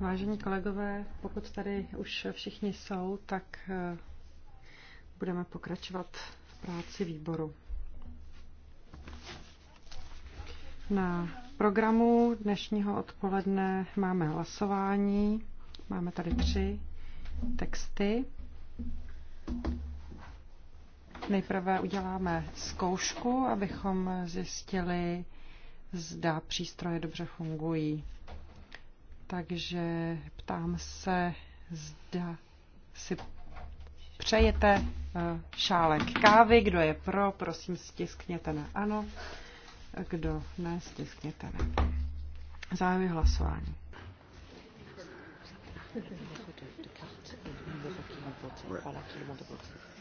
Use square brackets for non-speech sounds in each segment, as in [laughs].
Vážení kolegové, pokud tady už všichni jsou, tak eh, budeme pokračovat v práci výboru. Na programu dnešního odpoledne máme hlasování. Máme tady tři texty. Nejprve uděláme zkoušku, abychom zjistili, zda přístroje dobře fungují. Takže ptám se, zda si přejete eh, šálek kávy. Kdo je pro, prosím stiskněte na ano. Kdo ne, stiskněte na. Zájmy hlasování.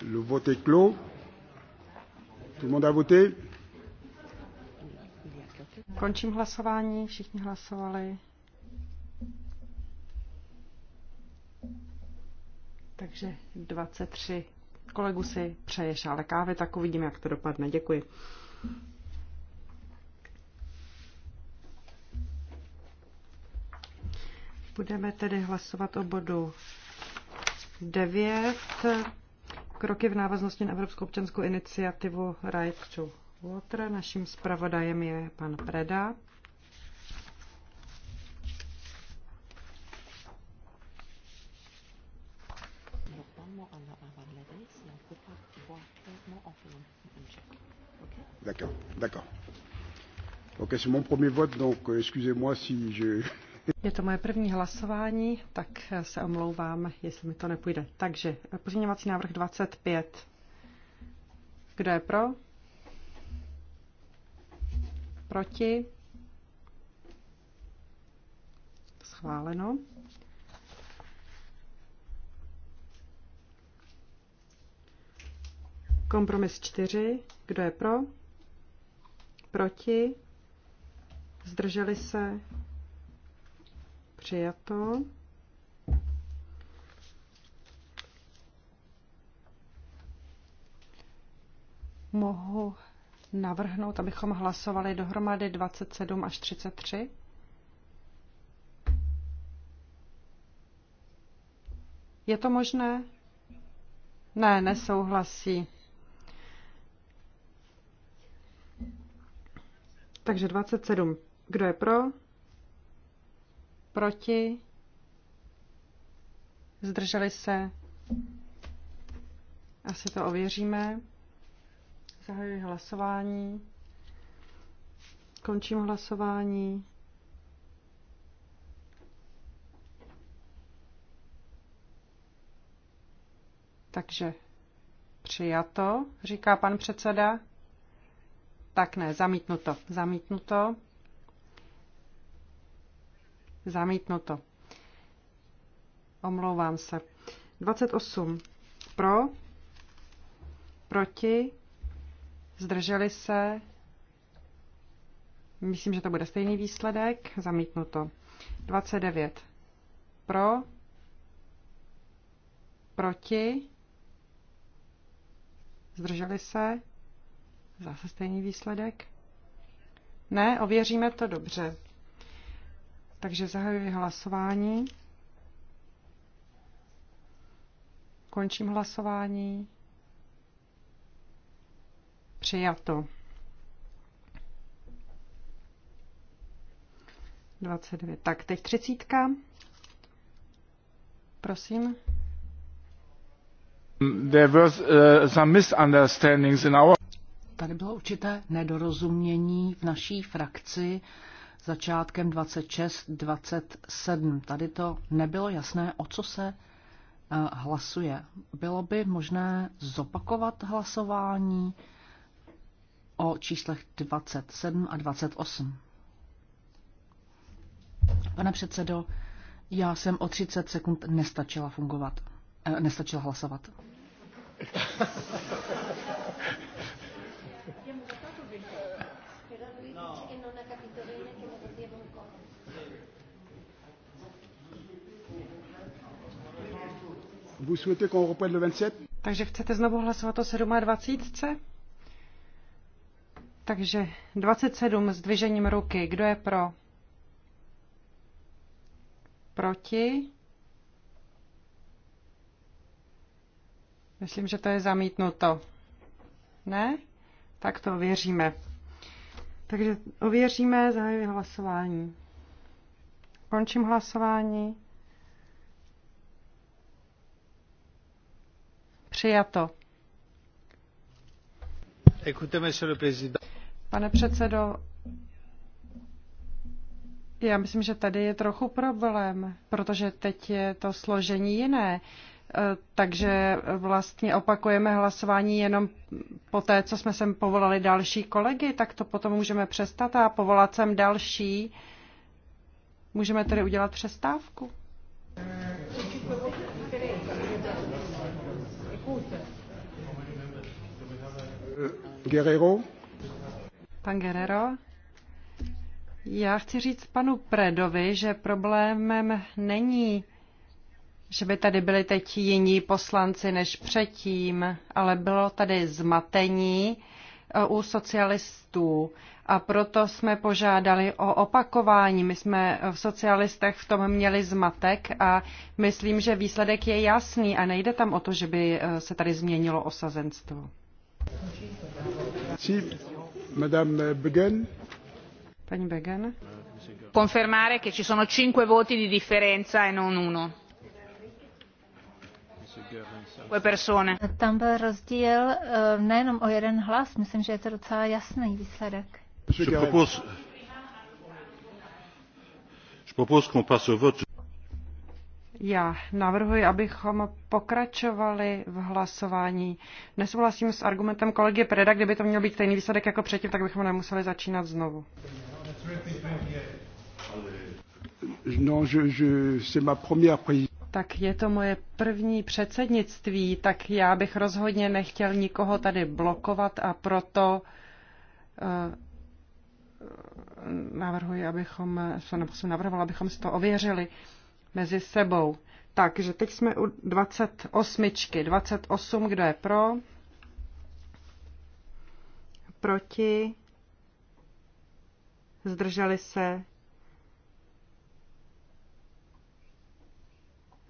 Le vote est clos. Tout le monde a voté Končím hlasování, všichni hlasovali. Takže 23 kolegu si přeješ, ale kávy tak uvidím, jak to dopadne. Děkuji. Budeme tedy hlasovat o bodu 9. Kroky v návaznosti na Evropskou občanskou iniciativu Right to Water. Naším zpravodajem je pan Preda. D'accord, d'accord. Ok, c'est mon premier vote, donc euh, excusez-moi si je... [laughs] Je to moje první hlasování, tak eh, se omlouvám, jestli mi to nepůjde. Takže eh, pozměňovací návrh 25. Kdo je pro? Proti? Schváleno. Kompromis 4. Kdo je pro? Proti? Zdrželi se? Přijato. Mohu navrhnout, abychom hlasovali dohromady 27 až 33? Je to možné? Ne, nesouhlasí. Takže 27. Kdo je pro? Proti? Zdrželi se? Asi to ověříme. Zahajuji hlasování. Končím hlasování. Takže přijato, říká pan předseda. Tak ne, zamítnuto, zamítnuto, zamítnuto. Omlouvám se. 28 pro, proti, Zdrželi se? Myslím, že to bude stejný výsledek. Zamítnuto. 29 pro, proti, zdrželi se, zase stejný výsledek. Ne, ověříme to dobře. Takže zahajuji hlasování. Končím hlasování. Přijato. 29. Tak, teď třicítka. Prosím. There was uh, some misunderstandings in our... Tady bylo určité nedorozumění v naší frakci začátkem 26-27. Tady to nebylo jasné, o co se uh, hlasuje. Bylo by možné zopakovat hlasování? Uh, o číslech 27 a 28. Pane předsedo, já jsem o 30 sekund nestačila fungovat, eh, nestačila hlasovat. Vous souhaitez qu'on reprenne le 27 takže chcete znovu hlasovat o 27? Takže 27 s dvižením ruky. Kdo je pro? Proti? Myslím, že to je zamítnuto. Ne? Tak to ověříme. Takže ověříme, zahajuji hlasování. Končím hlasování. Přijato. Écoutez, monsieur le président. Pane předsedo, já myslím, že tady je trochu problém, protože teď je to složení jiné. E, takže vlastně opakujeme hlasování jenom po té, co jsme sem povolali další kolegy, tak to potom můžeme přestat a povolat sem další. Můžeme tedy udělat přestávku. Guerrero? Pan Guerrero. Já chci říct panu Predovi, že problémem není, že by tady byli teď jiní poslanci než předtím, ale bylo tady zmatení e, u socialistů a proto jsme požádali o opakování. My jsme v socialistech v tom měli zmatek a myslím, že výsledek je jasný a nejde tam o to, že by e, se tady změnilo osazenstvo. Paní Begen. Confermare che ci sono cinque voti di differenza e non uno. Tam byl rozdíl eh, nejenom o jeden hlas, myslím, že je to docela jasný výsledek. Je propose, je propose já navrhuji, abychom pokračovali v hlasování. Nesouhlasím s argumentem kolegy Preda, kdyby to měl být stejný výsledek jako předtím, tak bychom nemuseli začínat znovu. No, je, je, c'est ma première tak je to moje první předsednictví, tak já bych rozhodně nechtěl nikoho tady blokovat a proto uh, navrhuji, abychom, nebo jsem navrhovala, abychom si to ověřili. Uh, mezi sebou. Takže teď jsme u 28. 28, kdo je pro? Proti? Zdrželi se?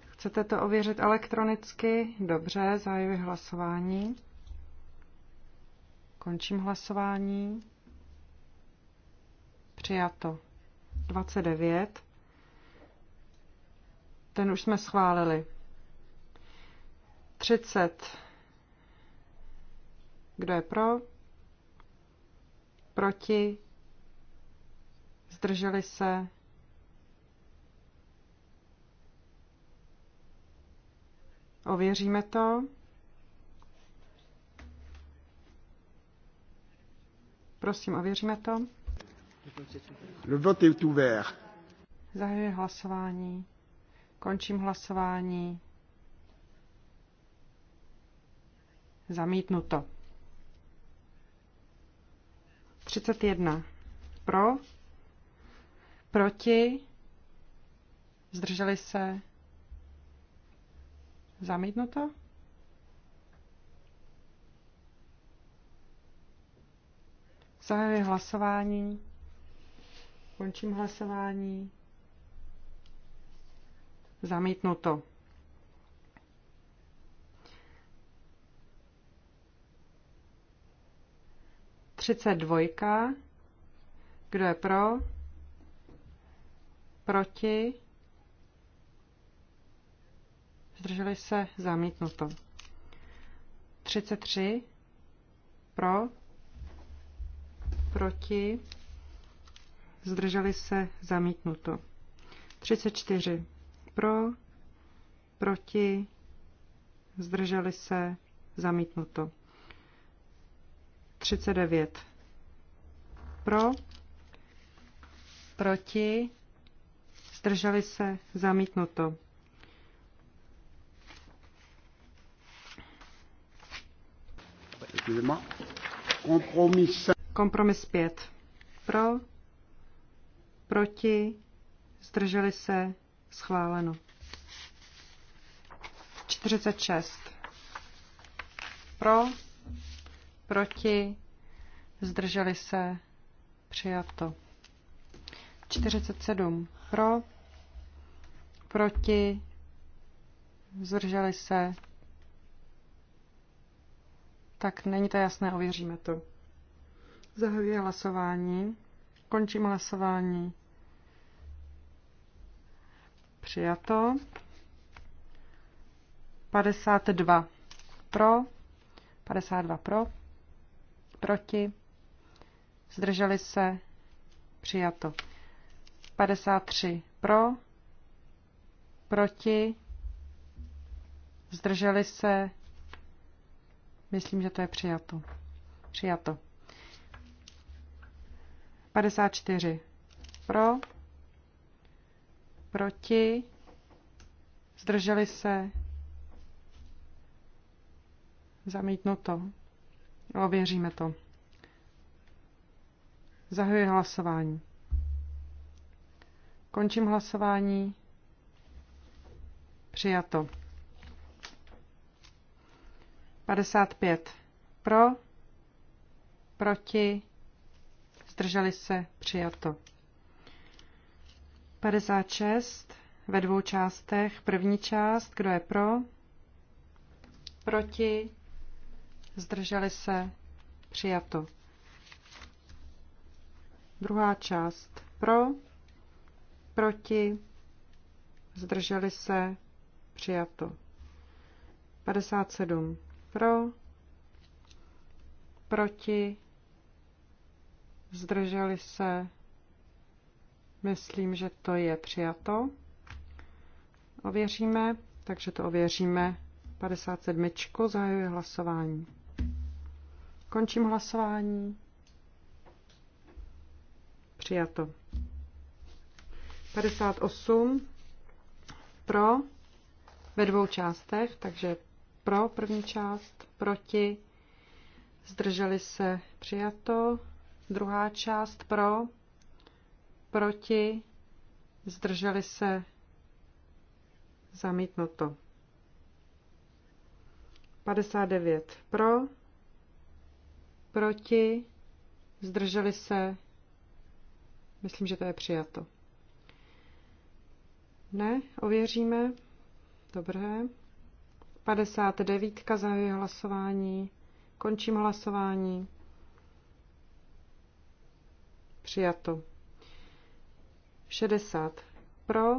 Chcete to ověřit elektronicky? Dobře, zahajuji hlasování. Končím hlasování. Přijato. 29 ten už jsme schválili. 30. Kdo je pro? Proti? Zdrželi se? Ověříme to. Prosím, ověříme to. Le vote est ouvert. Zahajuje hlasování. Končím hlasování. Zamítnuto. 31. Pro. Proti. Zdrželi se. Zamítnuto. Zahajuji hlasování. Končím hlasování. Zamítnuto. Třicet dvojka. Kdo je pro? Proti? Zdrželi se? Zamítnuto. tři, Pro? Proti? Zdrželi se? Zamítnuto. čtyři pro, proti, zdrželi se, zamítnuto. 39 pro, proti, zdrželi se, zamítnuto. Kompromis. Kompromis 5. Pro, proti, zdrželi se, Schváleno. 46. Pro, proti, zdrželi se, přijato. 47. Pro, proti, zdrželi se. Tak není to jasné, ověříme to. Zahajuji hlasování. Končím hlasování. Přijato. 52 pro. 52 pro. Proti. Zdrželi se. Přijato. 53 pro. Proti. Zdrželi se. Myslím, že to je přijato. Přijato. 54 pro proti, zdrželi se, zamítnuto. Ověříme to. Zahajuji hlasování. Končím hlasování. Přijato. 55. Pro, proti, zdrželi se, přijato. 56 ve dvou částech. První část, kdo je pro? Proti? Zdrželi se? Přijato. Druhá část. Pro? Proti? Zdrželi se? Přijato. 57. Pro? Proti? Zdrželi se? Myslím, že to je přijato. Ověříme, takže to ověříme. 57. Zahajuji hlasování. Končím hlasování. Přijato. 58 pro ve dvou částech, takže pro první část, proti, zdrželi se přijato, druhá část pro, proti, zdrželi se, zamítnuto. 59 pro, proti, zdrželi se, myslím, že to je přijato. Ne, ověříme. Dobré. 59. Zahajuji hlasování. Končím hlasování. Přijato. 60 pro,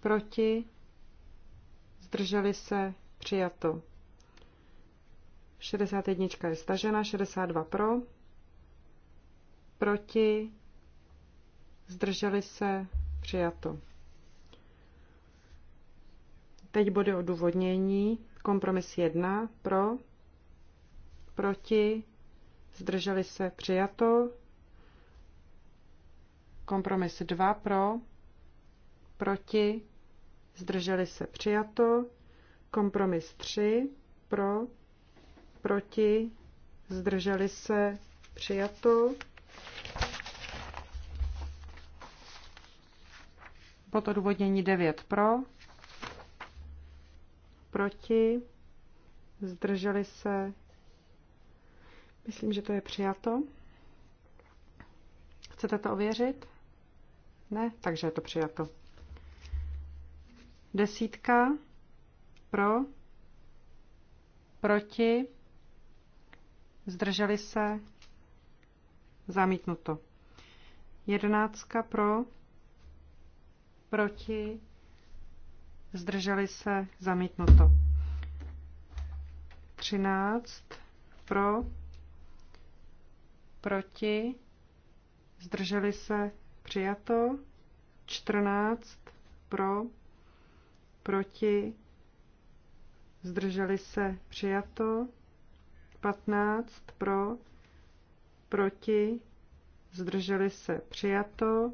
proti, zdrželi se, přijato. 61 je stažena, 62 pro, proti, zdrželi se, přijato. Teď body odůvodnění. Kompromis 1 pro, proti, zdrželi se, přijato. Kompromis 2 pro, proti, zdrželi se přijato. Kompromis 3 pro, proti, zdrželi se přijato. Pod odvodnění 9 pro, proti, zdrželi se. Myslím, že to je přijato. Chcete to ověřit? Ne, takže je to přijato. Desítka pro, proti, zdrželi se, zamítnuto. Jedenáctka pro, proti, zdrželi se, zamítnuto. Třináct pro, proti, zdrželi se, Přijato. 14 pro, proti, zdrželi se. Přijato. 15 pro, proti, zdrželi se. Přijato.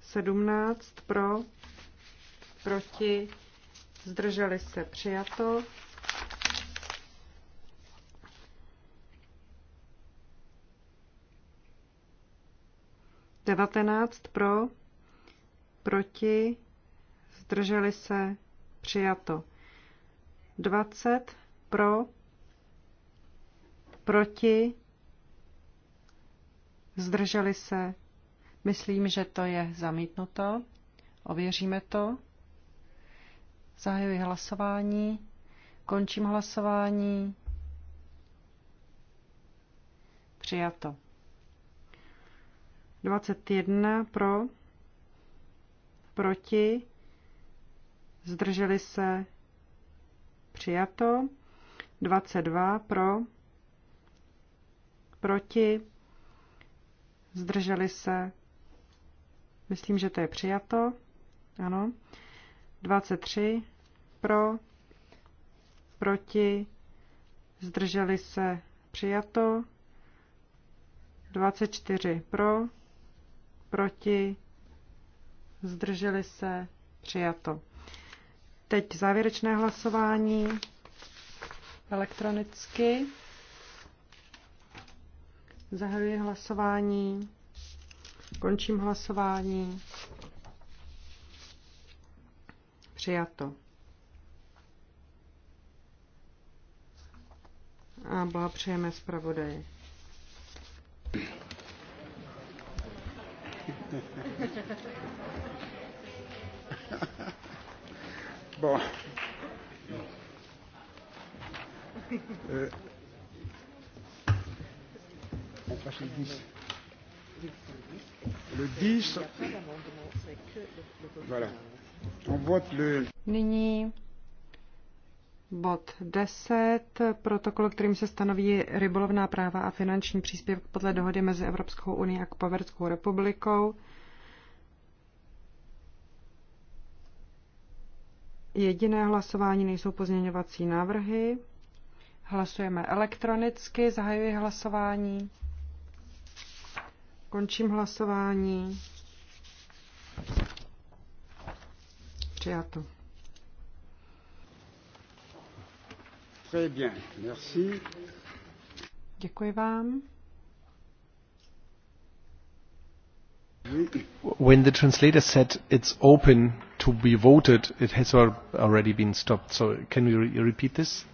17 pro, proti, zdrželi se. Přijato. 19 pro, proti, zdrželi se, přijato. 20 pro, proti, zdrželi se. Myslím, že to je zamítnuto. Ověříme to. Zahajuji hlasování. Končím hlasování. Přijato. 21 pro, proti, zdrželi se, přijato. 22 pro, proti, zdrželi se, myslím, že to je přijato, ano. 23 pro, proti, zdrželi se, přijato. 24 pro, proti, zdrželi se, přijato. Teď závěrečné hlasování elektronicky. Zahajuji hlasování. Končím hlasování. Přijato. A blahopřejeme zpravodaji. [laughs] bon. Euh, on passe le 10. Le 10. Voilà. On vote le. Nini. Bod 10. Protokol, kterým se stanoví rybolovná práva a finanční příspěvek podle dohody mezi Evropskou unii a Kupoverskou republikou. Jediné hlasování nejsou pozměňovací návrhy. Hlasujeme elektronicky, zahajuji hlasování. Končím hlasování. Přijato. Très bien, merci. Děkuji vám. When the translator said it's open to be voted, it has already been stopped. So can we re repeat this?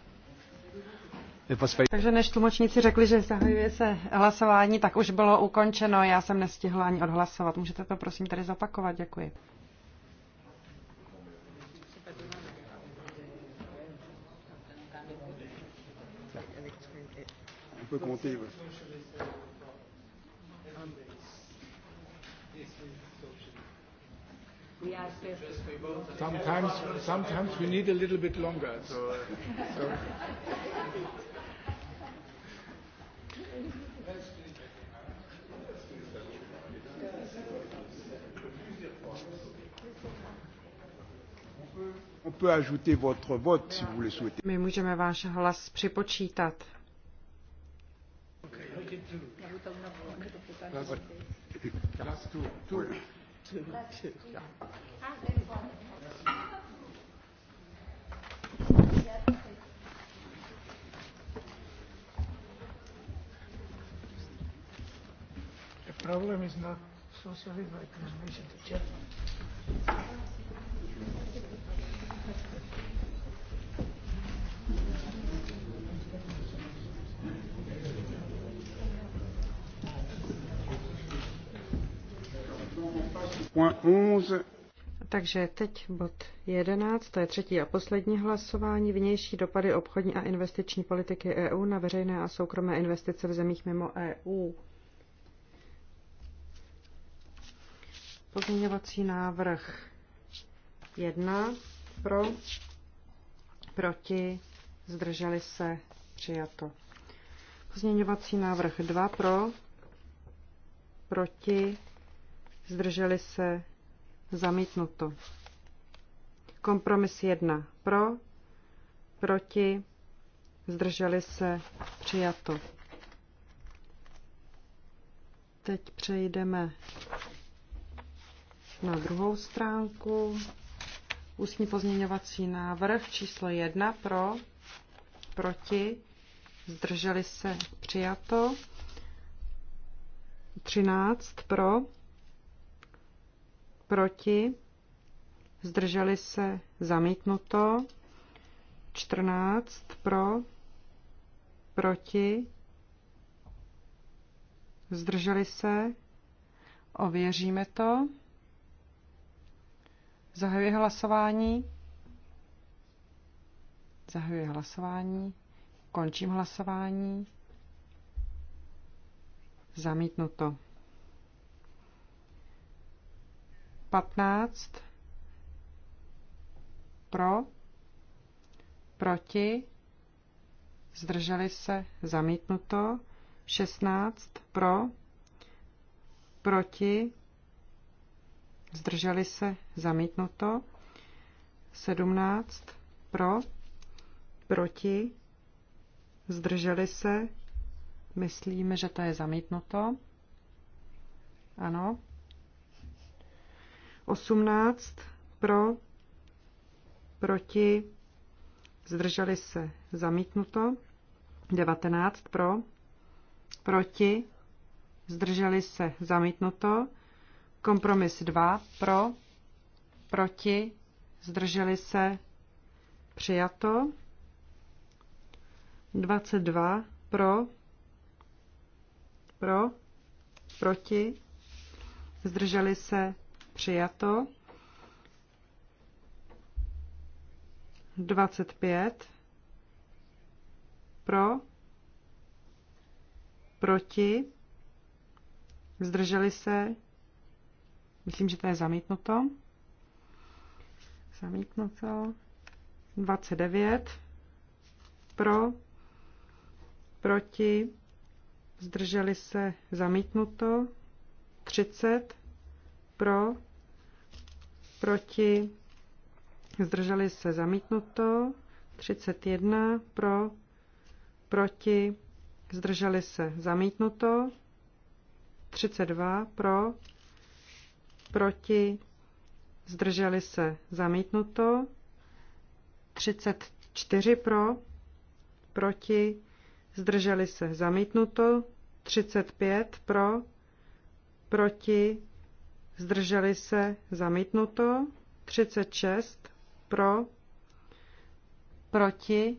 Takže než tlumočníci řekli, že zahajuje se hlasování, tak už bylo ukončeno. Já jsem nestihla ani odhlasovat. Můžete to prosím tady zapakovat, Děkuji. On peut compter. Ouais. Sometimes, sometimes we need a little bit longer. So, so. On peut ajouter votre vote si vous le souhaitez. Mais můžeme váš hlas připočítat. The problem is not socialism, but transmission to German. Takže teď bod 11, to je třetí a poslední hlasování, vnější dopady obchodní a investiční politiky EU na veřejné a soukromé investice v zemích mimo EU. Pozměňovací návrh 1 pro, proti, zdrželi se, přijato. Pozměňovací návrh 2 pro, proti, zdrželi se, zamítnuto. Kompromis 1 pro, proti, zdrželi se, přijato. Teď přejdeme na druhou stránku. Ústní pozměňovací návrh číslo 1 pro, proti, zdrželi se, přijato. 13 pro, proti, zdrželi se, zamítnuto, 14 pro, proti, zdrželi se, ověříme to, zahajuje hlasování, zahajuje hlasování, končím hlasování, zamítnuto. 15 pro, proti, zdrželi se, zamítnuto, 16 pro, proti, zdrželi se, zamítnuto, 17 pro, proti, zdrželi se, myslíme, že to je zamítnuto, ano, 18 pro, proti, zdrželi se zamítnuto, 19 pro, proti, zdrželi se zamítnuto, kompromis 2 pro, proti, zdrželi se přijato, 22 pro, pro, proti, zdrželi se přijato. 25 pro, proti, zdrželi se, myslím, že to je zamítnuto, zamítnuto, 29 pro, proti, zdrželi se, zamítnuto, 30 pro, proti, zdrželi se zamítnuto, 31 pro, proti, zdrželi se zamítnuto, 32 pro, proti, zdrželi se zamítnuto, 34 pro, proti, zdrželi se zamítnuto, 35 pro, proti, zdrželi se, zamítnuto, 36 pro, proti,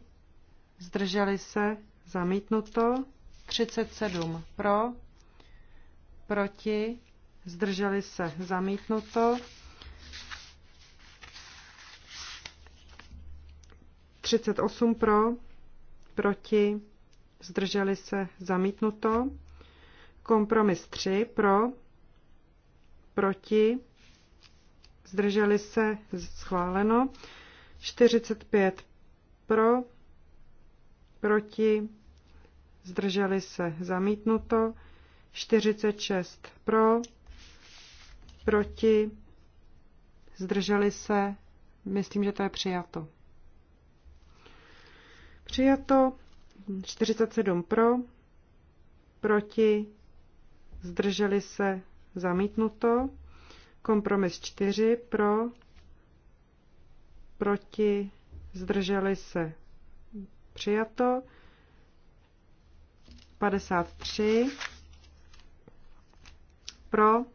zdrželi se, zamítnuto, 37 pro, proti, zdrželi se, zamítnuto, 38 pro, proti, zdrželi se, zamítnuto, kompromis 3 pro, proti, zdrželi se, schváleno. 45 pro, proti, zdrželi se, zamítnuto. 46 pro, proti, zdrželi se, myslím, že to je přijato. Přijato 47 pro, proti, zdrželi se, zamítnuto. Kompromis 4 pro, proti, zdrželi se, přijato. 53 pro,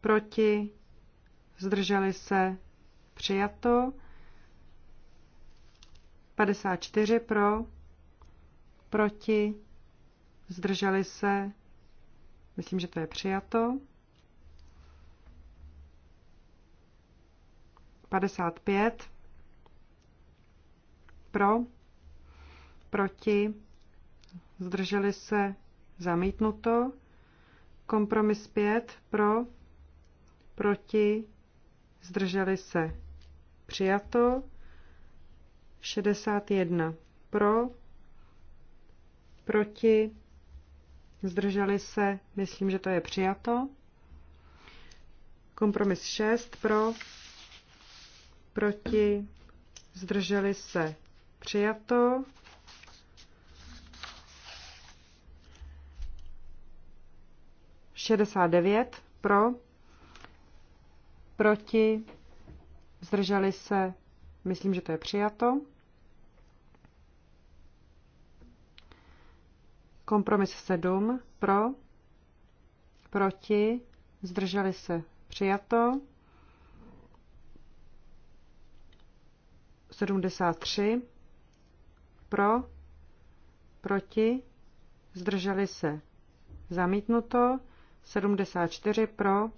proti, zdrželi se, přijato. 54 pro, proti, zdrželi se, myslím, že to je přijato. 55 pro, proti, zdrželi se, zamítnuto. Kompromis 5 pro, proti, zdrželi se, přijato. 61 pro, proti, zdrželi se, myslím, že to je přijato. Kompromis 6 pro, proti, zdrželi se, přijato. Šedesát devět pro, proti, zdrželi se, myslím, že to je přijato. Kompromis 7 pro, proti, zdrželi se, přijato. 73 pro, proti, zdrželi se. Zamítnuto 74 pro,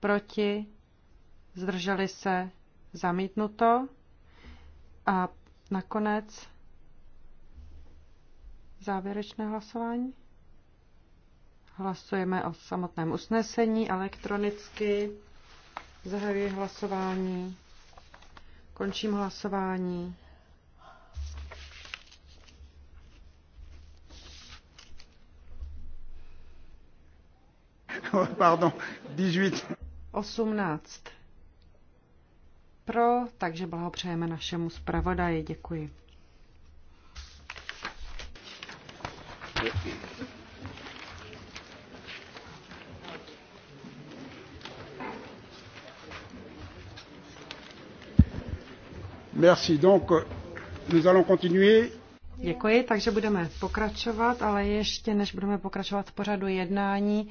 proti, zdrželi se. Zamítnuto a nakonec závěrečné hlasování. Hlasujeme o samotném usnesení elektronicky. Zahajuji hlasování. Končím hlasování. [laughs] Pardon, 18. 18. Pro, takže blahopřejeme našemu zpravodaji. Děkuji. Děkuji. Merci. Donc, nous allons continuer. Děkuji, takže budeme pokračovat, ale ještě než budeme pokračovat v pořadu jednání,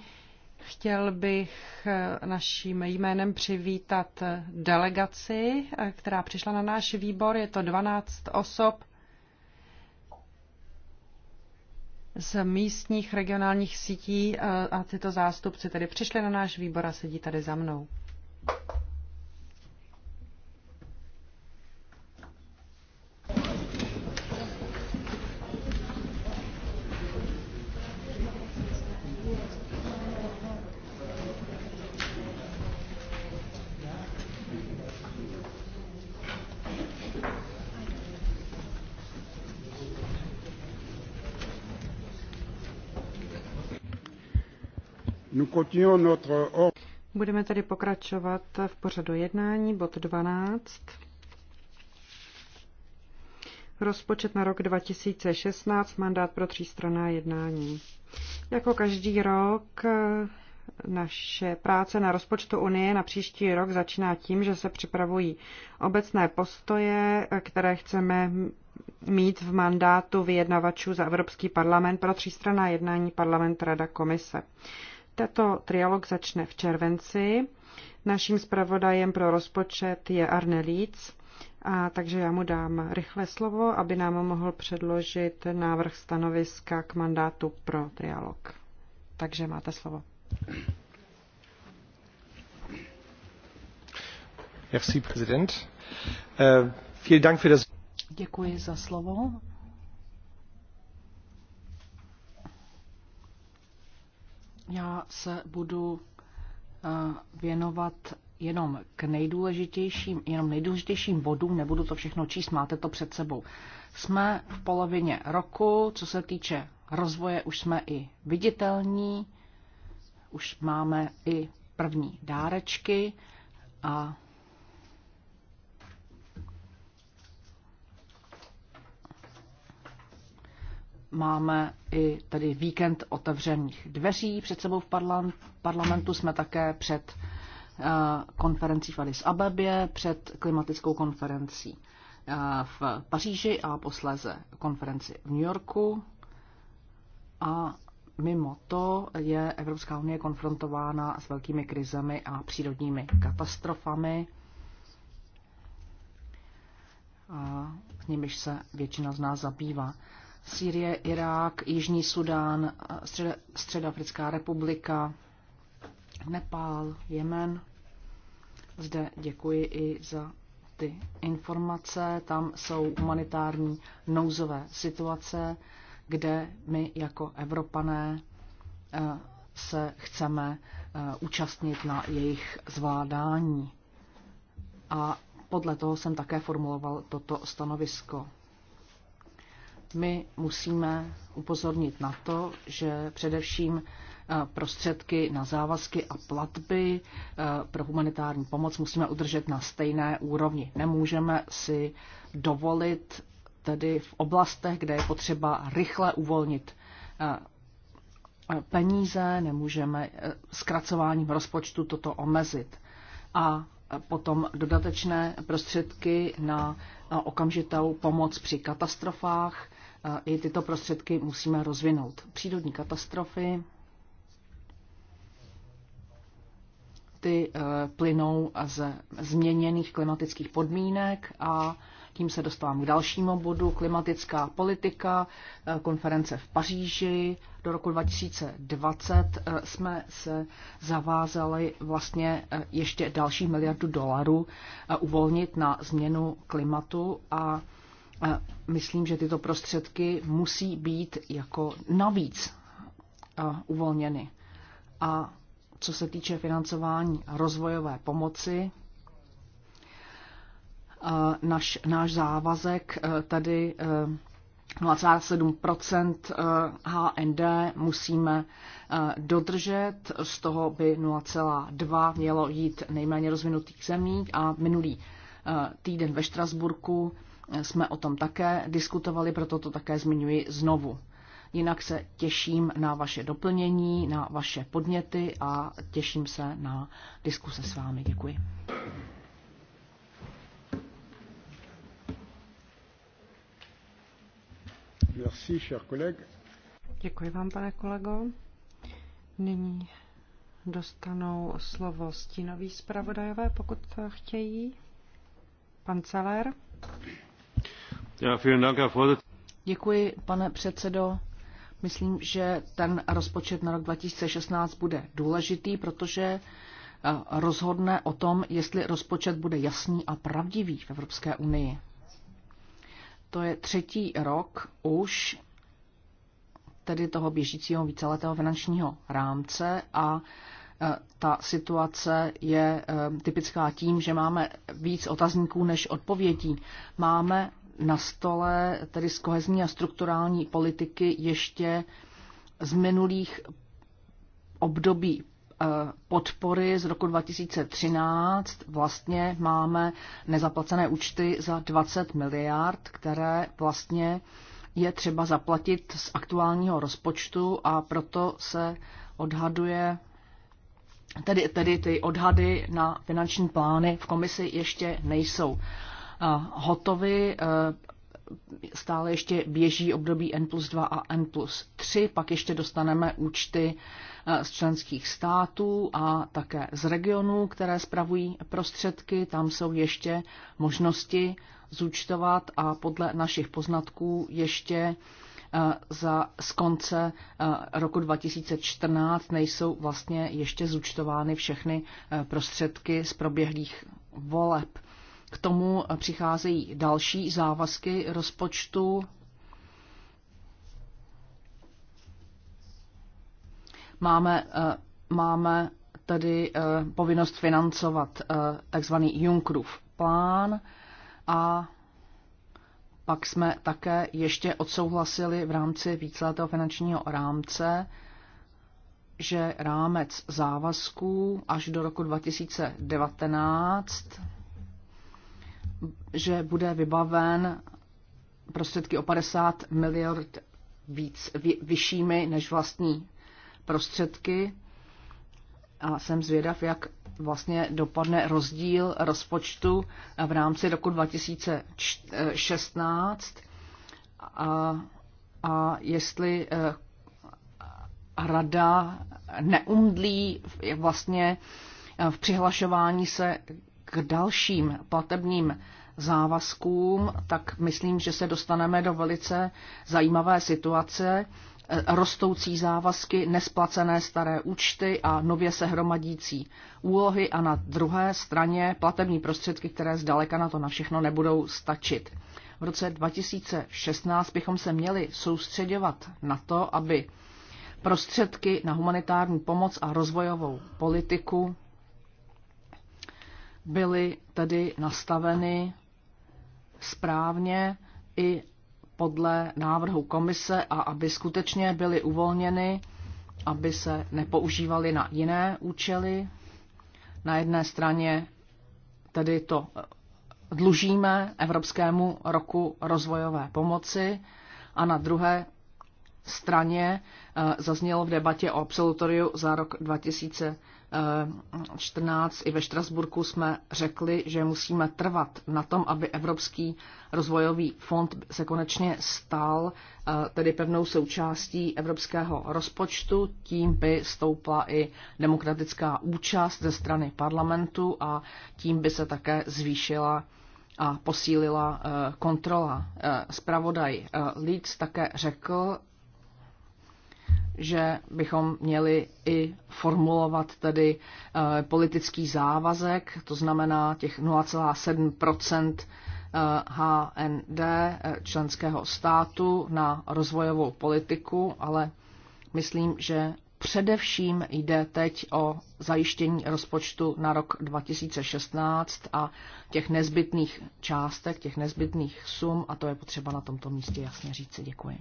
chtěl bych eh, naším jménem přivítat eh, delegaci, eh, která přišla na náš výbor. Je to 12 osob z místních regionálních sítí a tyto zástupci tedy přišli na náš výbor a sedí tady za mnou. Budeme tedy pokračovat v pořadu jednání, bod 12. Rozpočet na rok 2016, mandát pro třístranná jednání. Jako každý rok naše práce na rozpočtu Unie na příští rok začíná tím, že se připravují obecné postoje, které chceme mít v mandátu vyjednavačů za Evropský parlament pro třístranná jednání parlament Rada Komise. Tento trialog začne v červenci. Naším zpravodajem pro rozpočet je Arne Líc, a takže já mu dám rychle slovo, aby nám mohl předložit návrh stanoviska k mandátu pro trialog. Takže máte slovo. Merci, prezident. Eh, Děkuji za slovo. Já se budu eh, věnovat jenom k nejdůležitějším, jenom nejdůležitějším bodům, nebudu to všechno číst, máte to před sebou. Jsme v polovině roku, co se týče rozvoje, už jsme i viditelní, už máme i první dárečky a máme i tady víkend otevřených dveří před sebou v parlamentu. Jsme také před eh, konferencí v Addis Abebě, před klimatickou konferencí eh, v Paříži a posléze konferenci v New Yorku. A mimo to je Evropská unie konfrontována s velkými krizemi a přírodními katastrofami. A s nimiž se většina z nás zabývá. Sýrie, Irák, Jižní Sudán, Střed, Středoafrická republika, Nepál, Jemen. Zde děkuji i za ty informace. Tam jsou humanitární nouzové situace, kde my jako Evropané eh, se chceme eh, účastnit na jejich zvládání. A podle toho jsem také formuloval toto stanovisko my musíme upozornit na to, že především eh, prostředky na závazky a platby eh, pro humanitární pomoc musíme udržet na stejné úrovni. Nemůžeme si dovolit tedy v oblastech, kde je potřeba rychle uvolnit eh, peníze, nemůžeme zkracováním rozpočtu toto omezit. A potom dodatečné prostředky na okamžitou pomoc při katastrofách, i tyto prostředky musíme rozvinout. Přírodní katastrofy, ty eh, plynou ze změněných klimatických podmínek a tím se dostávám k dalšímu bodu. Klimatická politika, eh, konference v Paříži. Do roku 2020 eh, jsme se zavázali vlastně ještě další miliardu dolarů uvolnit na změnu klimatu a myslím, že tyto prostředky musí být jako navíc uvolněny. A co se týče financování rozvojové pomoci, naš, náš závazek e, tady 0,7 e, e, HND musíme dodržet, z toho by 0,2 mělo jít nejméně rozvinutých zemí a minulý týden ve Štrasburku jsme o tom také diskutovali, proto to také zmiňuji znovu. Jinak se těším na vaše doplnění, na vaše podněty a těším se na diskuse s vámi. Děkuji. Merci, cher collègue. Děkuji vám, pane kolego. Nyní dostanou slovo stínoví zpravodajové, pokud chtějí. Pan Celer. Děkuji, pane předsedo. Myslím, že ten rozpočet na rok 2016 bude důležitý, protože eh, rozhodne o tom, jestli rozpočet bude jasný a pravdivý v Evropské unii. To je třetí rok už tedy toho běžícího víceletého finančního rámce a eh, ta situace je eh, typická tím, že máme víc otazníků než odpovědí. Máme na stole, tedy z kohezní a strukturální politiky ještě z minulých období eh, podpory z roku 2013 vlastně máme nezaplacené účty za 20 miliard, které vlastně je třeba zaplatit z aktuálního rozpočtu a proto se odhaduje, tedy, tedy ty odhady na finanční plány v komisi ještě nejsou Eh, hotovy. Eh, stále ještě běží období N plus 2 a N plus 3, pak ještě dostaneme účty eh, z členských států a také z regionů, které spravují prostředky. Tam jsou ještě možnosti zúčtovat a podle našich poznatků ještě za z konce roku 2014 nejsou vlastně ještě zúčtovány všechny prostředky z proběhlých voleb. K tomu přicházejí další závazky rozpočtu. Máme, eh, máme tedy eh, povinnost financovat eh, takzvaný Junckerův plán a pak jsme také ještě odsouhlasili v rámci víceletého finančního rámce, že rámec závazků až do roku 2019 že bude vybaven prostředky o 50 miliard víc, vy, vyššími než vlastní prostředky. A jsem zvědav, jak vlastně dopadne rozdíl rozpočtu v rámci roku 2016 a, a jestli eh, rada neumdlí vlastně v přihlašování se k dalším platebním závazkům, tak myslím, že se dostaneme do velice zajímavé situace. Rostoucí závazky, nesplacené staré účty a nově se hromadící úlohy a na druhé straně platební prostředky, které zdaleka na to na všechno nebudou stačit. V roce 2016 bychom se měli soustředovat na to, aby prostředky na humanitární pomoc a rozvojovou politiku byly tedy nastaveny správně i podle návrhu komise a aby skutečně byly uvolněny, aby se nepoužívaly na jiné účely. Na jedné straně tedy to eh, dlužíme Evropskému roku rozvojové pomoci a na druhé straně eh, zaznělo v debatě o absolutoriu za rok 2000 14 i ve Štrasburku jsme řekli, že musíme trvat na tom, aby Evropský rozvojový fond se konečně stal eh, tedy pevnou součástí evropského rozpočtu. Tím by stoupla i demokratická účast ze strany parlamentu a tím by se také zvýšila a posílila eh, kontrola. Spravodaj eh, Leeds také řekl, že bychom měli i formulovat tedy eh, politický závazek, to znamená těch 0,7 eh, HND eh, členského státu na rozvojovou politiku, ale myslím, že především jde teď o zajištění rozpočtu na rok 2016 a těch nezbytných částek, těch nezbytných sum, a to je potřeba na tomto místě jasně říci. Děkuji.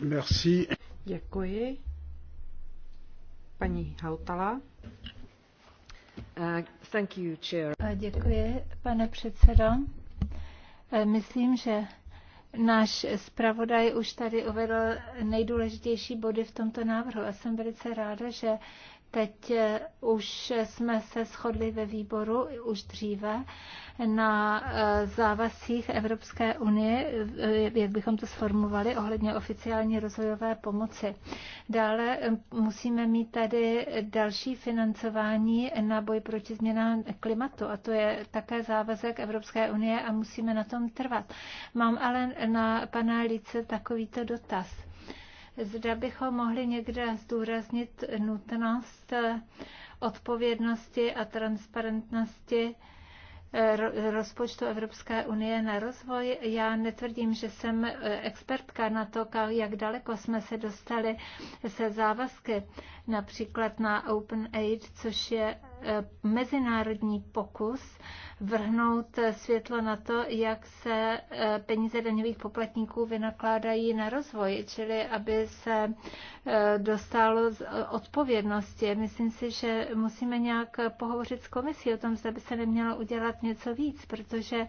Merci. Děkuji. Paní Hautala. Uh, thank you, chair. Děkuji, pane předsedo. E, myslím, že Náš zpravodaj už tady uvedl nejdůležitější body v tomto návrhu a jsem velice ráda, že Teď eh, už jsme se shodli ve výboru už dříve na eh, závazcích Evropské unie, eh, jak bychom to sformovali, ohledně oficiální rozvojové pomoci. Dále musíme mít tady další financování na boj proti změnám klimatu a to je také závazek Evropské unie a musíme na tom trvat. Mám ale na pana Lice takovýto dotaz Zda bychom mohli někde zdůraznit nutnost eh, odpovědnosti a transparentnosti eh, rozpočtu Evropské unie na rozvoj. Já netvrdím, že jsem eh, expertka na to, jak daleko jsme se dostali se závazky, například na Open Aid, což je mezinárodní pokus vrhnout světlo na to, jak se eh, peníze daňových poplatníků vynakládají na rozvoj, čili aby se eh, dostalo z eh, odpovědnosti. Myslím si, že musíme nějak pohovořit s komisí o tom, zda by se nemělo udělat něco víc, protože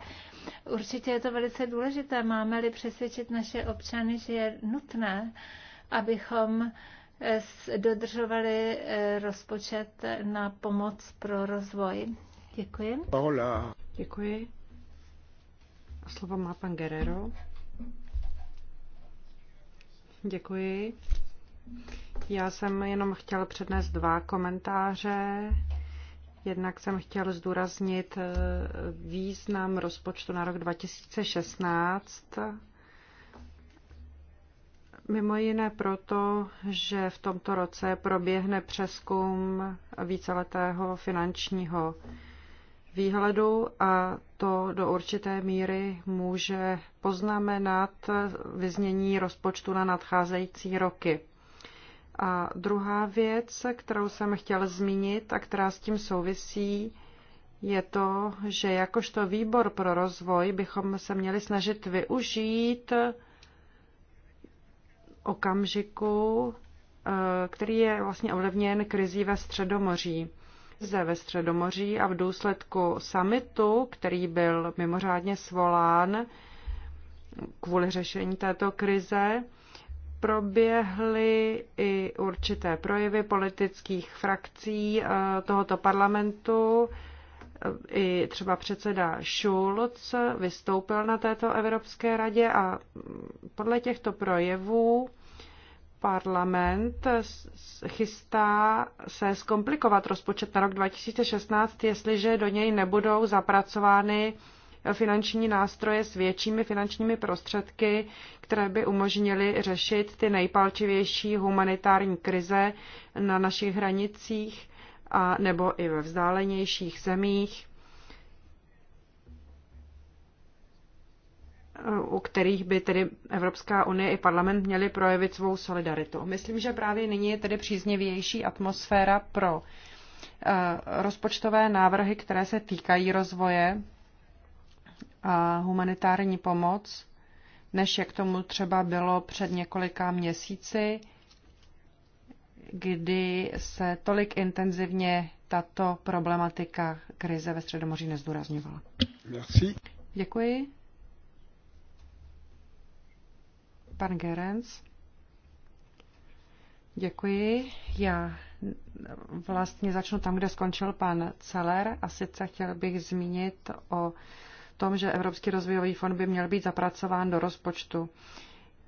určitě je to velice důležité. Máme-li přesvědčit naše občany, že je nutné, abychom dodržovali rozpočet na pomoc pro rozvoj. Děkuji. Paola. Děkuji. A slovo má pan Guerrero. Děkuji. Já jsem jenom chtěl přednést dva komentáře. Jednak jsem chtěl zdůraznit eh, význam rozpočtu na rok 2016. Mimo jiné proto, že v tomto roce proběhne přeskum víceletého finančního výhledu a to do určité míry může poznamenat vyznění rozpočtu na nadcházející roky. A druhá věc, kterou jsem chtěl zmínit a která s tím souvisí, je to, že jakožto výbor pro rozvoj bychom se měli snažit využít okamžiku, eh, který je vlastně ovlivněn krizí ve Středomoří krize ve Středomoří a v důsledku samitu, který byl mimořádně svolán kvůli řešení této krize, proběhly i určité projevy politických frakcí eh, tohoto parlamentu. Eh, I třeba předseda Schulz vystoupil na této Evropské radě a podle těchto projevů parlament chystá se zkomplikovat rozpočet na rok 2016, jestliže do něj nebudou zapracovány finanční nástroje s většími finančními prostředky, které by umožnily řešit ty nejpalčivější humanitární krize na našich hranicích a nebo i ve vzdálenějších zemích u kterých by tedy Evropská unie i parlament měli projevit svou solidaritu. Myslím, že právě nyní je tedy příznivější atmosféra pro eh, rozpočtové návrhy, které se týkají rozvoje a humanitární pomoc, než jak tomu třeba bylo před několika měsíci, kdy se tolik intenzivně tato problematika krize ve Středomoří nezdůrazňovala. Merci. Děkuji. Pan Gerenc. Děkuji. Já vlastně začnu tam, kde skončil pan Celer a sice chtěl bych zmínit o tom, že Evropský rozvojový fond by měl být zapracován do rozpočtu.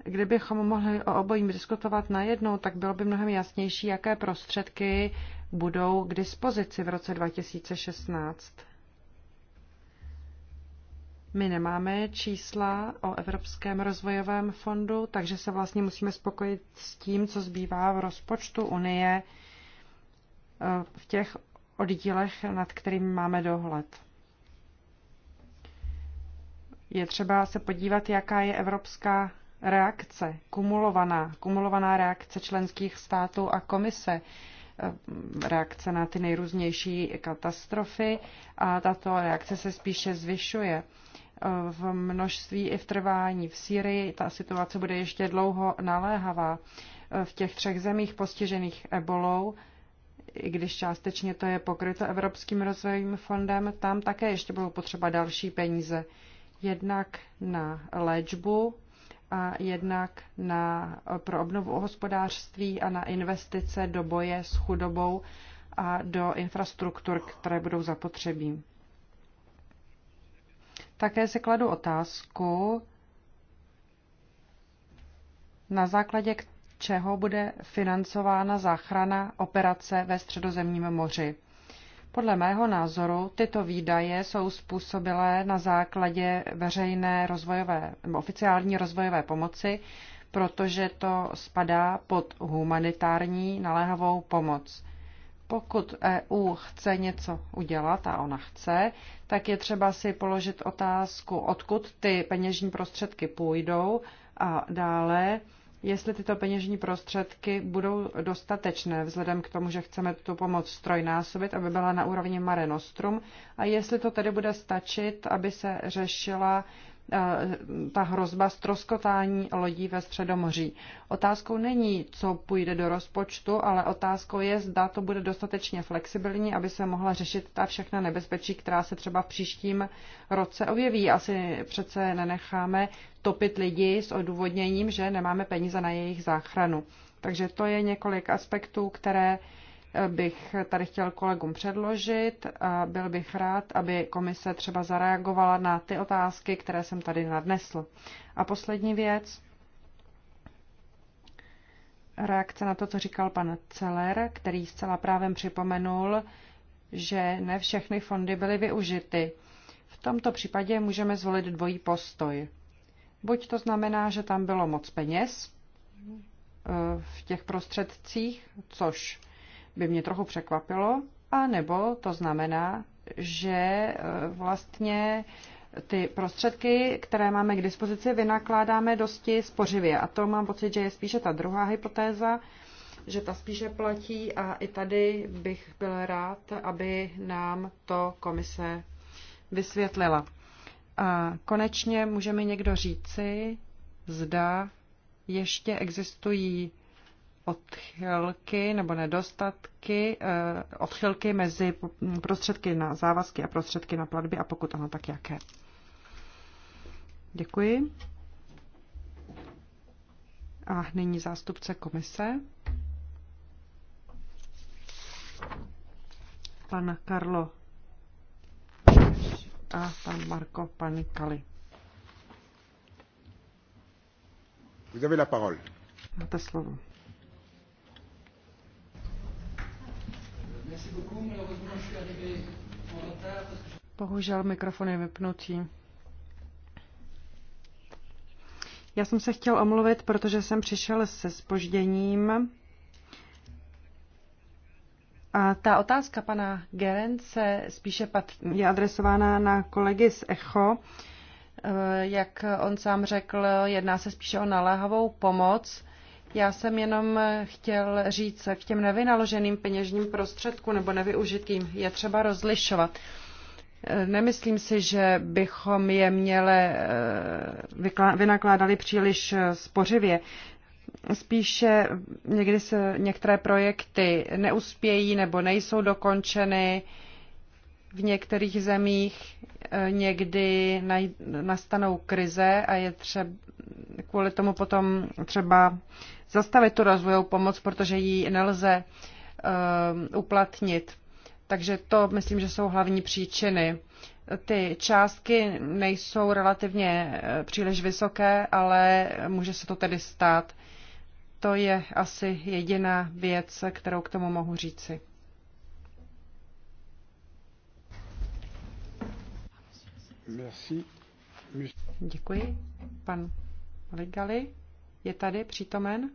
Kdybychom mohli o obojím diskutovat najednou, tak bylo by mnohem jasnější, jaké prostředky budou k dispozici v roce 2016. My nemáme čísla o Evropském rozvojovém fondu, takže se vlastně musíme spokojit s tím, co zbývá v rozpočtu Unie eh, v těch oddílech, nad kterými máme dohled. Je třeba se podívat, jaká je evropská reakce, kumulovaná, kumulovaná reakce členských států a komise, eh, reakce na ty nejrůznější katastrofy a tato reakce se spíše zvyšuje v množství i v trvání. V Sýrii ta situace bude ještě dlouho naléhavá. V těch třech zemích postižených ebolou, i když částečně to je pokryto Evropským rozvojovým fondem, tam také ještě budou potřeba další peníze. Jednak na léčbu a jednak na, pro obnovu hospodářství a na investice do boje s chudobou a do infrastruktur, které budou zapotřebí. Také si kladu otázku, na základě čeho bude financována záchrana operace ve Středozemním moři. Podle mého názoru tyto výdaje jsou způsobilé na základě veřejné rozvojové, oficiální rozvojové pomoci, protože to spadá pod humanitární naléhavou pomoc pokud EU chce něco udělat, a ona chce, tak je třeba si položit otázku, odkud ty peněžní prostředky půjdou a dále, jestli tyto peněžní prostředky budou dostatečné, vzhledem k tomu, že chceme tu pomoc strojnásobit, aby byla na úrovni Mare Nostrum, a jestli to tedy bude stačit, aby se řešila Eh, ta hrozba stroskotání lodí ve Středomoří. Otázkou není, co půjde do rozpočtu, ale otázkou je, zda to bude dostatečně flexibilní, aby se mohla řešit ta všechna nebezpečí, která se třeba v příštím roce objeví. Asi přece nenecháme topit lidi s odůvodněním, že nemáme peníze na jejich záchranu. Takže to je několik aspektů, které bych tady chtěl kolegům předložit. A byl bych rád, aby komise třeba zareagovala na ty otázky, které jsem tady nadnesl. A poslední věc. Reakce na to, co říkal pan Celer, který zcela právem připomenul, že ne všechny fondy byly využity. V tomto případě můžeme zvolit dvojí postoj. Buď to znamená, že tam bylo moc peněz eh, v těch prostředcích, což by mě trochu překvapilo, a nebo to znamená, že e, vlastně ty prostředky, které máme k dispozici, vynakládáme dosti spořivě. A to mám pocit, že je spíše ta druhá hypotéza, že ta spíše platí a i tady bych byl rád, aby nám to komise vysvětlila. A e, konečně můžeme někdo říci, zda ještě existují odchylky nebo nedostatky, eh, odchylky mezi prostředky na závazky a prostředky na platby a pokud ano, tak jaké. Děkuji. A nyní zástupce komise. Pan Karlo a pan Marko Panikali. Vous avez la parole. Máte slovo. Bohužel mikrofon je vypnutý. Já jsem se chtěl omluvit, protože jsem přišel se spožděním. A ta otázka pana Gerence spíše pat, je adresována na kolegy z ECHO. E, jak on sám řekl, jedná se spíše o naléhavou pomoc. Já jsem jenom chtěl říct k těm nevynaloženým peněžním prostředkům nebo nevyužitým je třeba rozlišovat. Nemyslím si, že bychom je měli eh, vynakládali příliš eh, spořivě. Spíše někdy se některé projekty neuspějí nebo nejsou dokončeny v některých zemích eh, někdy nastanou krize a je třeba, kvůli tomu potom třeba zastavit tu rozvojovou pomoc, protože ji nelze ehm, uplatnit. Takže to myslím, že jsou hlavní příčiny. Ty částky nejsou relativně eh, příliš vysoké, ale může se to tedy stát. To je asi jediná věc, kterou k tomu mohu říci. Děkuji. Pan Ligali je tady přítomen?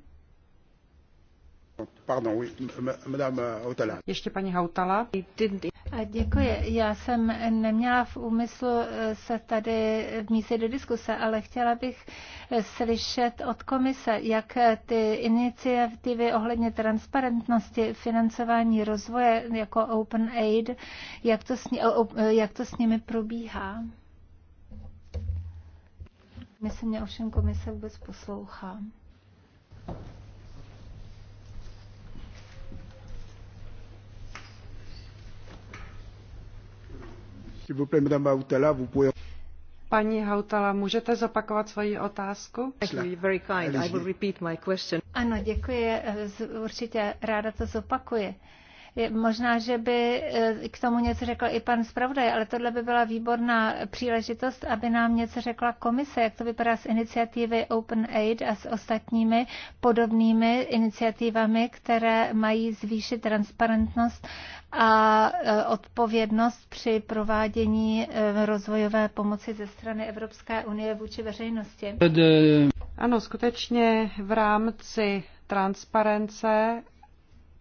Pardon, oui, madame euh, Hautala. Ještě paní Hautala. Děkuji. Já jsem neměla v úmyslu eh, se tady vmísit do diskuse, ale chtěla bych eh, slyšet od komise, jak eh, ty iniciativy ohledně transparentnosti financování rozvoje jako Open Aid, jak to s, jak to s nimi probíhá. Myslím, mě ovšem komise vůbec poslouchá. Paní Hautala, můžete zopakovat svoji otázku? Ano, děkuji. Eh, určitě ráda to zopakuje. Možná, že by eh, k tomu něco řekl i pan zpravodaj, ale tohle by byla výborná příležitost, aby nám něco řekla komise, jak to vypadá s iniciativy Open Aid a s ostatními podobnými iniciativami, které mají zvýšit transparentnost a eh, odpovědnost při provádění eh, rozvojové pomoci ze strany Evropské unie vůči veřejnosti. Ano, skutečně v rámci transparence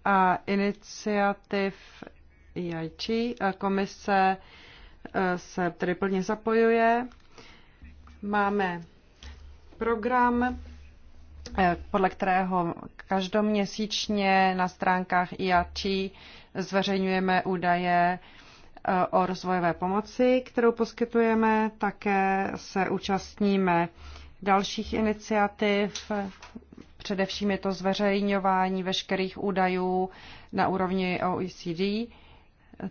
a iniciativ EIT. Komise e, se tedy plně zapojuje. Máme program, e, podle kterého každoměsíčně na stránkách e IAC zveřejňujeme údaje o rozvojové pomoci, kterou poskytujeme. Také se účastníme dalších iniciativ, Především je to zveřejňování veškerých údajů na úrovni OECD.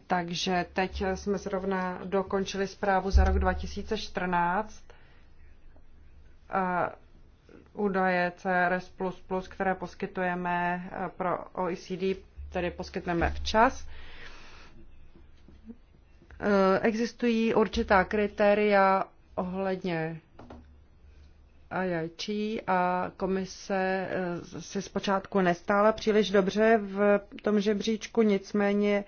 Takže teď jsme zrovna dokončili zprávu za rok 2014. údaje CRS++, které poskytujeme pro OECD, tedy poskytneme včas. Existují určitá kritéria ohledně IIT a komise eh, se zpočátku nestála příliš dobře v tom žebříčku, nicméně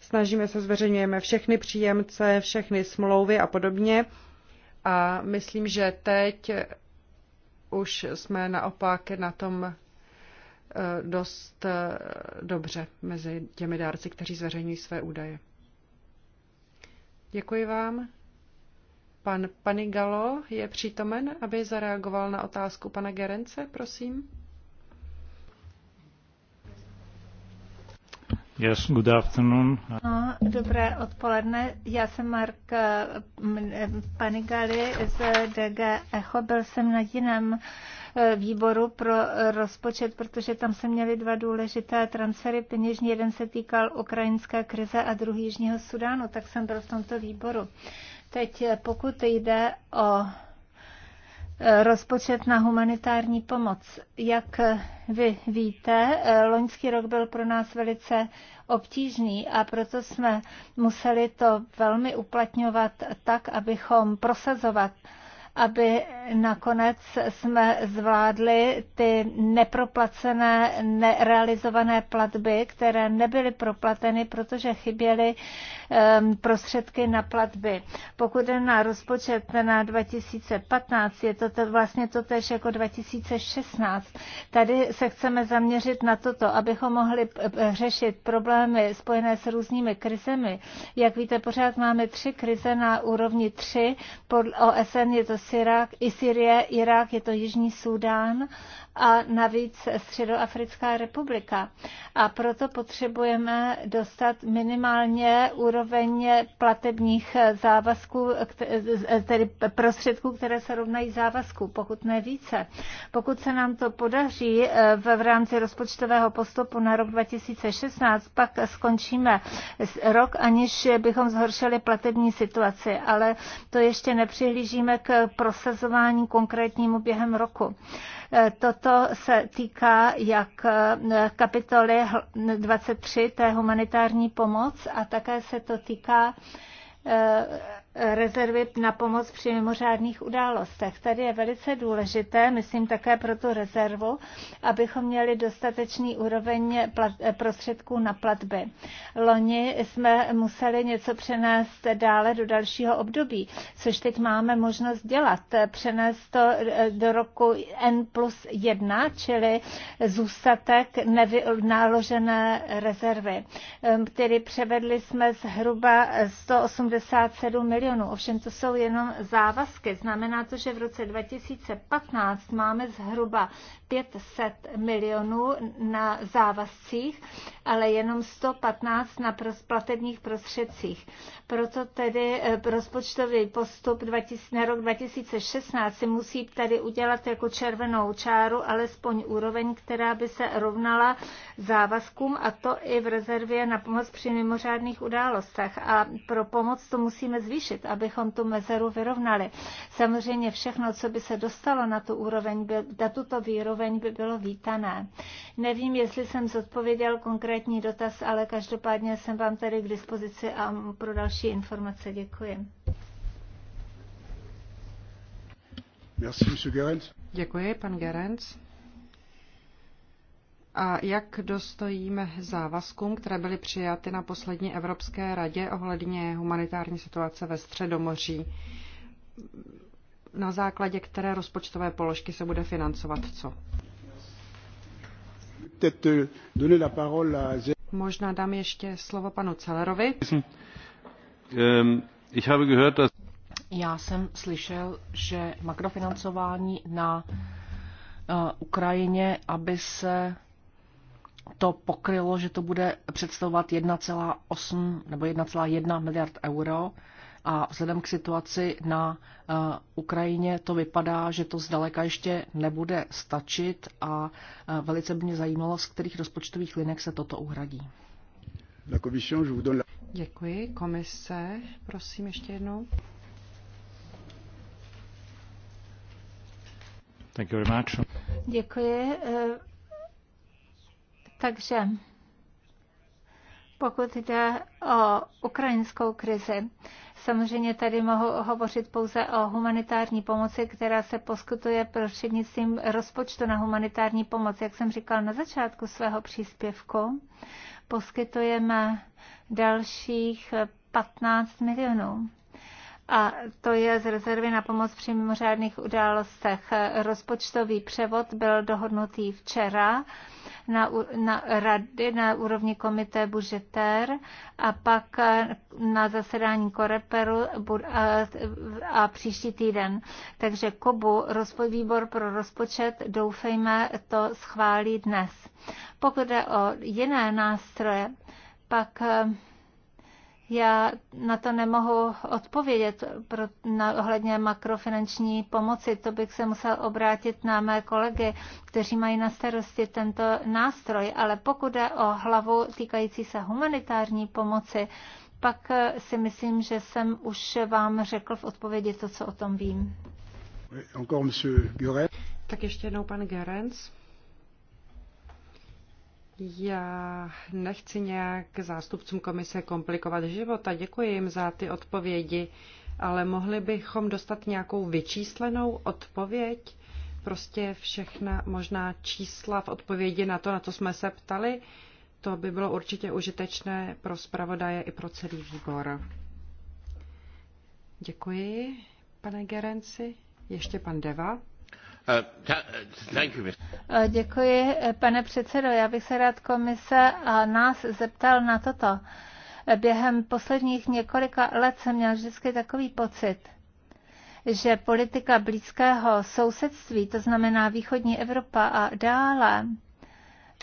snažíme se, zveřejňujeme všechny příjemce, všechny smlouvy a podobně. A myslím, že teď už jsme naopak na tom eh, dost eh, dobře mezi těmi dárci, kteří zveřejňují své údaje. Děkuji vám. Pan Panigalo je přítomen, aby zareagoval na otázku pana Gerence, prosím. Yes, good afternoon. No, dobré odpoledne. Já jsem Mark Panigali z DG Echo. Byl jsem na jiném e, výboru pro rozpočet, protože tam se měly dva důležité transfery peněžní. Jeden se týkal ukrajinské krize a druhý Jižního Sudánu, tak jsem byl v tomto výboru. Teď eh, pokud jde o eh, rozpočet na humanitární pomoc. Jak eh, vy víte, loňský rok byl pro nás velice obtížný a proto jsme museli to velmi uplatňovat tak, abychom prosazovat aby nakonec jsme zvládli ty neproplacené, nerealizované platby, které nebyly proplateny, protože chyběly ehm, prostředky na platby. Pokud je na rozpočet na 2015, je to, to vlastně to tež jako 2016. Tady se chceme zaměřit na toto, abychom mohli řešit problémy spojené s různými krizemi. Jak víte, pořád máme tři krize na úrovni 3. Pod OSN je to Syrák, i Syrie, Irák, je to Jižní Súdán a navíc Středoafrická republika. A proto potřebujeme dostat minimálně úroveň platebních závazků, tedy prostředků, které se rovnají závazku, pokud ne více. Pokud se nám to podaří eh, v, v rámci rozpočtového postupu na rok 2016, pak skončíme rok, aniž bychom zhoršili platební situaci, ale to ještě nepřihlížíme k prosazování konkrétnímu během roku. Eh, toto se týká jak eh, kapitoly 23, té humanitární pomoc, a také se to týká eh, rezervy na pomoc při mimořádných událostech. Tady je velice důležité, myslím také pro tu rezervu, abychom měli dostatečný úroveň prostředků na platby. Loni jsme museli něco přenést dále do dalšího období, což teď máme možnost dělat. Přenést to eh, do roku N plus 1, čili zůstatek nevynáložené rezervy, který ehm, převedli jsme zhruba 187 milionů milionů. Ovšem to jsou jenom závazky. Znamená to, že v roce 2015 máme zhruba 500 milionů na závazcích, ale jenom 115 na platebních prostředcích. Proto tedy eh, rozpočtový postup 2000, na rok 2016 si musí tady udělat jako červenou čáru alespoň úroveň, která by se rovnala závazkům a to i v rezervě na pomoc při mimořádných událostech. A pro pomoc to musíme zvýšit zvýšit, abychom tu mezeru vyrovnali. Samozřejmě všechno, co by se dostalo na tu úroveň, by, na tuto výroveň by bylo vítané. Nevím, jestli jsem zodpověděl konkrétní dotaz, ale každopádně jsem vám tady k dispozici a pro další informace děkuji. Děkuji, pan Gerenc a jak dostojíme závazkům, které byly přijaty na poslední Evropské radě ohledně humanitární situace ve Středomoří, na základě které rozpočtové položky se bude financovat co? Možná dám ještě slovo panu Celerovi. Ehm, Já jsem slyšel, že makrofinancování na eh, Ukrajině, aby se to pokrylo, že to bude představovat 1,8 nebo 1,1 miliard euro a vzhledem k situaci na eh, Ukrajině to vypadá, že to zdaleka ještě nebude stačit a eh, velice by mě zajímalo, z kterých rozpočtových linek se toto uhradí. Děkuji. Komise, prosím ještě jednou. Děkuji. Eh, takže pokud jde o ukrajinskou krizi, samozřejmě tady mohu hovořit pouze o humanitární pomoci, která se poskytuje prostřednictvím rozpočtu na humanitární pomoc. Jak jsem říkal na začátku svého příspěvku, poskytujeme dalších 15 milionů a to je z rezervy na pomoc při mimořádných událostech. Rozpočtový převod byl dohodnutý včera na, na, rady, na úrovni komité Bužetér a pak na zasedání Koreperu a, a příští týden. Takže KOBU, rozpo, výbor pro rozpočet, doufejme, to schválí dnes. Pokud jde o jiné nástroje, pak já na to nemohu odpovědět pro, na, ohledně makrofinanční pomoci. To bych se musel obrátit na mé kolegy, kteří mají na starosti tento nástroj. Ale pokud jde o hlavu týkající se humanitární pomoci, pak eh, si myslím, že jsem už vám řekl v odpovědi to, co o tom vím. Tak ještě jednou pan Gerenc. Já nechci nějak zástupcům komise komplikovat život a děkuji jim za ty odpovědi, ale mohli bychom dostat nějakou vyčíslenou odpověď? Prostě všechna možná čísla v odpovědi na to, na co jsme se ptali, to by bylo určitě užitečné pro zpravodaje i pro celý výbor. Děkuji, pane Gerenci. Ještě pan Deva. Uh, uh, uh, děkuji, pane předsedo. Já bych se rád komise a nás zeptal na toto. Během posledních několika let jsem měl vždycky takový pocit, že politika blízkého sousedství, to znamená východní Evropa a dále,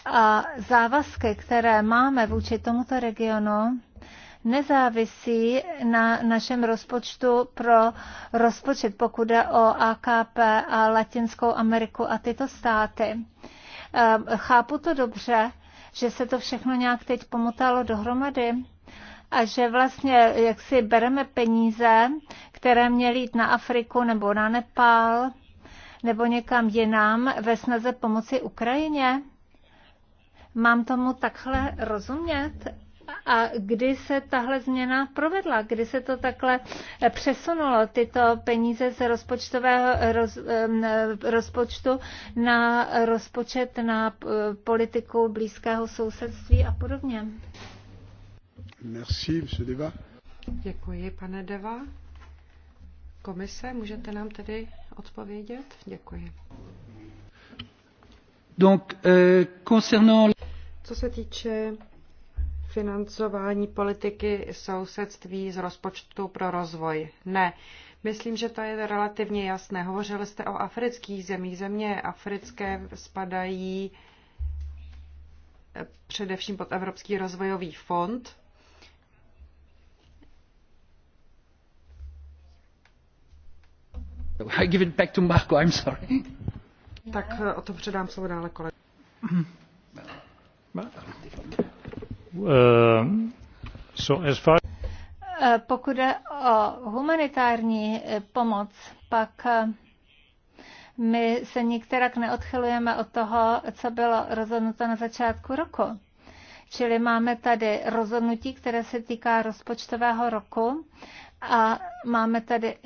a závazky, které máme vůči tomuto regionu, nezávisí na našem rozpočtu pro rozpočet, pokud jde o AKP a Latinskou Ameriku a tyto státy. Eh, chápu to dobře, že se to všechno nějak teď pomotalo dohromady a že vlastně, jak si bereme peníze, které měly jít na Afriku nebo na Nepál nebo někam jinam ve snaze pomoci Ukrajině. Mám tomu takhle rozumět? a kdy se tahle změna provedla, kdy se to takhle eh, přesunulo, tyto peníze z rozpočtového eh, roz, eh, rozpočtu na rozpočet na politiku blízkého sousedství a podobně. Merci, Deva. Děkuji, pane Deva. Komise, můžete nám tedy odpovědět? Děkuji. Donc, euh, concernant... Co se týče financování politiky sousedství z rozpočtu pro rozvoj. Ne. Myslím, že to je relativně jasné. Hovořili jste o afrických zemích. Země africké spadají eh, především pod Evropský rozvojový fond. I give it back to Marco, I'm sorry. Tak eh, o to předám slovo dále kolegy. Mhm. Pokud je o humanitární pomoc, pak my se nikterak neodchylujeme od toho, co bylo rozhodnuto na začátku roku. Čili máme tady rozhodnutí, které se týká rozpočtového roku a máme tady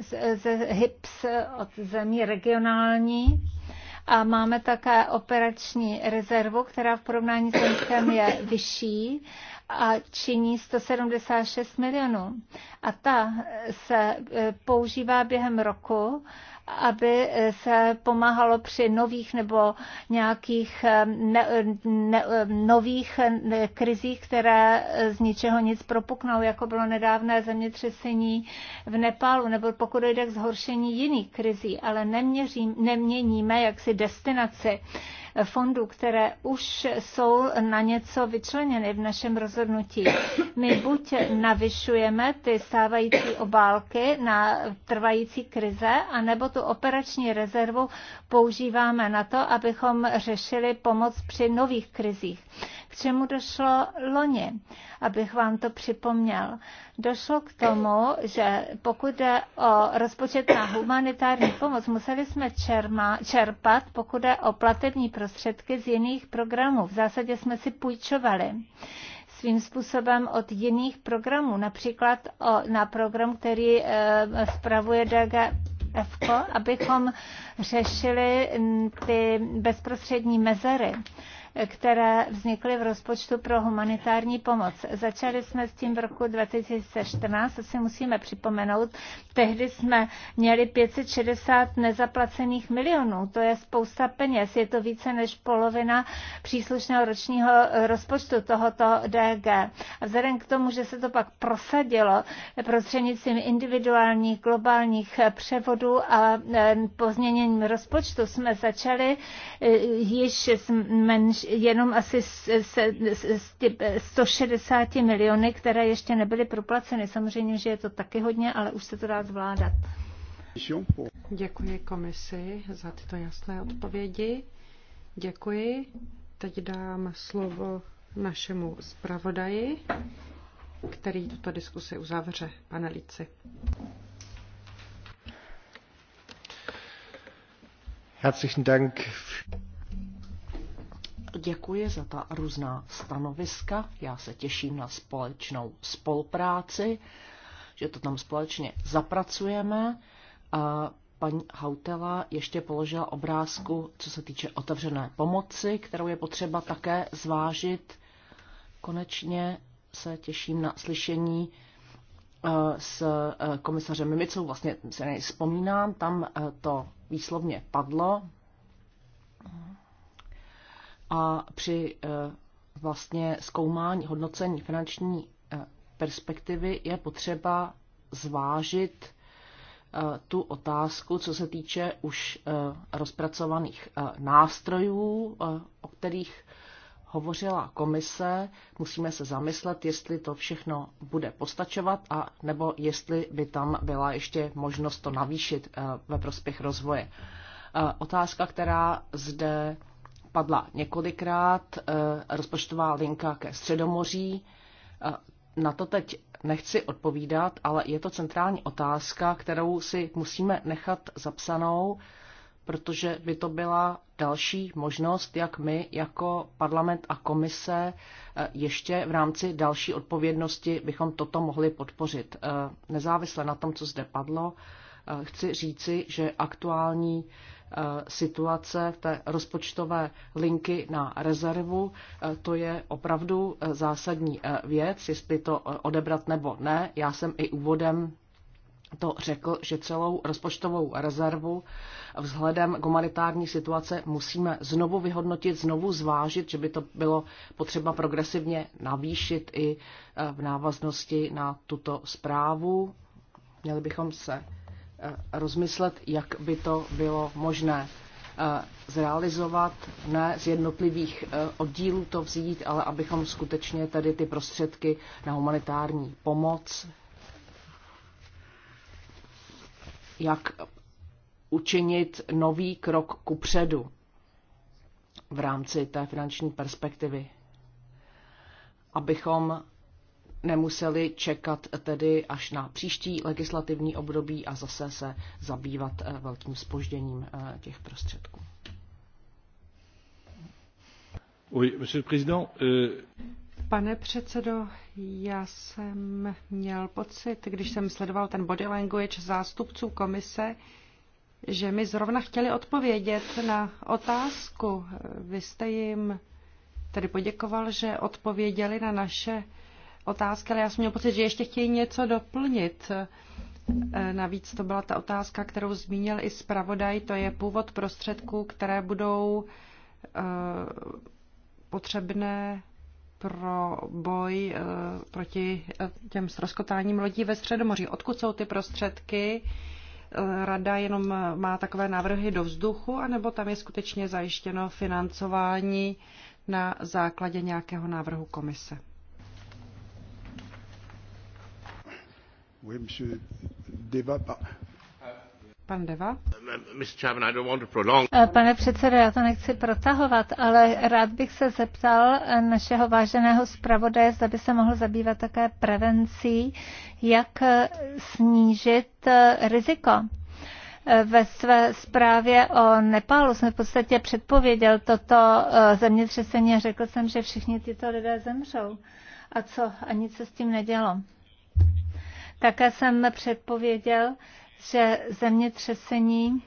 z, z HIPS od zemí regionální a máme také operační rezervu, která v porovnání s Lenskem je vyšší a činí 176 milionů. A ta se e, používá během roku aby se pomáhalo při nových nebo nějakých ne, ne, nových krizích, které z ničeho nic propuknou, jako bylo nedávné zemětřesení v Nepálu, nebo pokud dojde k zhoršení jiných krizí, ale neměřím, neměníme jaksi destinaci fondů, které už jsou na něco vyčleněny v našem rozhodnutí. My buď navyšujeme ty stávající obálky na trvající krize, anebo tu operační rezervu používáme na to, abychom řešili pomoc při nových krizích čemu došlo loni, abych vám to připomněl. Došlo k tomu, že pokud jde o rozpočet na humanitární pomoc, museli jsme čerma, čerpat, pokud jde o platební prostředky z jiných programů. V zásadě jsme si půjčovali svým způsobem od jiných programů, například o, na program, který e, spravuje DG abychom řešili mm, ty bezprostřední mezery které vznikly v rozpočtu pro humanitární pomoc. Začali jsme s tím v roku 2014, to si musíme připomenout. Tehdy jsme měli 560 nezaplacených milionů, to je spousta peněz, je to více než polovina příslušného ročního rozpočtu tohoto DG. A vzhledem k tomu, že se to pak prosadilo prostřednictvím individuálních globálních převodů a e, pozměněním rozpočtu, jsme začali e, již s menší jenom asi 160 miliony, které ještě nebyly proplaceny. Samozřejmě, že je to taky hodně, ale už se to dá zvládat. Děkuji komisi za tyto jasné odpovědi. Děkuji. Teď dám slovo našemu zpravodaji, který tuto diskusi uzavře, pane Lici. Herzlichen Dank. Děkuji za ta různá stanoviska. Já se těším na společnou spolupráci, že to tam společně zapracujeme. A paní Hautela ještě položila obrázku, co se týče otevřené pomoci, kterou je potřeba také zvážit. Konečně se těším na slyšení eh, s eh, komisařem Mimicou, vlastně se nejspomínám, tam eh, to výslovně padlo, a při eh, vlastně zkoumání, hodnocení finanční eh, perspektivy je potřeba zvážit eh, tu otázku, co se týče už rozpracovaných nástrojů, o kterých hovořila komise. Musíme se zamyslet, jestli to všechno bude postačovat a nebo jestli by tam byla ještě možnost to navýšit ve prospěch rozvoje. Otázka, která zde padla několikrát, eh, rozpočtová linka ke Středomoří. Eh, na to teď nechci odpovídat, ale je to centrální otázka, kterou si musíme nechat zapsanou, protože by to byla další možnost, jak my jako parlament a komise eh, ještě v rámci další odpovědnosti bychom toto mohli podpořit. Nezávisle na tom, co zde padlo, chci říci, že aktuální Eh, situace té rozpočtové linky na rezervu. Eh, to je opravdu eh, zásadní věc, jestli to odebrat nebo ne. Já jsem i úvodem to řekl, že celou rozpočtovou rezervu vzhledem k humanitární situace musíme znovu vyhodnotit, znovu zvážit, že by to bylo potřeba progresivně navýšit i v návaznosti na tuto zprávu. Měli bychom se Eh, rozmyslet, jak by to bylo možné eh, zrealizovat, ne z jednotlivých eh, oddílů to vzít, ale abychom skutečně tady ty prostředky na humanitární pomoc, jak učinit nový krok ku předu v rámci té finanční perspektivy, abychom nemuseli čekat tedy až na příští legislativní období a zase se zabývat eh, velkým spožděním eh, těch prostředků. Euh, Pane předsedo, já jsem měl pocit, když jsem sledoval ten body language zástupců komise, že mi zrovna chtěli odpovědět na otázku. Vy jste jim tedy poděkoval, že odpověděli na naše otázky, ale já jsem měl pocit, že ještě chtějí něco doplnit. E, navíc to byla ta otázka, kterou zmínil i zpravodaj, to je původ prostředků, které budou e, potřebné pro boj e, proti těm stroskotáním lodí ve Středomoří. Odkud jsou ty prostředky? Rada jenom má takové návrhy do vzduchu, anebo tam je skutečně zajištěno financování na základě nějakého návrhu komise? Oui, monsieur Deva, Pan Deva. Eh, pane předsedo, já to nechci protahovat, ale rád bych se zeptal eh, našeho váženého zpravodaje, zda by se mohl zabývat také prevencí, jak eh, snížit riziko ve své zprávě o Nepálu jsem v podstatě předpověděl toto zemětřesení a řekl jsem, že všichni tyto lidé zemřou. A co? A nic se s tím nedělo. Také jsem předpověděl, že zemětřesení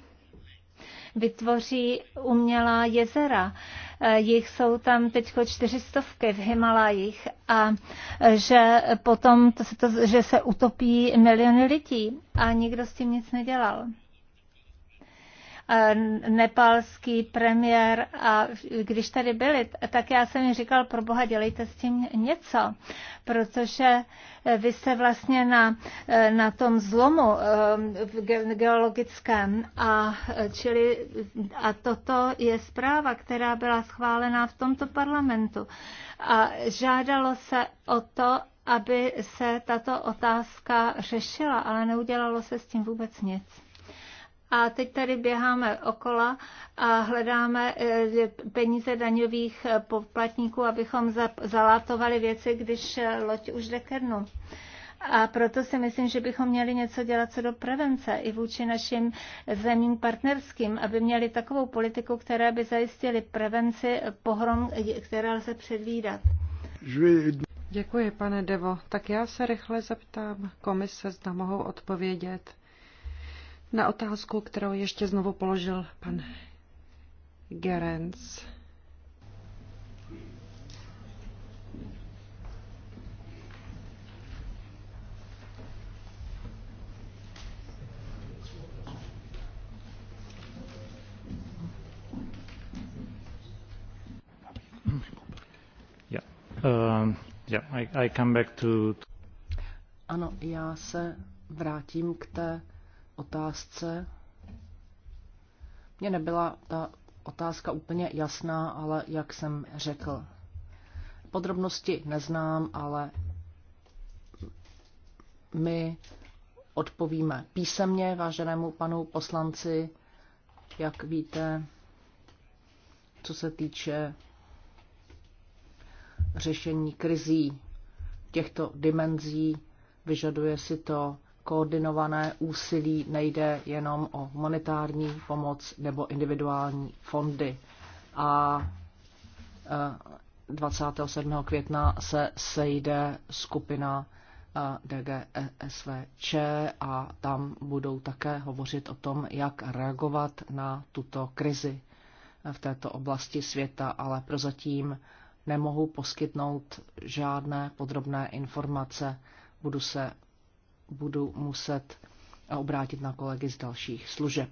vytvoří umělá jezera. Eh, jich jsou tam teď čtyřistovky v Himalajích a eh, že potom to se, to, že se utopí miliony lidí a nikdo s tím nic nedělal. Eh, nepalský premiér a když tady byli, tak já jsem jim říkal, pro boha dělejte s tím něco, protože eh, vy jste vlastně na, eh, na tom zlomu geologickém a, čili, a toto je zpráva, která byla schválená v tomto parlamentu a žádalo se o to, aby se tato otázka řešila, ale neudělalo se s tím vůbec nic a teď tady běháme okola a hledáme eh, peníze daňových eh, poplatníků, abychom zalátovali věci, když eh, loď už jde ke dnu. A proto si myslím, že bychom měli něco dělat co do prevence i vůči našim zemím partnerským, aby měli takovou politiku, která by zajistili prevenci pohrom, která lze předvídat. Děkuji, pane Devo. Tak já se rychle zeptám komise, zda mohou odpovědět na otázku, kterou ještě znovu položil pan Gerenc. Yeah. Ehm, yeah, I, I come back to... Ano, já se vrátím k té otázce. Mně nebyla ta otázka úplně jasná, ale jak jsem řekl, podrobnosti neznám, ale my odpovíme písemně váženému panu poslanci, jak víte, co se týče řešení krizí těchto dimenzí, vyžaduje si to koordinované úsilí nejde jenom o monetární pomoc nebo individuální fondy. A 27. E, května se sejde skupina e, DGSVČ e, a tam budou také hovořit o tom, jak reagovat na tuto krizi v této oblasti světa, ale prozatím nemohu poskytnout žádné podrobné informace. Budu se budu muset obrátit na kolegy z dalších služeb.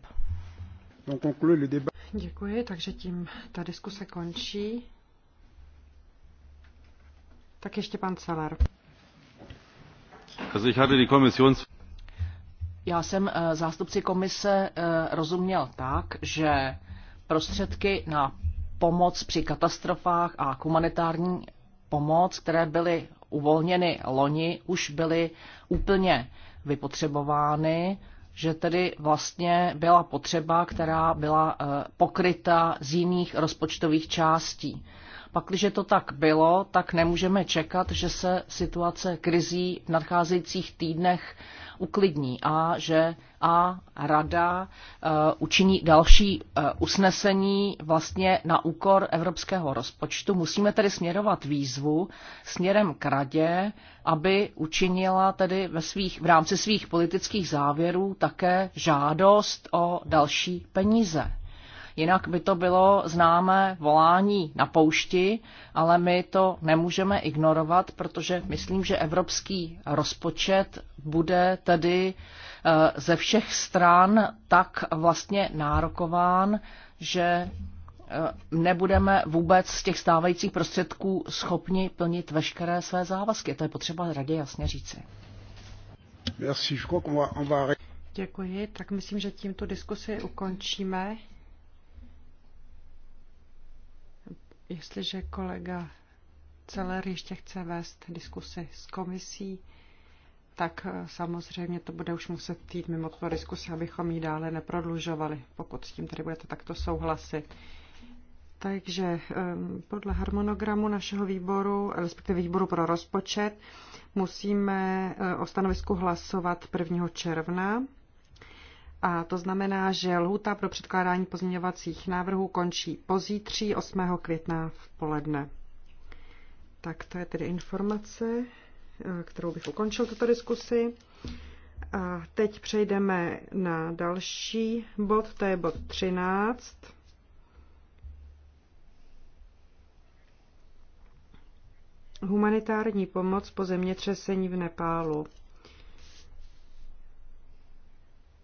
Děkuji, takže tím ta diskuse končí. Tak ještě pan Celer. Já jsem eh, zástupci komise eh, rozuměl tak, že prostředky na pomoc při katastrofách a humanitární pomoc, které byly uvolněny loni, už byly úplně vypotřebovány, že tedy vlastně byla potřeba, která byla eh, pokryta z jiných rozpočtových částí. Pak, když to tak bylo, tak nemůžeme čekat, že se situace krizí v nadcházejících týdnech uklidní a že a rada uh, učiní další uh, usnesení vlastně na úkor evropského rozpočtu. Musíme tedy směrovat výzvu směrem k radě, aby učinila tedy ve svých, v rámci svých politických závěrů také žádost o další peníze. Jinak by to bylo známé volání na poušti, ale my to nemůžeme ignorovat, protože myslím, že evropský rozpočet bude tedy eh, ze všech stran tak vlastně nárokován, že eh, nebudeme vůbec z těch stávajících prostředků schopni plnit veškeré své závazky. To je potřeba radě jasně říci. Děkuji, tak myslím, že tím diskusi ukončíme. Jestliže kolega Celer ještě chce vést diskusy s komisí, tak eh, samozřejmě to bude už muset jít mimo tu diskusi, abychom ji dále neprodlužovali, pokud s tím tedy budete takto souhlasit. Takže ehm, podle harmonogramu našeho výboru, respektive výboru pro rozpočet, musíme eh, o stanovisku hlasovat 1. června a to znamená, že lhůta pro předkládání pozměňovacích návrhů končí pozítří 8. května v poledne. Tak to je tedy informace, eh, kterou bych ukončil tuto diskusi. A teď přejdeme na další bod, to je bod 13. Humanitární pomoc po zemětřesení v Nepálu.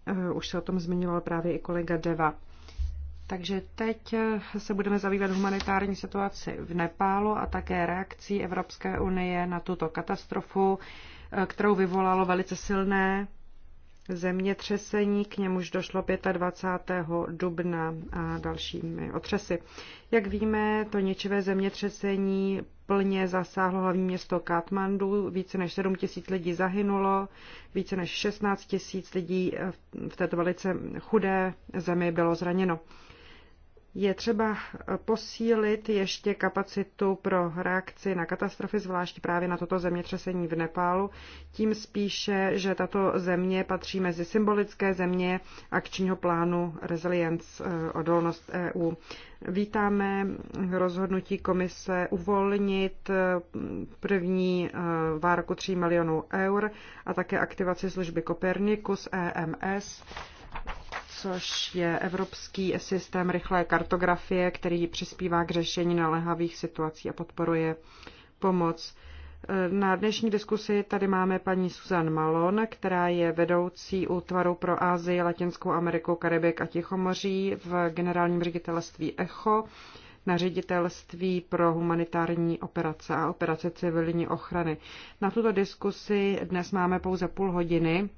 Eh, už se o tom zmiňoval právě i kolega Deva. Takže teď eh, se budeme zabývat humanitární situaci v Nepálu a také reakcí Evropské unie na tuto katastrofu, eh, kterou vyvolalo velice silné zemětřesení, k němuž došlo 25. dubna a dalšími otřesy. Jak víme, to ničivé zemětřesení plně zasáhlo hlavní město Katmandu, více než 7 tisíc lidí zahynulo, více než 16 tisíc lidí v této velice chudé zemi bylo zraněno. Je třeba posílit ještě kapacitu pro reakci na katastrofy, zvlášť právě na toto zemětřesení v Nepálu, tím spíše, že tato země patří mezi symbolické země akčního plánu Resilience eh, odolnost EU. Vítáme rozhodnutí komise uvolnit eh, první eh, várku 3 milionů eur a také aktivaci služby Copernicus EMS což je evropský systém rychlé kartografie, který přispívá k řešení naléhavých situací a podporuje pomoc. Na dnešní diskusi tady máme paní Susan Malon, která je vedoucí útvaru pro Ázii, Latinskou Ameriku, Karibik a Tichomoří v generálním ředitelství ECHO, na ředitelství pro humanitární operace a operace civilní ochrany. Na tuto diskusi dnes máme pouze půl hodiny,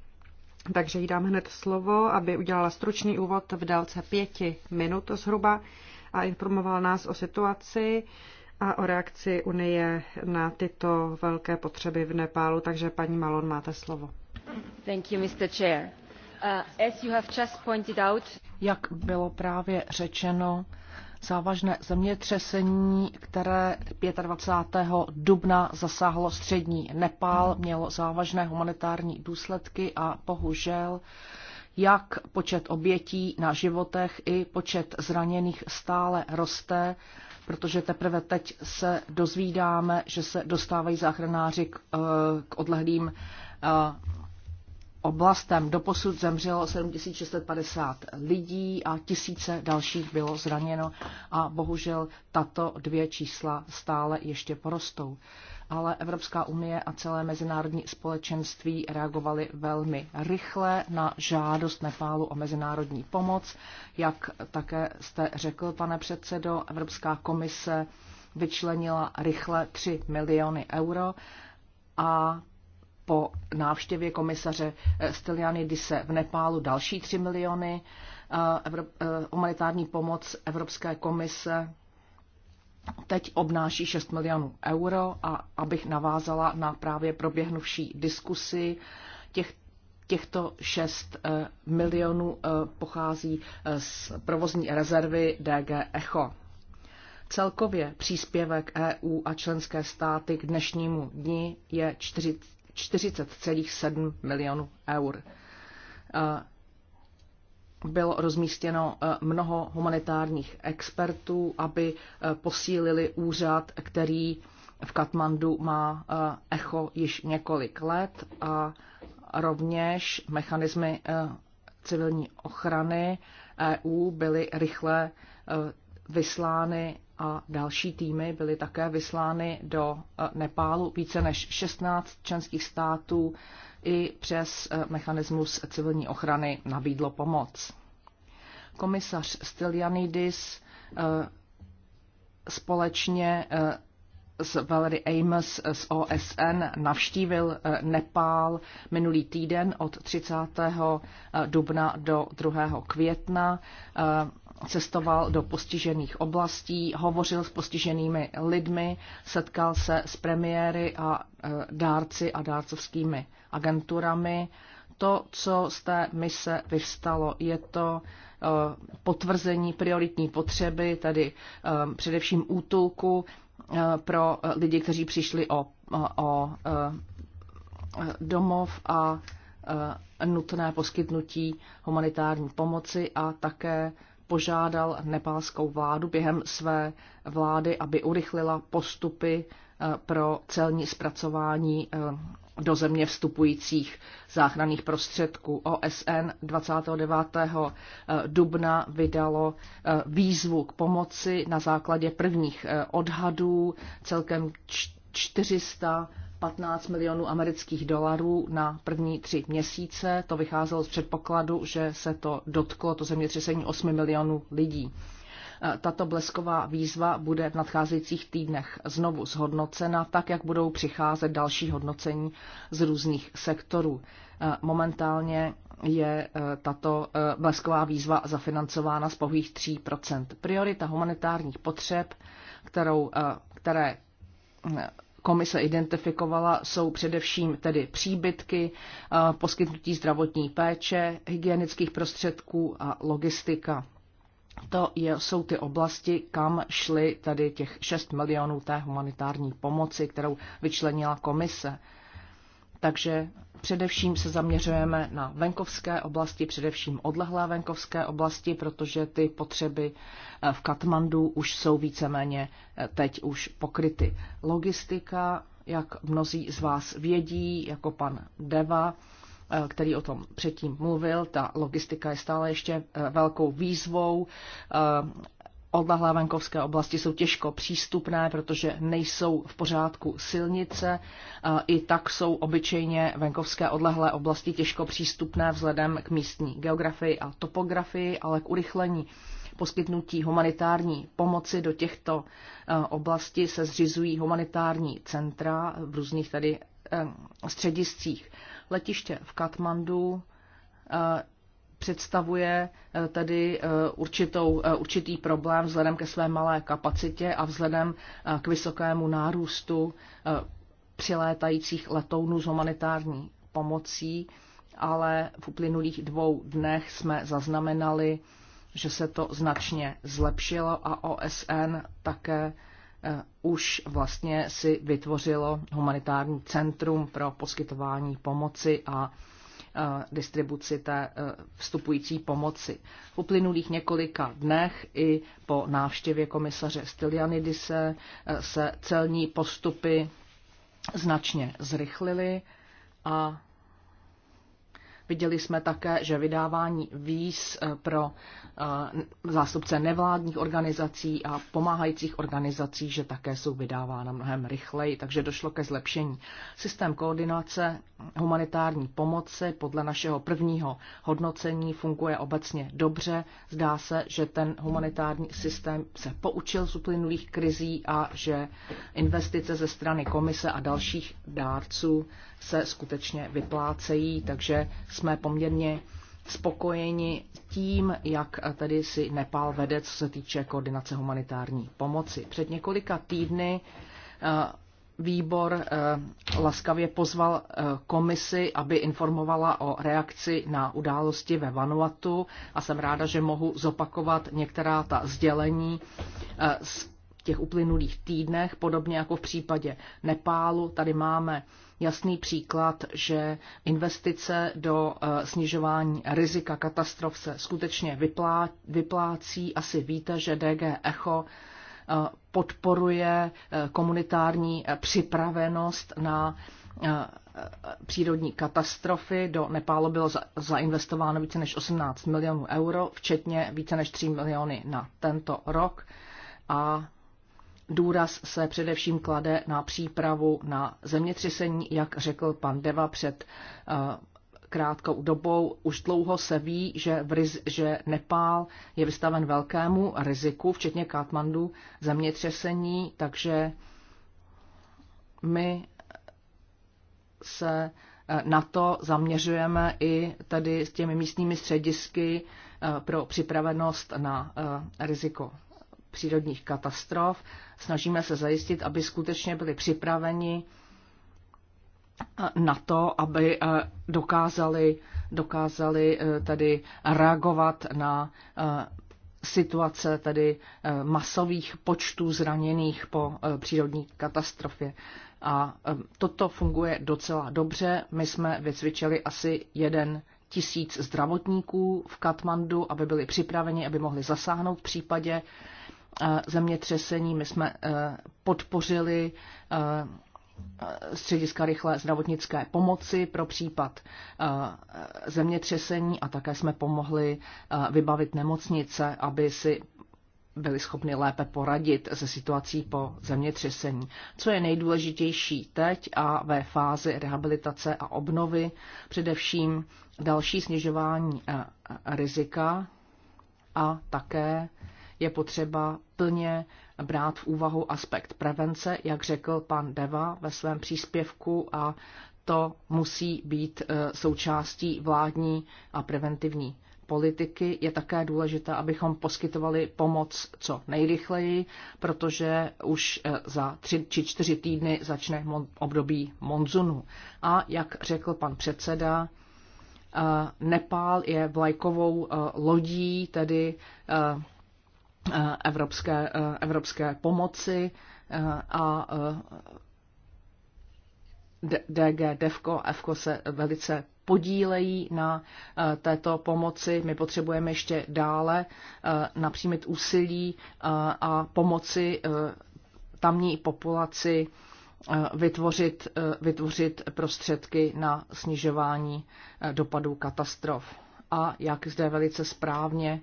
takže jí dám hned slovo, aby udělala stručný úvod v délce pěti minut zhruba a informoval nás o situaci a o reakci Unie na tyto velké potřeby v Nepálu. Takže paní Malon, máte slovo. Thank you, Mr. Chair. Uh, as you have just pointed out... Jak bylo právě řečeno, závažné zemětřesení, které 25. dubna zasáhlo střední Nepál, mělo závažné humanitární důsledky a bohužel jak počet obětí na životech i počet zraněných stále roste, protože teprve teď se dozvídáme, že se dostávají záchranáři k, eh, k odlehlým eh, oblastem. Doposud zemřelo 7650 lidí a tisíce dalších bylo zraněno a bohužel tato dvě čísla stále ještě porostou. Ale Evropská unie a celé mezinárodní společenství reagovaly velmi rychle na žádost Nepálu o mezinárodní pomoc. Jak také jste řekl, pane předsedo, Evropská komise vyčlenila rychle 3 miliony euro a po návštěvě komisaře eh, Stylianidise v Nepálu další 3 miliony, eh, eh, humanitární pomoc Evropské komise teď obnáší 6 milionů euro a abych navázala na právě proběhnuvší diskusi, těch, těchto 6 milionů pochází z provozní rezervy DG Echo. Celkově příspěvek EU a členské státy k dnešnímu dni je 40 40,7 milionů eur. Eh, bylo rozmístěno eh, mnoho humanitárních expertů, aby eh, posílili úřad, který v Katmandu má echo již několik let a rovněž mechanismy civilní ochrany EU byly rychle vyslány a další týmy byly také vyslány do eh, Nepálu. Více než 16 členských států i přes eh, mechanismus civilní ochrany nabídlo pomoc. Komisař Stylianidis eh, společně s Valerie Amos z OSN navštívil Nepál minulý týden od 30. dubna do 2. května cestoval do postižených oblastí, hovořil s postiženými lidmi, setkal se s premiéry a e, dárci a dárcovskými agenturami. To, co z té mise vyvstalo, je to e, potvrzení prioritní potřeby, tedy e, především útulku pro lidi, kteří přišli o, o domov a nutné poskytnutí humanitární pomoci a také požádal nepálskou vládu během své vlády, aby urychlila postupy eh, pro celní zpracování eh, do země vstupujících záchranných prostředků. OSN 29. Eh, dubna vydalo výzvu k pomoci na základě prvních odhadů celkem 400 15 milionů amerických dolarů na první tři měsíce. To vycházelo z předpokladu, že se to dotklo, to zemětřesení 8 milionů lidí. E, tato blesková výzva bude v nadcházejících týdnech znovu zhodnocena, tak jak budou přicházet další hodnocení z různých sektorů. E, momentálně je e, tato blesková výzva zafinancována z pohých 3 Priorita humanitárních potřeb, kterou, které komise identifikovala, jsou především tedy příbytky, eh, poskytnutí zdravotní péče, hygienických prostředků a logistika. To je, jsou ty oblasti, kam šly tady těch 6 milionů té humanitární pomoci, kterou vyčlenila komise. Takže Především se zaměřujeme na venkovské oblasti, především odlehlé venkovské oblasti, protože ty potřeby eh, v Katmandu už jsou víceméně eh, teď už pokryty. Logistika, jak mnozí z vás vědí, jako pan Deva, eh, který o tom předtím mluvil. Ta logistika je stále ještě velkou výzvou odlehlé venkovské oblasti jsou těžko přístupné, protože nejsou v pořádku silnice. I tak jsou obyčejně venkovské odlehlé oblasti těžko přístupné vzhledem k místní geografii a topografii, ale k urychlení poskytnutí humanitární pomoci do těchto eh, oblastí se zřizují humanitární centra v různých tady eh, střediscích. Letiště v Katmandu eh, představuje eh, tedy eh, určitou, eh, určitý problém vzhledem ke své malé kapacitě a vzhledem k vysokému nárůstu přilétajících letounů s humanitární pomocí, ale v uplynulých dvou dnech jsme zaznamenali, že se to značně zlepšilo a OSN také už vlastně si vytvořilo humanitární centrum pro poskytování pomoci a Eh, distribuci té eh, vstupující pomoci. V uplynulých několika dnech i po návštěvě komisaře Stylianidise eh, se celní postupy značně zrychlily a Viděli jsme také, že vydávání víz eh, pro eh, zástupce nevládních organizací a pomáhajících organizací, že také jsou vydávána mnohem rychleji, takže došlo ke zlepšení. Systém koordinace humanitární pomoci podle našeho prvního hodnocení funguje obecně dobře. Zdá se, že ten humanitární systém se poučil z uplynulých krizí a že investice ze strany komise a dalších dárců se skutečně vyplácejí, takže jsme poměrně spokojeni tím, jak tedy si Nepál vede, co se týče koordinace humanitární pomoci. Před několika týdny eh, výbor eh, laskavě pozval eh, komisi, aby informovala o reakci na události ve Vanuatu a jsem ráda, že mohu zopakovat některá ta sdělení z těch uplynulých týdnech, podobně jako v případě Nepálu. Tady máme jasný příklad, že investice do eh, snižování rizika katastrof se skutečně vyplácí. Asi víte, že DG Echo eh, podporuje eh, komunitární připravenost na přírodní katastrofy. Do Nepálu bylo zainvestováno více než 18 milionů euro, včetně více než 3 miliony na tento rok. A Důraz se především klade na přípravu na zemětřesení, jak řekl pan Deva před eh, krátkou dobou. Už dlouho se ví, že, v riz, že Nepál je vystaven velkému riziku, včetně Katmandu, zemětřesení, takže my se eh, na to zaměřujeme i tady s těmi místními středisky eh, pro připravenost na riziko přírodních katastrof. Snažíme se zajistit, aby skutečně byli připraveni eh, na to, aby eh, dokázali, dokázali eh, tedy reagovat na situace tedy masových počtů zraněných po přírodní katastrofě. A toto funguje docela dobře. My jsme vycvičili asi jeden tisíc zdravotníků v Katmandu, aby byli připraveni, aby mohli zasáhnout v případě zemětřesení. My jsme eh, podpořili střediska eh, rychlé zdravotnické pomoci pro případ eh, zemětřesení a také jsme pomohli vybavit nemocnice, aby si byli schopni lépe poradit se situací po zemětřesení. Co je nejdůležitější teď a ve fázi rehabilitace a obnovy, především další snižování rizika a také je potřeba plně brát v úvahu aspekt prevence, jak řekl pan Deva ve svém příspěvku a to musí být e, součástí vládní a preventivní politiky. Je také důležité, abychom poskytovali pomoc co nejrychleji, protože už e, za tři či čtyři týdny začne období monzunu. A jak řekl pan předseda, e, Nepál je vlajkovou lodí, tedy Eh, evropské, eh, evropské pomoci eh, a DG, DEVKO a e se velice podílejí na této pomoci. My potřebujeme ještě dále napřímit úsilí a pomoci tamní populaci vytvořit, vytvořit prostředky na snižování dopadů katastrof. A jak zde velice správně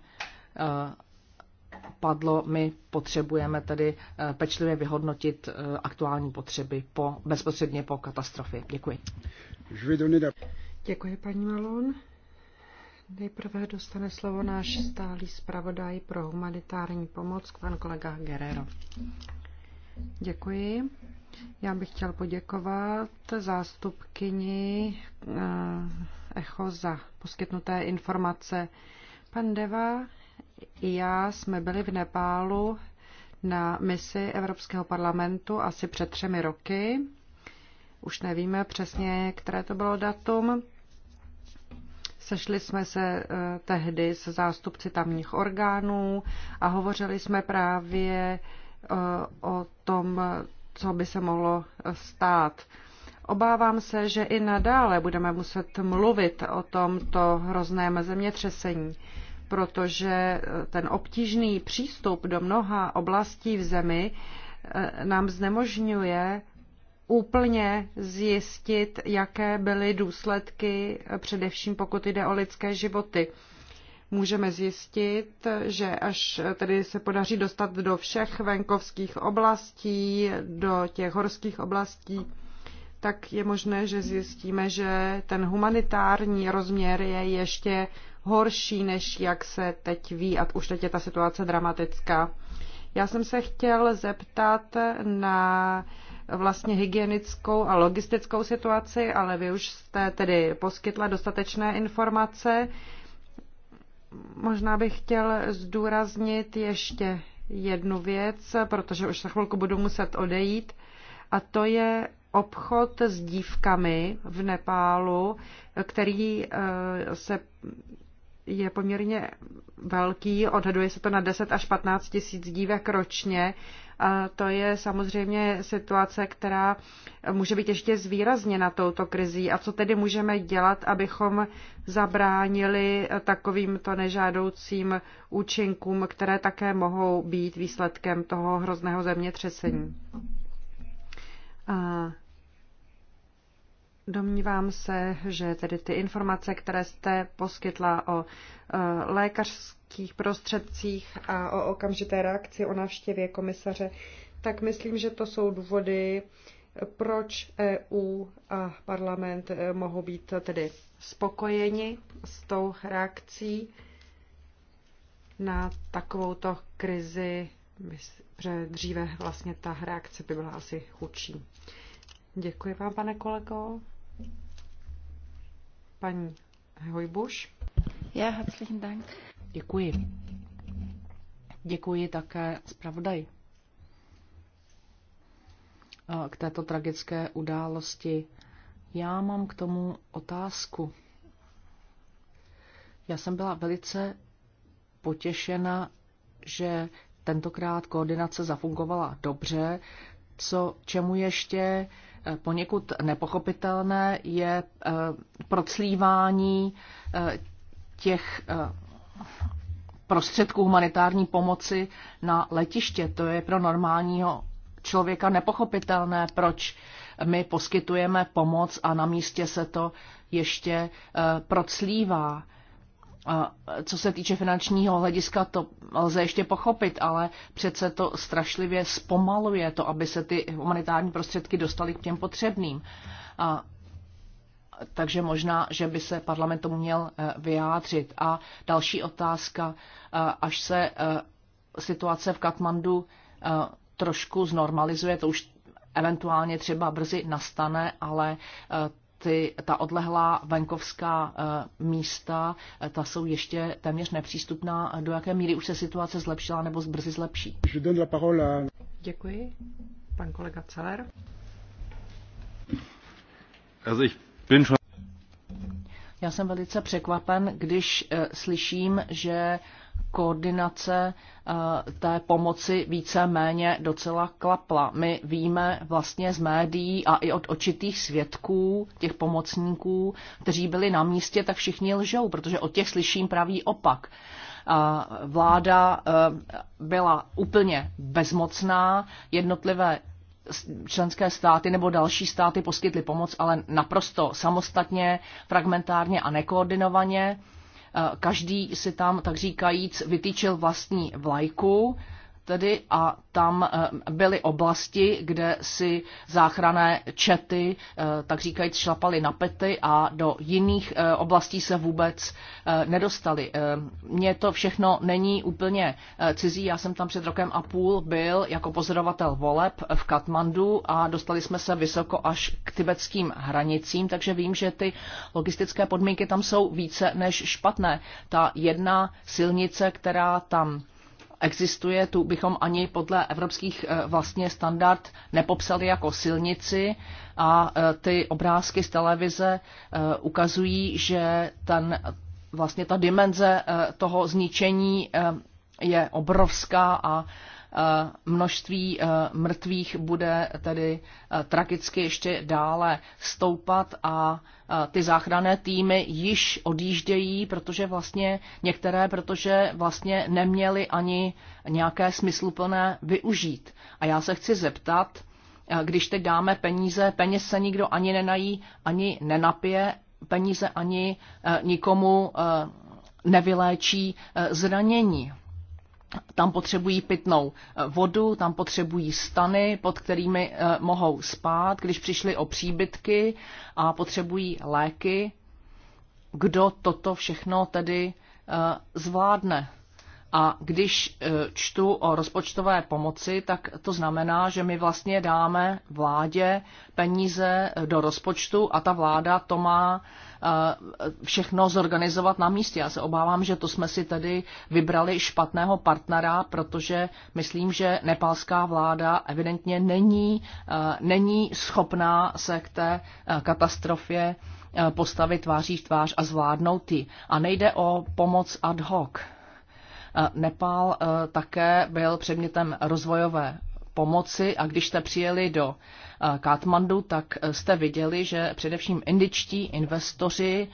padlo, my potřebujeme tedy eh, pečlivě vyhodnotit eh, aktuální potřeby po, bezprostředně po katastrofě. Děkuji. Děkuji, paní Malon. Nejprve dostane slovo náš stálý zpravodaj pro humanitární pomoc, pan kolega Guerrero. Děkuji. Já bych chtěl poděkovat zástupkyni eh, ECHO za poskytnuté informace. Pan Deva i já jsme byli v Nepálu na misi Evropského parlamentu asi před třemi roky. Už nevíme přesně, které to bylo datum. Sešli jsme se eh, tehdy s zástupci tamních orgánů a hovořili jsme právě eh, o tom, co by se mohlo stát. Obávám se, že i nadále budeme muset mluvit o tomto hrozném zemětřesení protože eh, ten obtížný přístup do mnoha oblastí v zemi eh, nám znemožňuje úplně zjistit, jaké byly důsledky, eh, především pokud jde o lidské životy. Můžeme zjistit, že až tedy se podaří dostat do všech venkovských oblastí, do těch horských oblastí, tak je možné, že zjistíme, že ten humanitární rozměr je ještě horší, než jak se teď ví a už teď je ta situace dramatická. Já jsem se chtěl zeptat na vlastně hygienickou a logistickou situaci, ale vy už jste tedy poskytla dostatečné informace. Možná bych chtěl zdůraznit ještě jednu věc, protože už za chvilku budu muset odejít, a to je obchod s dívkami v Nepálu, který eh, se je poměrně velký, odhaduje se to na 10 až 15 tisíc dívek ročně. A to je samozřejmě situace, která může být ještě zvýrazněna touto krizí. A co tedy můžeme dělat, abychom zabránili takovýmto nežádoucím účinkům, které také mohou být výsledkem toho hrozného zemětřesení? A Domnívám se, že tedy ty informace, které jste poskytla o e, lékařských prostředcích a o okamžité reakci o návštěvě komisaře, tak myslím, že to jsou důvody, proč EU a parlament e, mohou být tedy spokojeni s tou reakcí na takovouto krizi, protože dříve vlastně ta reakce by byla asi chudší. Děkuji vám, pane kolego. Paní Hojbuš. Já herzlichen Dank. Děkuji. Děkuji také zpravodaj eh, k této tragické události. Já mám k tomu otázku. Já jsem byla velice potěšena, že tentokrát koordinace zafungovala dobře, co čemu ještě poněkud nepochopitelné je eh, proclívání eh, těch eh, prostředků humanitární pomoci na letiště. To je pro normálního člověka nepochopitelné, proč my poskytujeme pomoc a na místě se to ještě proclívá co se týče finančního hlediska, to lze ještě pochopit, ale přece to strašlivě zpomaluje to, aby se ty humanitární prostředky dostaly k těm potřebným. A, takže možná, že by se parlament tomu měl e, vyjádřit. A další otázka, e, až se e, situace v Katmandu trošku znormalizuje, to už eventuálně třeba brzy nastane, ale ty, ta odlehlá venkovská eh, místa, eh, ta jsou ještě téměř nepřístupná. Do jaké míry už se situace zlepšila nebo brzy zlepší? Děkuji. Pan kolega Celer. Já jsem velice překvapen, když eh, slyším, že koordinace eh, té pomoci více méně docela klapla. My víme vlastně z médií a i od očitých svědků, těch pomocníků, kteří byli na místě, tak všichni lžou, protože o těch slyším pravý opak. Eh, vláda eh, byla úplně bezmocná, jednotlivé členské státy nebo další státy poskytly pomoc, ale naprosto samostatně, fragmentárně a nekoordinovaně Eh, každý si tam, tak říkajíc, vytýčil vlastní vlajku tedy a tam eh, byly oblasti, kde si záchrané čety, eh, tak říkajíc, šlapaly na pety a do jiných eh, oblastí se vůbec nedostali. Mně to všechno není úplně cizí. Já jsem tam před rokem a půl byl jako pozorovatel voleb v Katmandu a dostali jsme se vysoko až k tibetským hranicím, takže vím, že ty logistické podmínky tam jsou více než špatné. Ta jedna silnice, která tam existuje, tu bychom ani podle evropských eh, vlastně standard nepopsali jako silnici a eh, ty obrázky z televize eh, ukazují, že ten, vlastně ta dimenze toho zničení je obrovská a Eh, množství eh, mrtvých bude tedy eh, tragicky ještě dále stoupat a ty záchranné týmy již odjíždějí, protože vlastně některé, protože vlastně neměly ani nějaké smysluplné využít. A já se chci zeptat, když teď dáme peníze, peněz se nikdo ani nenají, ani nenapije, peníze ani nikomu nevyléčí zranění tam potřebují pitnou eh, vodu, tam potřebují stany, pod kterými eh, mohou spát, když přišli o příbytky a potřebují léky. Kdo toto všechno tedy eh, zvládne? A když e, čtu o rozpočtové pomoci, tak to znamená, že my vlastně dáme vládě peníze e, do rozpočtu a ta vláda to má e, všechno zorganizovat na místě. Já se obávám, že to jsme si tedy vybrali špatného partnera, protože myslím, že nepálská vláda evidentně není, není schopná se k té katastrofě postavit tváří v tvář a zvládnout ji. A nejde o pomoc ad hoc Nepál eh, také byl předmětem rozvojové pomoci a když jste přijeli do eh, Katmandu, tak eh, jste viděli, že především indičtí investoři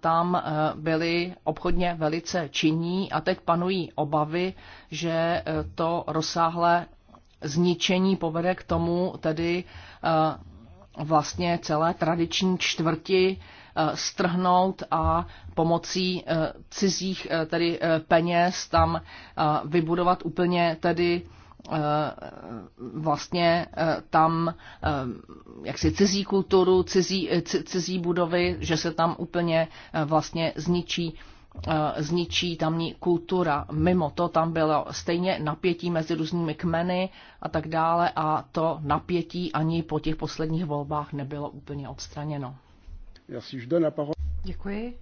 tam byli obchodně velice činní a teď panují obavy, že to rozsáhlé zničení povede k tomu tedy vlastně celé tradiční čtvrti Eh, strhnout a pomocí eh, cizích eh, tedy peněz tam vybudovat úplně tedy vlastně tam jaksi cizí kulturu, cizí, cizí budovy, že se tam úplně vlastně zničí zničí tamní kultura. Mimo to tam bylo stejně napětí mezi různými kmeny a tak dále a to napětí ani po těch posledních volbách nebylo úplně odstraněno. Já si donne la parole. Děkuji.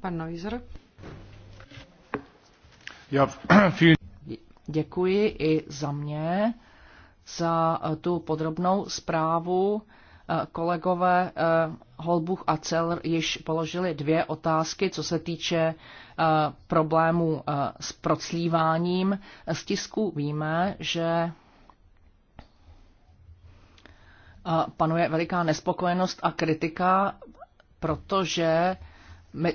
Pan Neuser. Já, [clears throat] Děkuji i za mě, za eh, tu podrobnou zprávu. Eh, kolegové eh, Holbuch a Celr již položili dvě otázky, co se týče problému s proclíváním. Z tisku víme, že panuje veliká nespokojenost a kritika protože my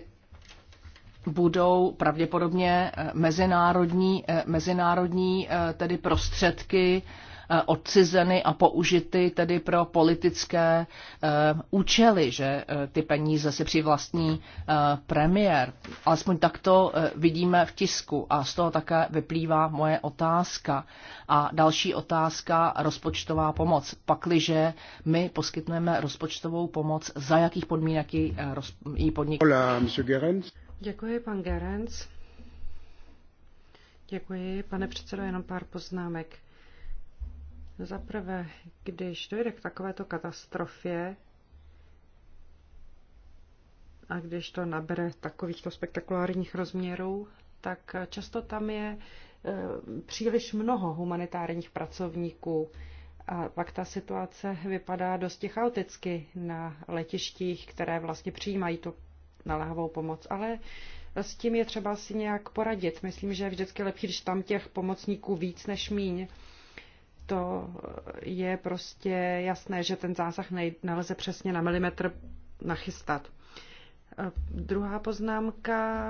budou pravděpodobně eh, mezinárodní, eh, mezinárodní eh, tedy prostředky Eh, odcizeny a použity tedy pro politické eh, účely, že eh, ty peníze si přivlastní premiér. Alespoň to vidíme v tisku a z toho také vyplývá moje otázka. A další otázka rozpočtová pomoc. Pakliže my poskytneme rozpočtovou pomoc, za jakých podmínek ji, ji podnikneme? Děkuji, pan Gerenc. Děkuji, pane předsedo, jenom pár poznámek. Za prvé, když dojde k takovéto katastrofě a když to nabere takovýchto spektakulárních rozměrů, tak často tam je e, příliš mnoho humanitárních pracovníků. A pak ta situace vypadá dosti chaoticky na letištích, které vlastně přijímají tu naléhavou pomoc. Ale s tím je třeba si nějak poradit. Myslím, že je vždycky lepší, když tam těch pomocníků víc než míň to je prostě jasné, že ten zásah nelze přesně na milimetr nachystat. E, druhá poznámka,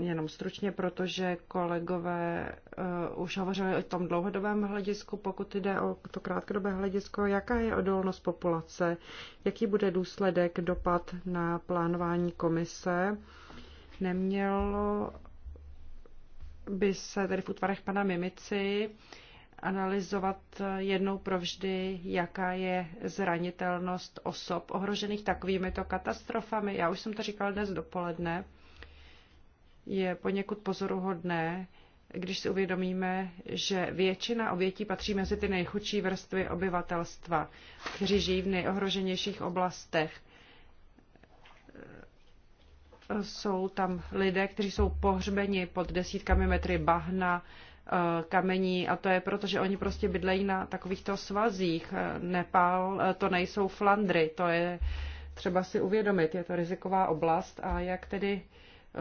jenom stručně, protože kolegové uh, už hovořili o tom dlouhodobém hledisku, pokud jde o to krátkodobé hledisko, jaká je odolnost populace, jaký bude důsledek, dopad na plánování komise. Nemělo by se tedy v útvarech pana Mimici uh, analyzovat jednou provždy, jaká je zranitelnost osob ohrožených takovýmito katastrofami. Já už jsem to říkal dnes dopoledne. Je poněkud pozoruhodné, když si uvědomíme, že většina obětí patří mezi ty nejchudší vrstvy obyvatelstva, kteří žijí v nejohroženějších oblastech. Jsou tam lidé, kteří jsou pohřbeni pod desítkami metry bahna, Eh, kamení a to je proto, že oni prostě bydlejí na takovýchto svazích. Eh, Nepál eh, to nejsou Flandry, to je třeba si uvědomit, je to riziková oblast a jak tedy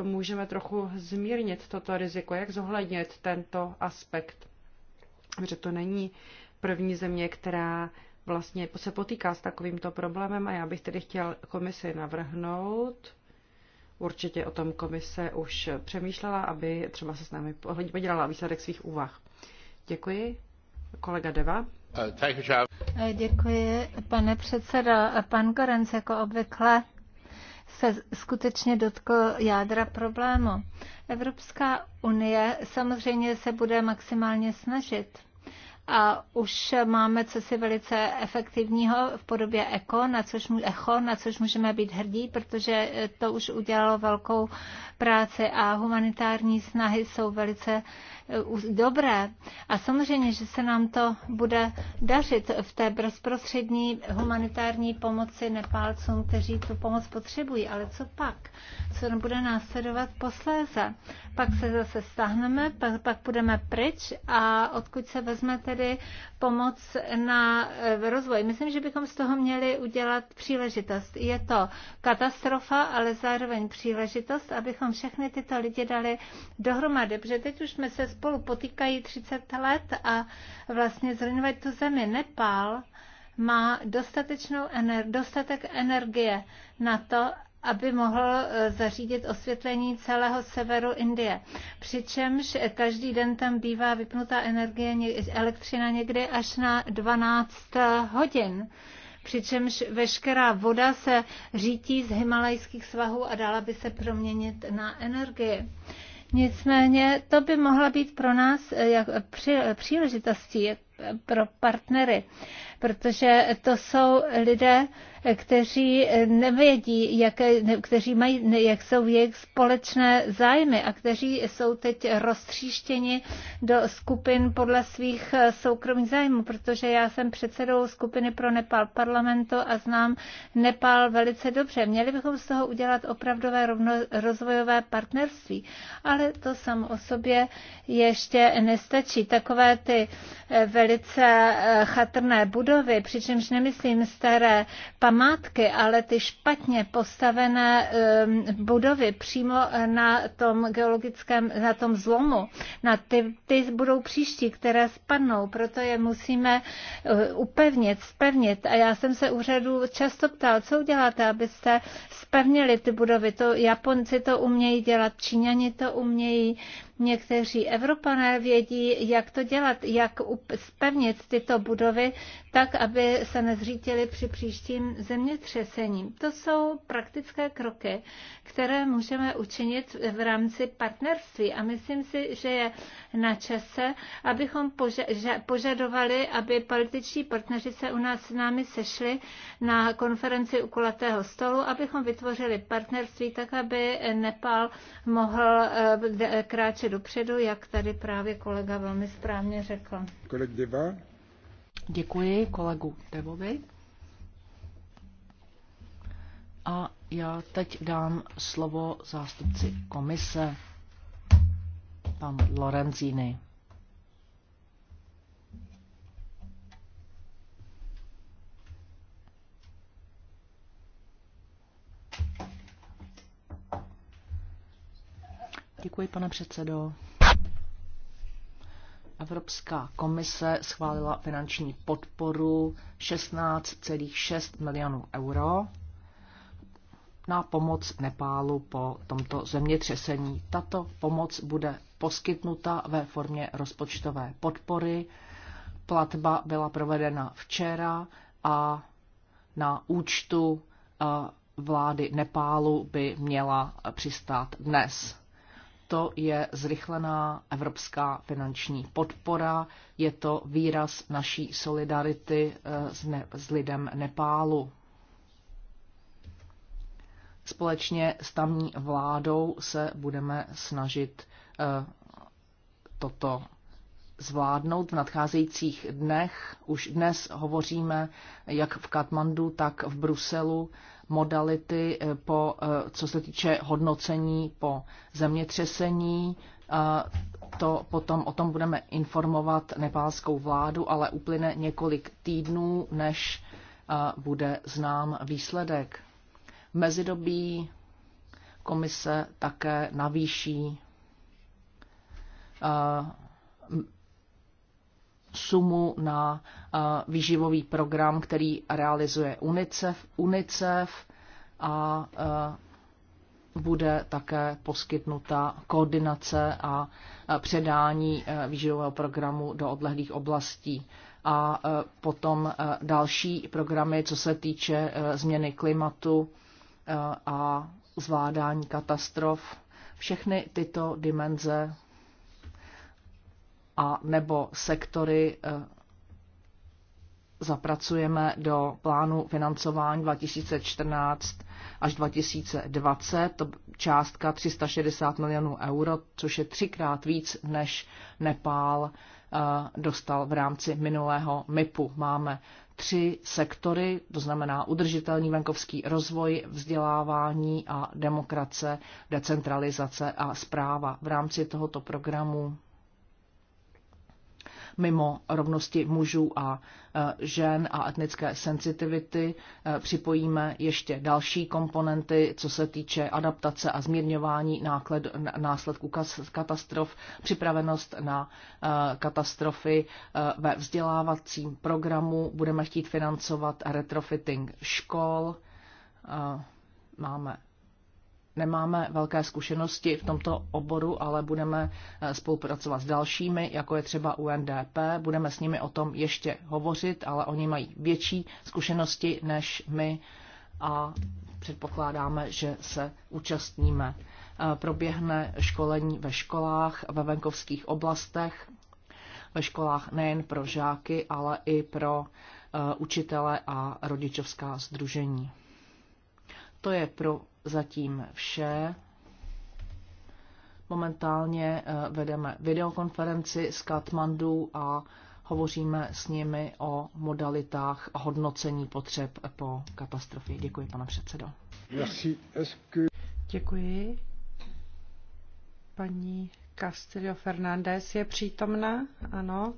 můžeme trochu zmírnit toto riziko, jak zohlednit tento aspekt. že to není první země, která vlastně se potýká s takovýmto problémem a já bych tedy chtěl komisi navrhnout, Určitě o tom komise už přemýšlela, aby třeba se s námi podělala výsledek svých úvah. Děkuji. Kolega Deva. Uh, eh, děkuji, pane předseda. Pan Gorenc, jako obvykle, se skutečně dotkl jádra problému. Evropská unie samozřejmě se bude maximálně snažit a už máme cosi velice efektivního v podobě ECO, na což, ECHO, na což můžeme být hrdí, protože eh, to už udělalo velkou práci a humanitární snahy jsou velice eh, dobré. A samozřejmě, že se nám to bude dařit v té bezprostřední humanitární pomoci Nepálcům, kteří tu pomoc potřebují. Ale co pak? Co bude následovat posléze? Pak se zase stáhneme, pak, pak budeme pryč a odkud se vezmete tedy pomoc na e, rozvoj. Myslím, že bychom z toho měli udělat příležitost. Je to katastrofa, ale zároveň příležitost, abychom všechny tyto lidi dali dohromady, protože teď už jsme se spolu potýkají 30 let a vlastně zruinovat tu zemi Nepál má dostatečnou ener- dostatek energie na to, aby mohl eh, zařídit osvětlení celého severu Indie. Přičemž každý den tam bývá vypnutá energie, elektřina někdy až na 12 eh, hodin přičemž veškerá voda se řítí z himalajských svahů a dala by se proměnit na energii. Nicméně to by mohla být pro nás eh, jak při, příležitostí pro partnery, protože to jsou lidé, kteří nevědí, jaké, kteří mají, jak jsou jejich společné zájmy a kteří jsou teď roztříštěni do skupin podle svých eh, soukromých zájmů, protože já jsem předsedou skupiny pro Nepal parlamentu a znám Nepal velice dobře. Měli bychom z toho udělat opravdové rovno, rozvojové partnerství, ale to samo o sobě ještě nestačí. Takové ty eh, velice eh, chatrné budovy, přičemž nemyslím staré pamatky, památky, ale ty špatně postavené ehm, budovy přímo na tom geologickém, na tom zlomu, na ty, ty budou příští, které spadnou, proto je musíme eh, upevnit, spevnit. A já jsem se úřadu často ptal, co uděláte, abyste spevnili ty budovy. To Japonci to umějí dělat, Číňani to umějí, Někteří Evropané vědí, jak to dělat, jak spevnit tyto budovy tak, aby se nezřítily při příštím zemětřesení. To jsou praktické kroky, které můžeme učinit v rámci partnerství a myslím si, že je na čase, abychom požadovali, aby političní partneři se u nás s námi sešli na konferenci u kulatého stolu, abychom vytvořili partnerství tak, aby Nepal mohl eh, kráčet práci dopředu, jak tady právě kolega velmi správně řekl. Kolik Deva? Děkuji kolegu Devovi. A já teď dám slovo zástupci komise, pan Lorenzini. Děkuji, pane předsedo. Evropská komise schválila finanční podporu 16,6 milionů euro na pomoc Nepálu po tomto zemětřesení. Tato pomoc bude poskytnuta ve formě rozpočtové podpory. Platba byla provedena včera a na účtu eh, vlády Nepálu by měla přistát dnes to je zrychlená evropská finanční podpora, je to výraz naší solidarity eh, s, ne, s lidem Nepálu. Společně s tamní vládou se budeme snažit eh, toto zvládnout v nadcházejících dnech. Už dnes hovoříme jak v Katmandu, tak v Bruselu modality, eh, po, eh, co se týče hodnocení po zemětřesení. Eh, to potom o tom budeme informovat nepálskou vládu, ale uplyne několik týdnů, než bude znám výsledek. V mezidobí komise také navýší sumu na výživový program, který realizuje UNICEF, UNICEF a bude také poskytnuta koordinace a předání e, výživového programu do odlehlých oblastí. A e, potom e, další programy, co se týče změny klimatu a zvládání katastrof. Všechny tyto dimenze a nebo sektory eh, zapracujeme do plánu financování 2014 až 2020, to částka 360 milionů euro, což je třikrát víc, než Nepál eh, dostal v rámci minulého MIPu. Máme tři sektory, to znamená udržitelný venkovský rozvoj, vzdělávání a demokrace, decentralizace a zpráva. V rámci tohoto programu mimo rovnosti mužů a e, žen a etnické sensitivity. E, připojíme ještě další komponenty, co se týče adaptace a zmírňování náklad, následků katastrof, připravenost na e, katastrofy ve vzdělávacím programu. Budeme chtít financovat retrofitting škol. Máme nemáme velké zkušenosti v tomto oboru, ale budeme eh, spolupracovat s dalšími, jako je třeba UNDP. Budeme s nimi o tom ještě hovořit, ale oni mají větší zkušenosti než my a předpokládáme, že se účastníme. Eh, proběhne školení ve školách, ve venkovských oblastech, ve školách nejen pro žáky, ale i pro eh, učitele a rodičovská združení. To je pro zatím vše. Momentálně eh, vedeme videokonferenci z Katmandu a hovoříme s nimi o modalitách hodnocení potřeb po katastrofě. Děkuji, pane předsedo. Děkuji. Paní Castillo Fernández je přítomna? Ano.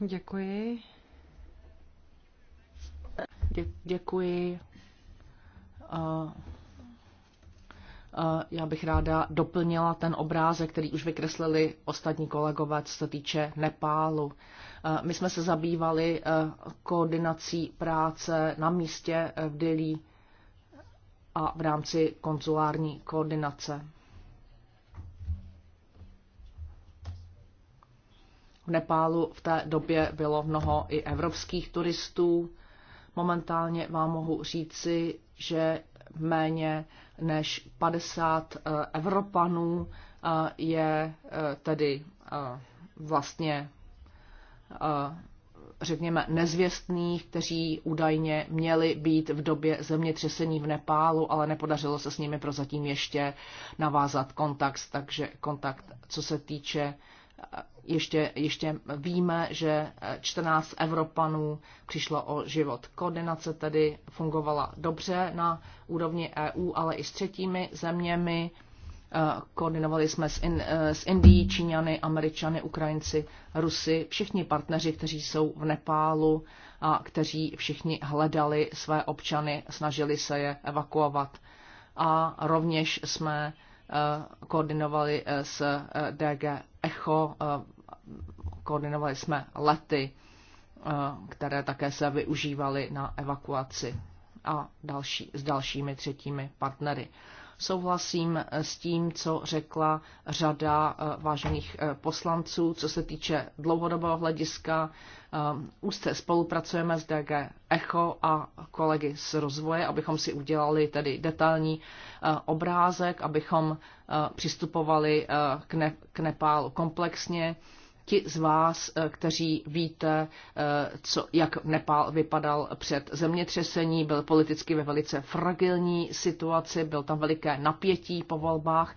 Děkuji. Dě- děkuji já bych ráda doplnila ten obrázek, který už vykreslili ostatní kolegové, co se týče Nepálu. My jsme se zabývali e, koordinací práce na místě e, v Dili a v rámci konzulární koordinace. V Nepálu v té době bylo mnoho i evropských turistů. Momentálně vám mohu říci, že méně než 50 eh, Evropanů eh, je eh, tedy vlastně řekněme, nezvěstných, kteří údajně měli být v době zemětřesení v Nepálu, ale nepodařilo se s nimi prozatím ještě navázat kontakt, takže kontakt, co se týče ještě, ještě víme, že 14 eh, Evropanů přišlo o život. Koordinace tedy fungovala dobře na úrovni EU, ale i s třetími zeměmi. Eh, koordinovali jsme s, in, eh, s Indií, Číňany, Američany, Ukrajinci, Rusy, všichni partneři, kteří jsou v Nepálu a kteří všichni hledali své občany, snažili se je evakuovat. A rovněž jsme koordinovali s DG Echo koordinovali jsme lety, eh, které také se využívaly na evakuaci a další, s dalšími třetími partnery. Souhlasím eh, s tím, co řekla řada eh, vážených poslanců, co se týče dlouhodobého hlediska. Úzce spolupracujeme s DG Echo a kolegy z rozvoje, abychom si udělali tedy detailní obrázek, abychom přistupovali k, Nepálu komplexně Ti z vás, eh, kteří víte, eh, co, jak Nepál vypadal před zemětřesení, byl politicky ve velice fragilní situaci, byl tam veliké napětí po volbách.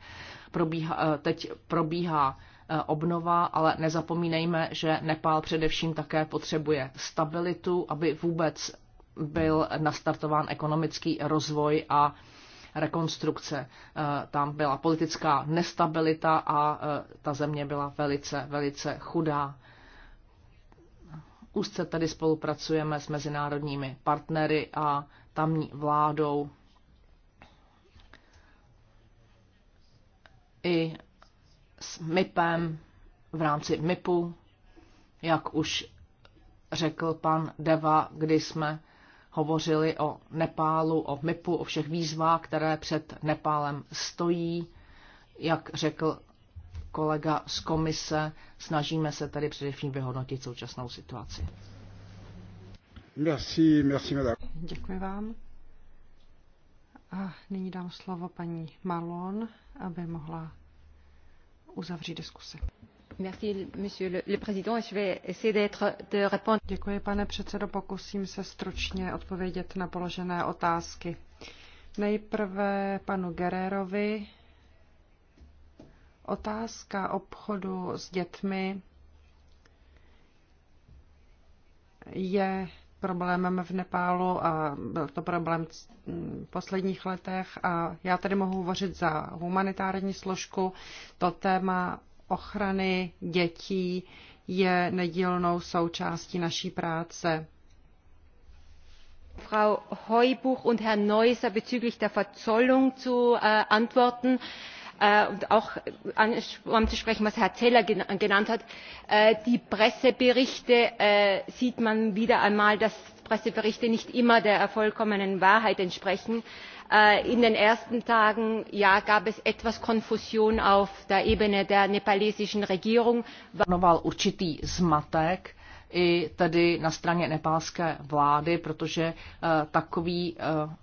probíha, eh, teď probíhá obnova, ale nezapomínejme, že Nepál především také potřebuje stabilitu, aby vůbec byl nastartován ekonomický rozvoj a rekonstrukce. Eh, tam byla politická nestabilita a eh, ta země byla velice, velice chudá. Úzce tedy spolupracujeme s mezinárodními partnery a tamní vládou i s MIPem v rámci MIPu, jak už řekl pan Deva, kdy jsme hovořili o Nepálu, o MIPu, o všech výzvách, které před Nepálem stojí. Jak řekl kolega z komise, snažíme se tady především vyhodnotit současnou situaci. Merci, merci, madame. Děkuji vám. A nyní dám slovo paní Malon, aby mohla uzavřít diskusi. Děkuji, pane předsedo. Pokusím se stručně odpovědět na položené otázky. Nejprve panu Gererovi. Otázka obchodu s dětmi je problémem v Nepálu a byl to problém v posledních letech a já tady mohu hovořit za humanitární složku. To téma ochrany dětí je nedílnou součástí naší práce. Frau Heubuch und Herr Neuser bezüglich der Verzollung zu äh, antworten äh, und auch anzusprechen äh, um was herr zeller genannt hat Äh, die presseberichte äh, sieht man wieder einmal dass presseberichte nicht immer der vollkommenen wahrheit entsprechen Äh, in den ersten tagen gab es etwas konfusion auf der ebene der nepalesischen regierung. panoval určitý zmatek i tedy na straně nepálské vlády protože eh, takový eh,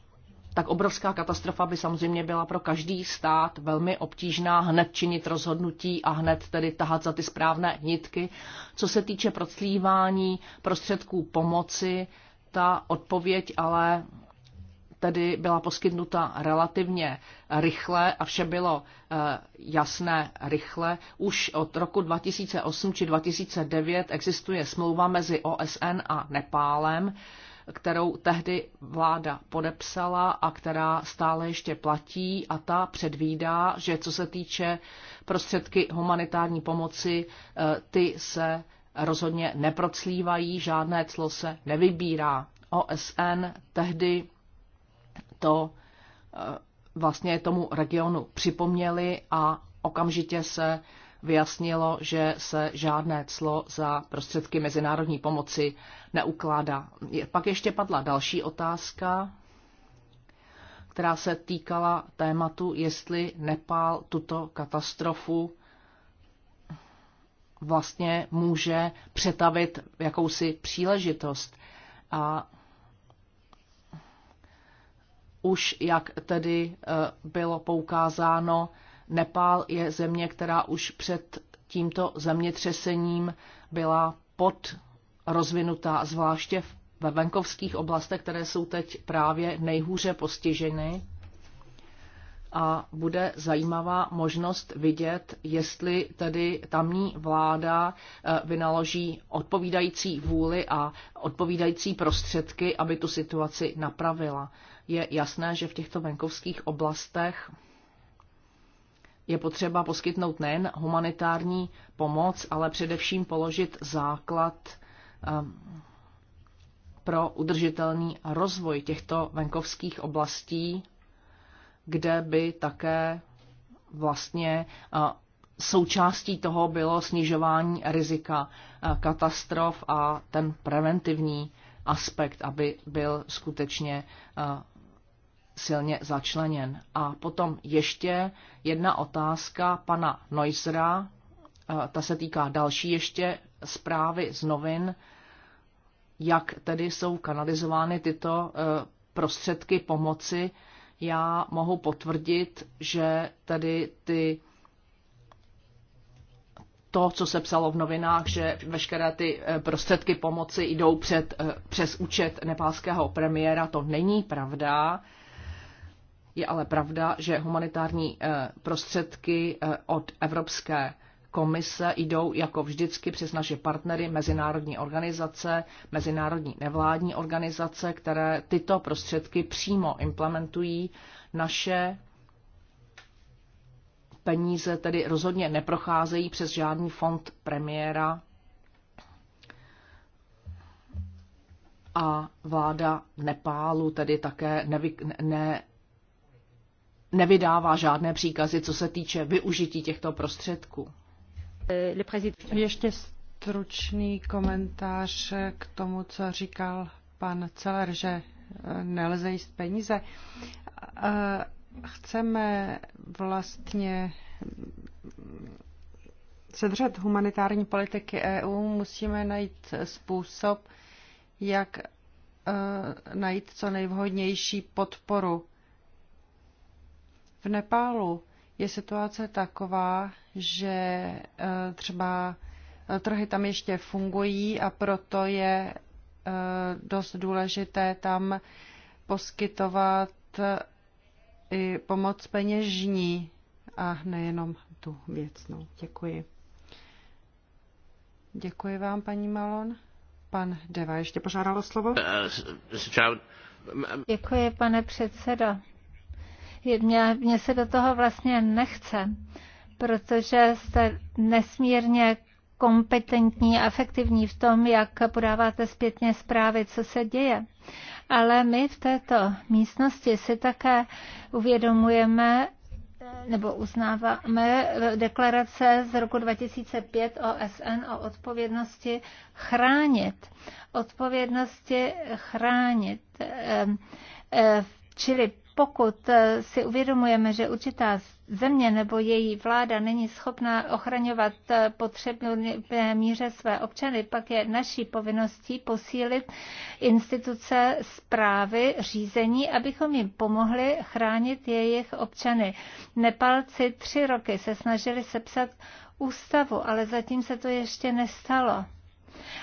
tak obrovská katastrofa by samozřejmě byla pro každý stát velmi obtížná hned činit rozhodnutí a hned tedy tahat za ty správné nitky. Co se týče proclívání prostředků pomoci, ta odpověď ale tedy byla poskytnuta relativně rychle a vše bylo eh, jasné rychle. Už od roku 2008 či 2009 existuje smlouva mezi OSN a Nepálem, kterou tehdy vláda podepsala a která stále ještě platí a ta předvídá, že co se týče prostředky humanitární pomoci, eh, ty se rozhodně neproclívají, žádné clo se nevybírá. OSN tehdy to eh, vlastně tomu regionu připomněli a okamžitě se vyjasnilo, že se žádné clo za prostředky mezinárodní pomoci neukládá. Pak ještě padla další otázka, která se týkala tématu, jestli Nepál tuto katastrofu vlastně může přetavit v jakousi příležitost. A už, jak tedy eh, bylo poukázáno, Nepál je země, která už před tímto zemětřesením byla pod rozvinutá, zvláště ve venkovských oblastech, které jsou teď právě nejhůře postiženy. A bude zajímavá možnost vidět, jestli tedy tamní vláda eh, vynaloží odpovídající vůli a odpovídající prostředky, aby tu situaci napravila je jasné, že v těchto venkovských oblastech je potřeba poskytnout nejen humanitární pomoc, ale především položit základ ehm, pro udržitelný rozvoj těchto venkovských oblastí, kde by také vlastně součástí toho bylo snižování rizika e, katastrof a ten preventivní aspekt, aby byl skutečně e, silně začleněn. A potom ještě jedna otázka pana Neusera, eh, ta se týká další ještě zprávy z novin, jak tedy jsou kanalizovány tyto eh, prostředky pomoci. Já mohu potvrdit, že tedy ty to, co se psalo v novinách, že veškeré ty eh, prostředky pomoci jdou před, přes účet nepálského premiéra, to není pravda. Je ale pravda, že humanitární eh, prostředky eh, od Evropské komise jdou jako vždycky přes naše partnery, mezinárodní organizace, mezinárodní nevládní organizace, které tyto prostředky přímo implementují. Naše peníze tedy rozhodně neprocházejí přes žádný fond premiéra a vláda Nepálu tedy také nevy, ne, nevydává žádné příkazy, co se týče využití těchto prostředků. Ještě stručný komentář k tomu, co říkal pan Celer, že e, nelze jíst peníze. E, chceme vlastně sedřet humanitární politiky EU, musíme najít způsob, jak e, najít co nejvhodnější podporu v Nepálu je situace taková, že třeba trhy tam ještě fungují a proto je dost důležité tam poskytovat i pomoc peněžní a nejenom tu věcnou. Děkuji. Děkuji vám, paní Malon. Pan Deva ještě požádalo slovo. Děkuji, pane předsedo. Mě, mě se do toho vlastně nechce, protože jste nesmírně kompetentní a efektivní v tom, jak podáváte zpětně zprávy, co se děje. Ale my v této místnosti si také uvědomujeme, nebo uznáváme deklarace z roku 2005 OSN o odpovědnosti chránit. Odpovědnosti chránit. Eh, eh, čili pokud eh, si uvědomujeme, že určitá země nebo její vláda není schopná ochraňovat eh, potřebné míře své občany, pak je naší povinností posílit instituce zprávy, řízení, abychom jim pomohli chránit jejich občany. Nepalci tři roky se snažili sepsat ústavu, ale zatím se to ještě nestalo.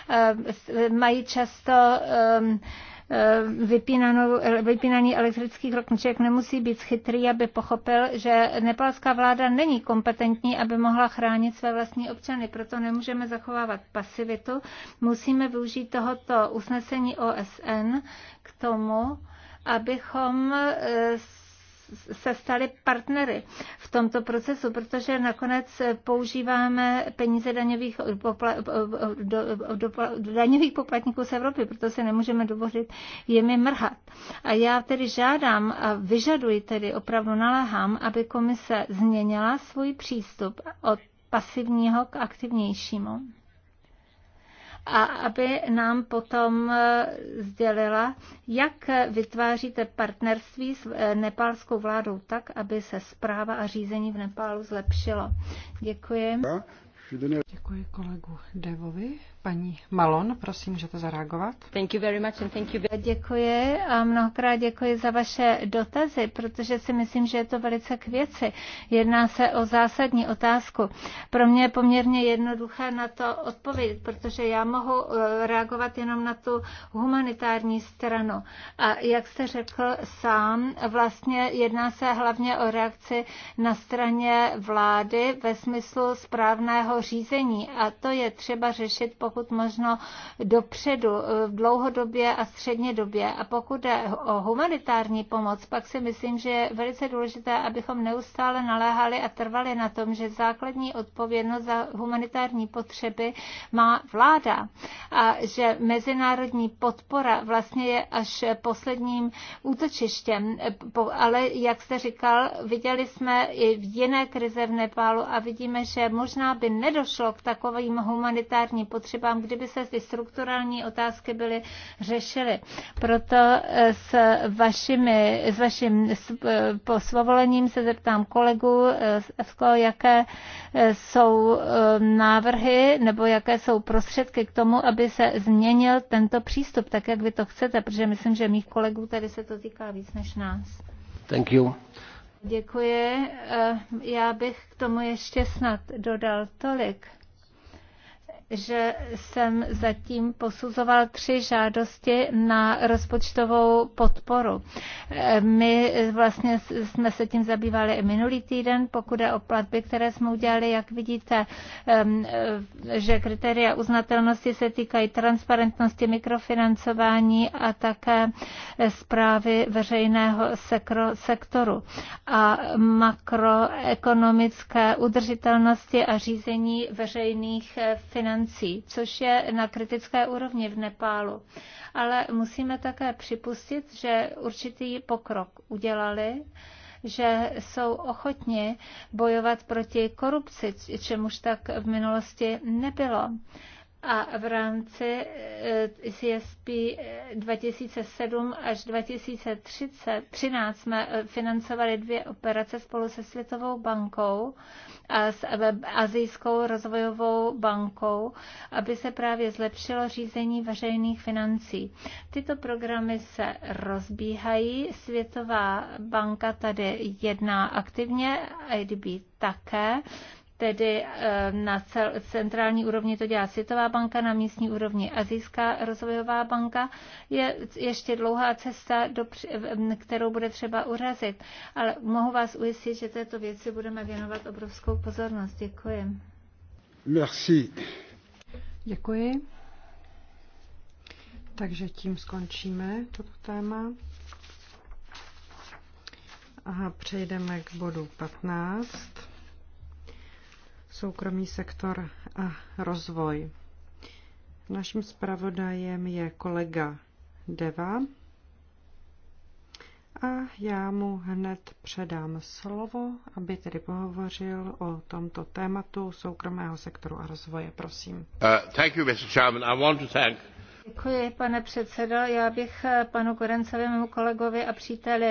Eh, mají často ehm, Eh, eh, vypínaný elektrický krok. nemusí být chytrý, aby pochopil, že nepalská vláda není kompetentní, aby mohla chránit své vlastní občany. Proto nemůžeme zachovávat pasivitu. Musíme využít tohoto usnesení OSN k tomu, abychom eh, se stali partnery v tomto procesu, protože nakonec používáme peníze daňových, popla, eh, eh, do, eh, do, do, daňových poplatníků z Evropy, proto se nemůžeme dovolit jimi mrhat. A já tedy žádám a vyžaduji tedy, opravdu naléhám, aby komise změnila svůj přístup od pasivního k aktivnějšímu a aby nám potom e, sdělila, jak vytváříte partnerství s e, nepálskou vládou tak, aby se zpráva a řízení v Nepálu zlepšilo. Děkuji. Děkuji kolegu Devovi. Paní Malon, prosím, můžete zareagovat. Thank you very much and thank you. Děkuji a mnohokrát děkuji za vaše dotazy, protože si myslím, že je to velice k věci. Jedná se o zásadní otázku. Pro mě je poměrně jednoduché na to odpovědět, protože já mohu eh, reagovat jenom na tu humanitární stranu. A jak jste řekl sám, vlastně jedná se hlavně o reakci na straně vlády ve smyslu správného řízení a to je třeba řešit po pokud možno dopředu, eh, v dlouhodobě a středně době. A pokud jde o humanitární pomoc, pak si myslím, že je velice důležité, abychom neustále naléhali a trvali na tom, že základní odpovědnost za humanitární potřeby má vláda a že mezinárodní podpora vlastně je až posledním útočištěm. Ale jak jste říkal, viděli jsme i v jiné krize v Nepálu a vidíme, že možná by nedošlo k takovým humanitárním potřebám, potřebám, kdyby se ty strukturální otázky byly řešily. Proto s, vašimi, s vaším posvovolením se zeptám kolegu eh, jaké eh, jsou eh, návrhy nebo jaké jsou prostředky k tomu, aby se změnil tento přístup tak, jak vy to chcete, protože myslím, že mých kolegů tady se to týká víc než nás. Thank you. Děkuji. Já bych k tomu ještě snad dodal tolik, že jsem zatím posuzoval tři žádosti na rozpočtovou podporu. My vlastně jsme se tím zabývali i minulý týden, pokud je o platby, které jsme udělali, jak vidíte, že kritéria uznatelnosti se týkají transparentnosti mikrofinancování a také zprávy veřejného sektoru a makroekonomické udržitelnosti a řízení veřejných financí financí, což je na kritické úrovni v Nepálu. Ale musíme také připustit, že určitý pokrok udělali, že jsou ochotni bojovat proti korupci, čemuž tak v minulosti nebylo a v rámci eh, CSP 2007 eh, až 2013 jsme eh, financovali dvě operace spolu se Světovou bankou a s Azijskou rozvojovou bankou, aby se právě zlepšilo řízení veřejných financí. Tyto programy se rozbíhají. Světová banka tady jedná aktivně, IDB také tedy eh, na cel, centrální úrovni to dělá Světová banka, na místní úrovni Azijská rozvojová banka, je ještě dlouhá cesta, do, kterou bude třeba urazit. Ale mohu vás ujistit, že této věci budeme věnovat obrovskou pozornost. Děkuji. Merci. Děkuji. Takže tím skončíme toto téma. A přejdeme k bodu 15 soukromý sektor a rozvoj. Naším zpravodajem je kolega Deva a já mu hned předám slovo, aby tedy pohovořil o tomto tématu soukromého sektoru a rozvoje. Prosím. Uh, thank you, Mr. Chairman. I want to thank Děkuji, pane předsedo. Já bych panu Korencovi, mému kolegovi a příteli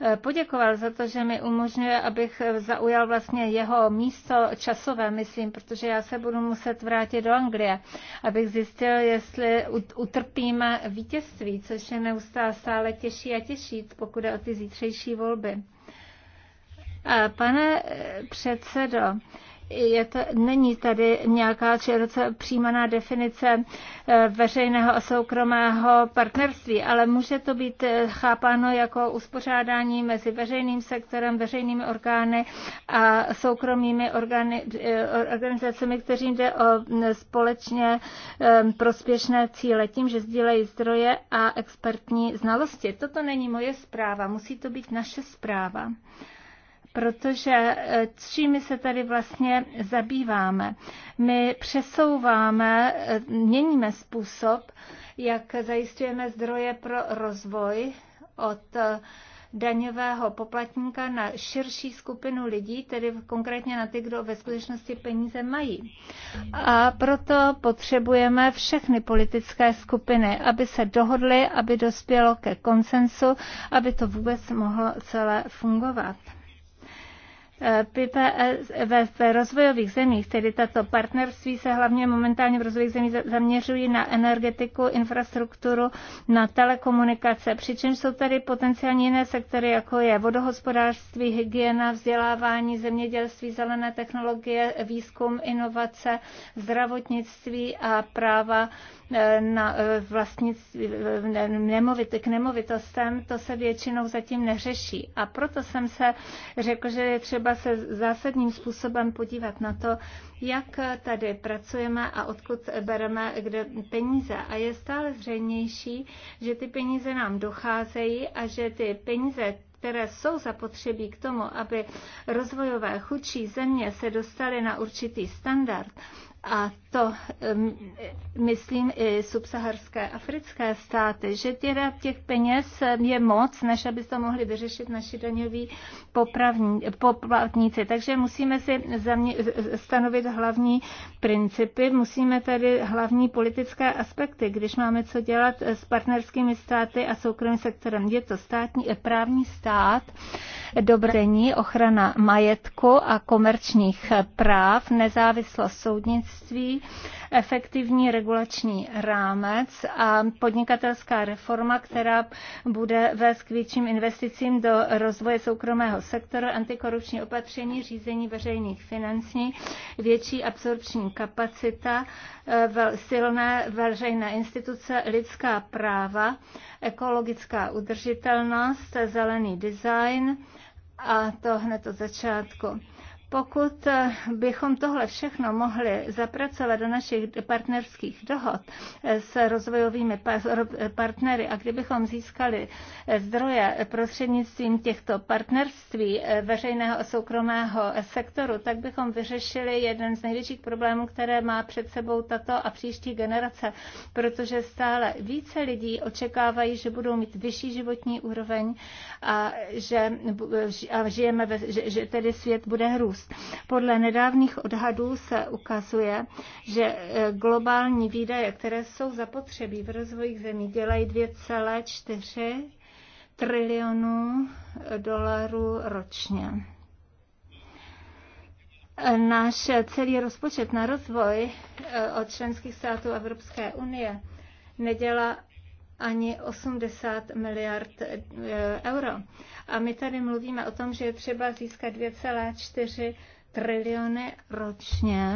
eh, poděkoval za to, že mi umožňuje, abych zaujal vlastně jeho místo časové, myslím, protože já se budu muset vrátit do Anglie, abych zjistil, jestli utrpíme vítězství, což je neustále stále těžší a těžší, pokud je o ty zítřejší volby. Eh, pane eh, předsedo, je to, není tady nějaká široce přijímaná definice eh, veřejného a soukromého partnerství, ale může to být eh, chápáno jako uspořádání mezi veřejným sektorem, veřejnými orgány a soukromými orgány, eh, organizacemi, kteří jde o mm, společně prospěšné cíle tím, že sdílejí zdroje a expertní znalosti. Toto není moje zpráva, musí to být naše zpráva protože eh, čím se tady vlastně zabýváme. My přesouváme, eh, měníme způsob, jak zajistujeme zdroje pro rozvoj od eh, daňového poplatníka na širší skupinu lidí, tedy konkrétně na ty, kdo ve skutečnosti peníze mají. A proto potřebujeme všechny politické skupiny, aby se dohodly, aby dospělo ke konsensu, aby to vůbec mohlo celé fungovat. E v rozvojových zemích, tedy tato partnerství se hlavně momentálně v rozvojových zemích zaměřují na energetiku, infrastrukturu, na telekomunikace, přičemž jsou tady potenciálně jiné sektory, jako je vodohospodářství, hygiena, vzdělávání, zemědělství, zelené technologie, výzkum, inovace, zdravotnictví a práva e, na e, vlastnictví, nemovit, k nemovitostem, to se většinou zatím neřeší. A proto jsem se řekl, že je třeba třeba se zásadním způsobem podívat na to, jak tady pracujeme a odkud bereme kde peníze. A je stále zřejmější, že ty peníze nám docházejí a že ty peníze, které jsou zapotřebí k tomu, aby rozvojové chudší země se dostaly na určitý standard, a to myslím i subsaharské africké státy, že těda těch peněz je moc, než aby to mohli vyřešit naši daňoví poplatníci. Takže musíme si zamě, stanovit hlavní principy, musíme tedy hlavní politické aspekty, když máme co dělat s partnerskými státy a soukromým sektorem. Je to státní, eh, právní stát, dobrení, ochrana majetku a komerčních práv, nezávislost soudnic předsednictví, efektivní regulační rámec a podnikatelská reforma, která bude vést k větším investicím do rozvoje soukromého sektoru, antikorupční opatření, řízení veřejných financí, větší absorpční kapacita, eh, silné veřejné instituce, lidská práva, ekologická udržitelnost, zelený design, a to hned od začátku. Pokud eh, bychom tohle všechno mohli zapracovat do našich partnerských dohod eh, s rozvojovými partnery a kdybychom získali eh, zdroje prostřednictvím těchto partnerství veřejného a soukromého sektoru, tak bychom vyřešili jeden z největších problémů, které má před sebou tato a příští generace, protože stále více lidí očekávají, že budou mít vyšší životní úroveň a že a žijeme, ve, že, že tedy svět bude růst růst. Podle nedávných odhadů se ukazuje, že eh, globální výdaje, které jsou zapotřebí v rozvojích zemí, dělají 2,4 trilionů eh, dolarů ročně. Eh, náš celý rozpočet na rozvoj od členských států Evropské unie nedělá ani 80 miliard eh, euro. A my tady mluvíme o tom, že je třeba získat 2,4 triliony ročně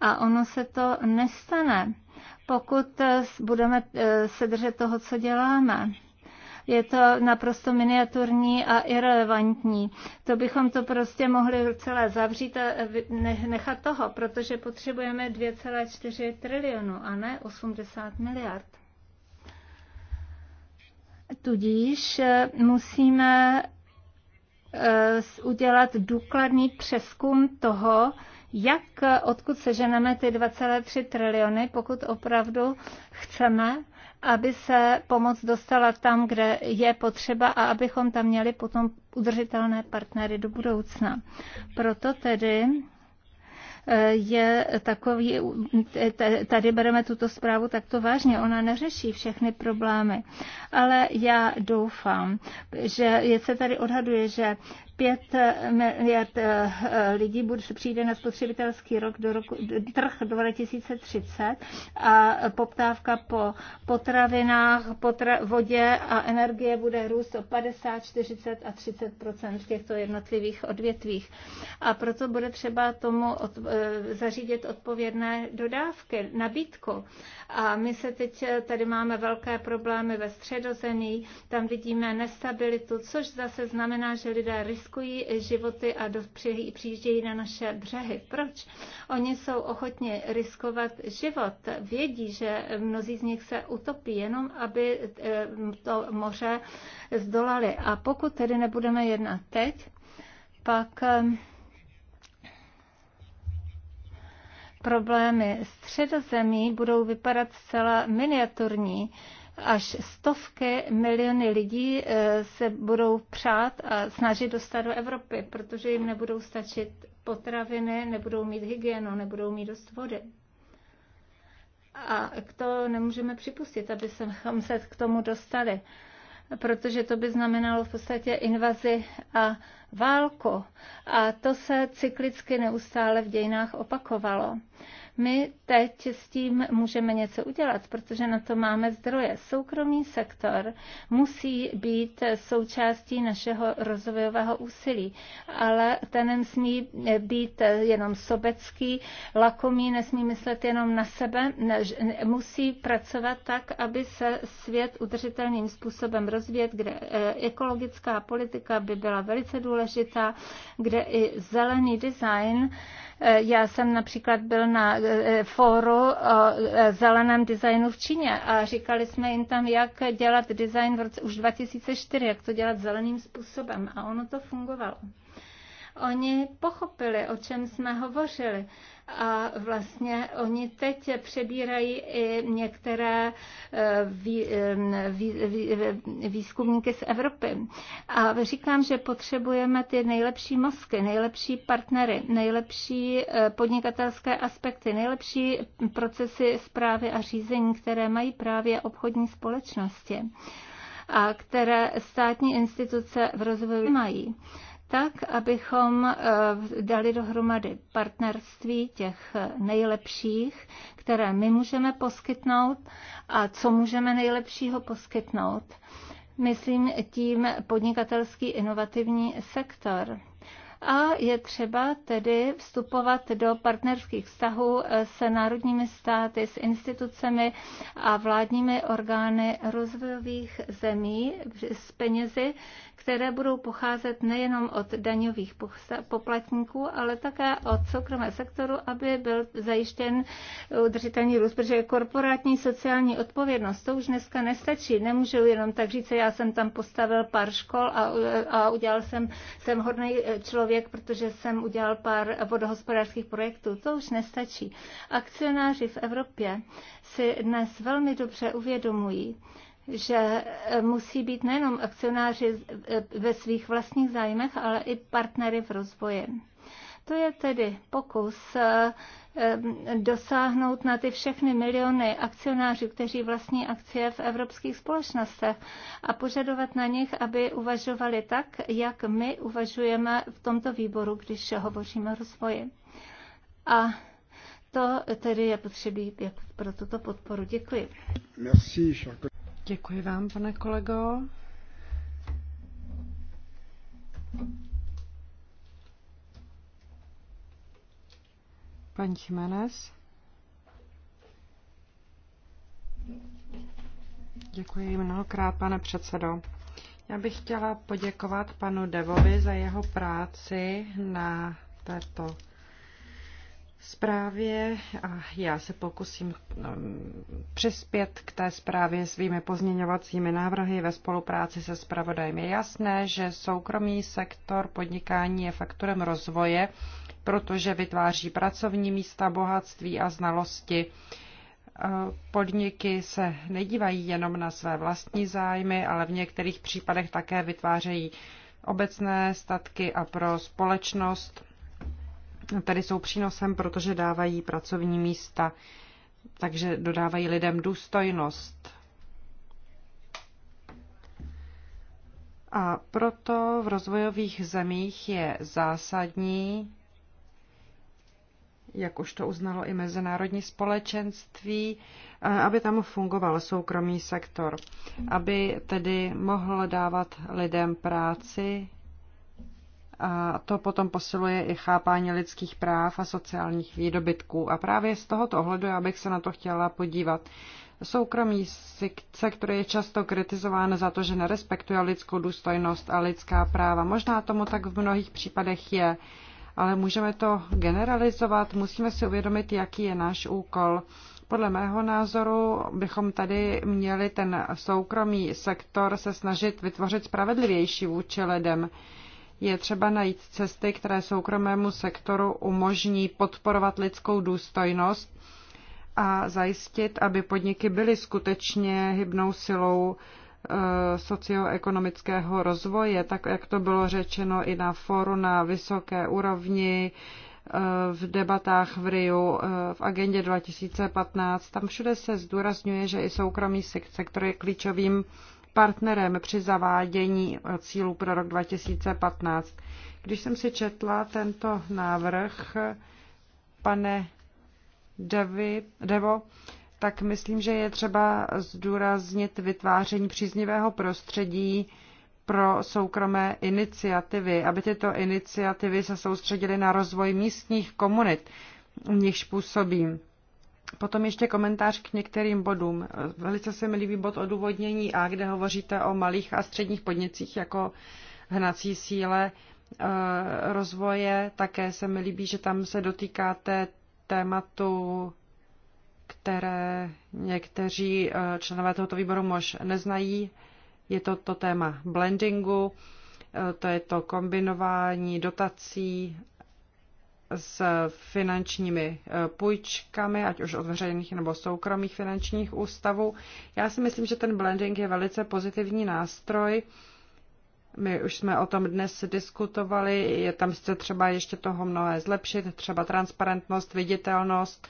a ono se to nestane, pokud eh, budeme eh, se držet toho, co děláme je to naprosto miniaturní a irrelevantní. To bychom to prostě mohli celé zavřít a nechat toho, protože potřebujeme 2,4 trilionu a ne 80 miliard. Tudíž eh, musíme eh, udělat důkladný přeskum toho, jak, eh, odkud seženeme ty 2,3 triliony, pokud opravdu chceme, aby se pomoc dostala tam, kde je potřeba a abychom tam měli potom udržitelné partnery do budoucna. Proto tedy je takový, tady bereme tuto zprávu takto vážně, ona neřeší všechny problémy, ale já doufám, že je se tady odhaduje, že 5 miliard eh, lidí bude, přijde na spotřebitelský rok do roku, trh do 2030 a poptávka po potravinách, potra, vodě a energie bude růst o 50, 40 a 30 v těchto jednotlivých odvětvích. A proto bude třeba tomu od, eh, zařídit odpovědné dodávky, nabídku. A my se teď eh, tady máme velké problémy ve středozemí, tam vidíme nestabilitu, což zase znamená, že lidé riskují životy a přijíždějí na naše břehy. Proč? Oni jsou ochotni riskovat život. Vědí, že mnozí z nich se utopí, jenom aby e, to moře zdolali. A pokud tedy nebudeme jednat teď, pak e, problémy středozemí budou vypadat zcela miniaturní až stovky miliony lidí eh, se budou přát a snažit dostat do Evropy, protože jim nebudou stačit potraviny, nebudou mít hygienu, nebudou mít dost vody. A to nemůžeme připustit, aby se k tomu dostali, protože to by znamenalo v podstatě invazi a válku. A to se cyklicky neustále v dějinách opakovalo. My teď s tím můžeme něco udělat, protože na to máme zdroje. Soukromý sektor musí být součástí našeho rozvojového úsilí, ale ten nesmí být jenom sobecký, lakomý, nesmí myslet jenom na sebe, musí pracovat tak, aby se svět udržitelným způsobem rozvíjet, kde e, ekologická politika by byla velice důležitá, kde i zelený design Eh, já jsem například byl na eh, eh, fóru o zeleném designu v Číně a říkali jsme jim tam, jak dělat design v roce už 2004, jak to dělat zeleným způsobem a ono to fungovalo. Oni pochopili, o čem jsme hovořili. A vlastně oni teď přebírají i některé eh, eh, vý, vý, vý, výzkumníky z Evropy. A říkám, že potřebujeme ty nejlepší mozky, nejlepší partnery, nejlepší eh, podnikatelské aspekty, nejlepší procesy zprávy a řízení, které mají právě obchodní společnosti a které státní instituce v rozvoji mají tak, abychom eh, dali dohromady partnerství těch nejlepších, které my můžeme poskytnout a co můžeme nejlepšího poskytnout. Myslím tím podnikatelský inovativní sektor a je třeba tedy vstupovat do partnerských vztahů eh, s národními státy, s institucemi a vládními orgány rozvojových zemí s penězi, které budou pocházet nejenom od daňových poplatníků, ale také od soukromé sektoru, aby byl zajištěn udržitelný růst, protože korporátní sociální odpovědnost to už dneska nestačí. Nemůžu jenom tak říct, já jsem tam postavil pár škol a, eh, a udělal jsem, jsem hodný eh, člověk člověk, protože jsem udělal pár vodohospodářských projektů. To už nestačí. Akcionáři v Evropě si dnes velmi dobře uvědomují, že eh, musí být nejenom akcionáři eh, ve svých vlastních zájmech, ale i partnery v rozvoji. To je tedy pokus eh, eh, dosáhnout na ty všechny miliony akcionářů, kteří vlastní akcie v evropských společnostech a požadovat na nich, aby uvažovali tak, jak my uvažujeme v tomto výboru, když hovoříme o rozvoji. A to tedy je potřebí pro tuto podporu. Děkuji. Merci, Děkuji vám, pane kolego. Paní Jiménez. Děkuji mnohokrát, pane předsedo. Já bych chtěla poděkovat panu Devovi za jeho práci na této zprávě a já se pokusím mm, přispět k té zprávě svými pozměňovacími návrhy ve spolupráci se zpravodajem. Je jasné, že soukromý sektor podnikání je faktorem rozvoje protože vytváří pracovní místa, bohatství a znalosti. E, podniky se nedívají jenom na své vlastní zájmy, ale v některých případech také vytvářejí obecné statky a pro společnost. Tady jsou přínosem, protože dávají pracovní místa, takže dodávají lidem důstojnost. A proto v rozvojových zemích je zásadní, jak už to uznalo i mezinárodní společenství, aby tam fungoval soukromý sektor, aby tedy mohl dávat lidem práci. A to potom posiluje i chápání lidských práv a sociálních výdobytků. A právě z tohoto ohledu já bych se na to chtěla podívat. Soukromý sektor je často kritizován za to, že nerespektuje lidskou důstojnost a lidská práva. Možná tomu tak v mnohých případech je ale můžeme to generalizovat, musíme si uvědomit, jaký je náš úkol. Podle mého názoru bychom tady měli ten soukromý sektor se snažit vytvořit spravedlivější vůči lidem. Je třeba najít cesty, které soukromému sektoru umožní podporovat lidskou důstojnost a zajistit, aby podniky byly skutečně hybnou silou Eh, socioekonomického rozvoje, tak jak to bylo řečeno i na fóru na vysoké úrovni, eh, v debatách v Riu, eh, v agendě 2015. Tam všude se zdůrazňuje, že i soukromý sektor je klíčovým partnerem při zavádění cílů pro rok 2015. Když jsem si četla tento návrh, pane Devi, Devo, tak myslím, že je třeba zdůraznit vytváření příznivého prostředí pro soukromé iniciativy, aby tyto iniciativy se soustředily na rozvoj místních komunit, v nichž působí. Potom ještě komentář k některým bodům. Velice se mi líbí bod odůvodnění A, kde hovoříte o malých a středních podnicích jako hnací síle e, rozvoje. Také se mi líbí, že tam se dotýkáte tématu které někteří eh, členové tohoto výboru mož neznají. Je to to téma blendingu, eh, to je to kombinování dotací s finančními eh, půjčkami, ať už od veřejných nebo soukromých finančních ústavů. Já si myslím, že ten blending je velice pozitivní nástroj. My už jsme o tom dnes diskutovali, je tam se třeba ještě toho mnohé zlepšit, třeba transparentnost, viditelnost,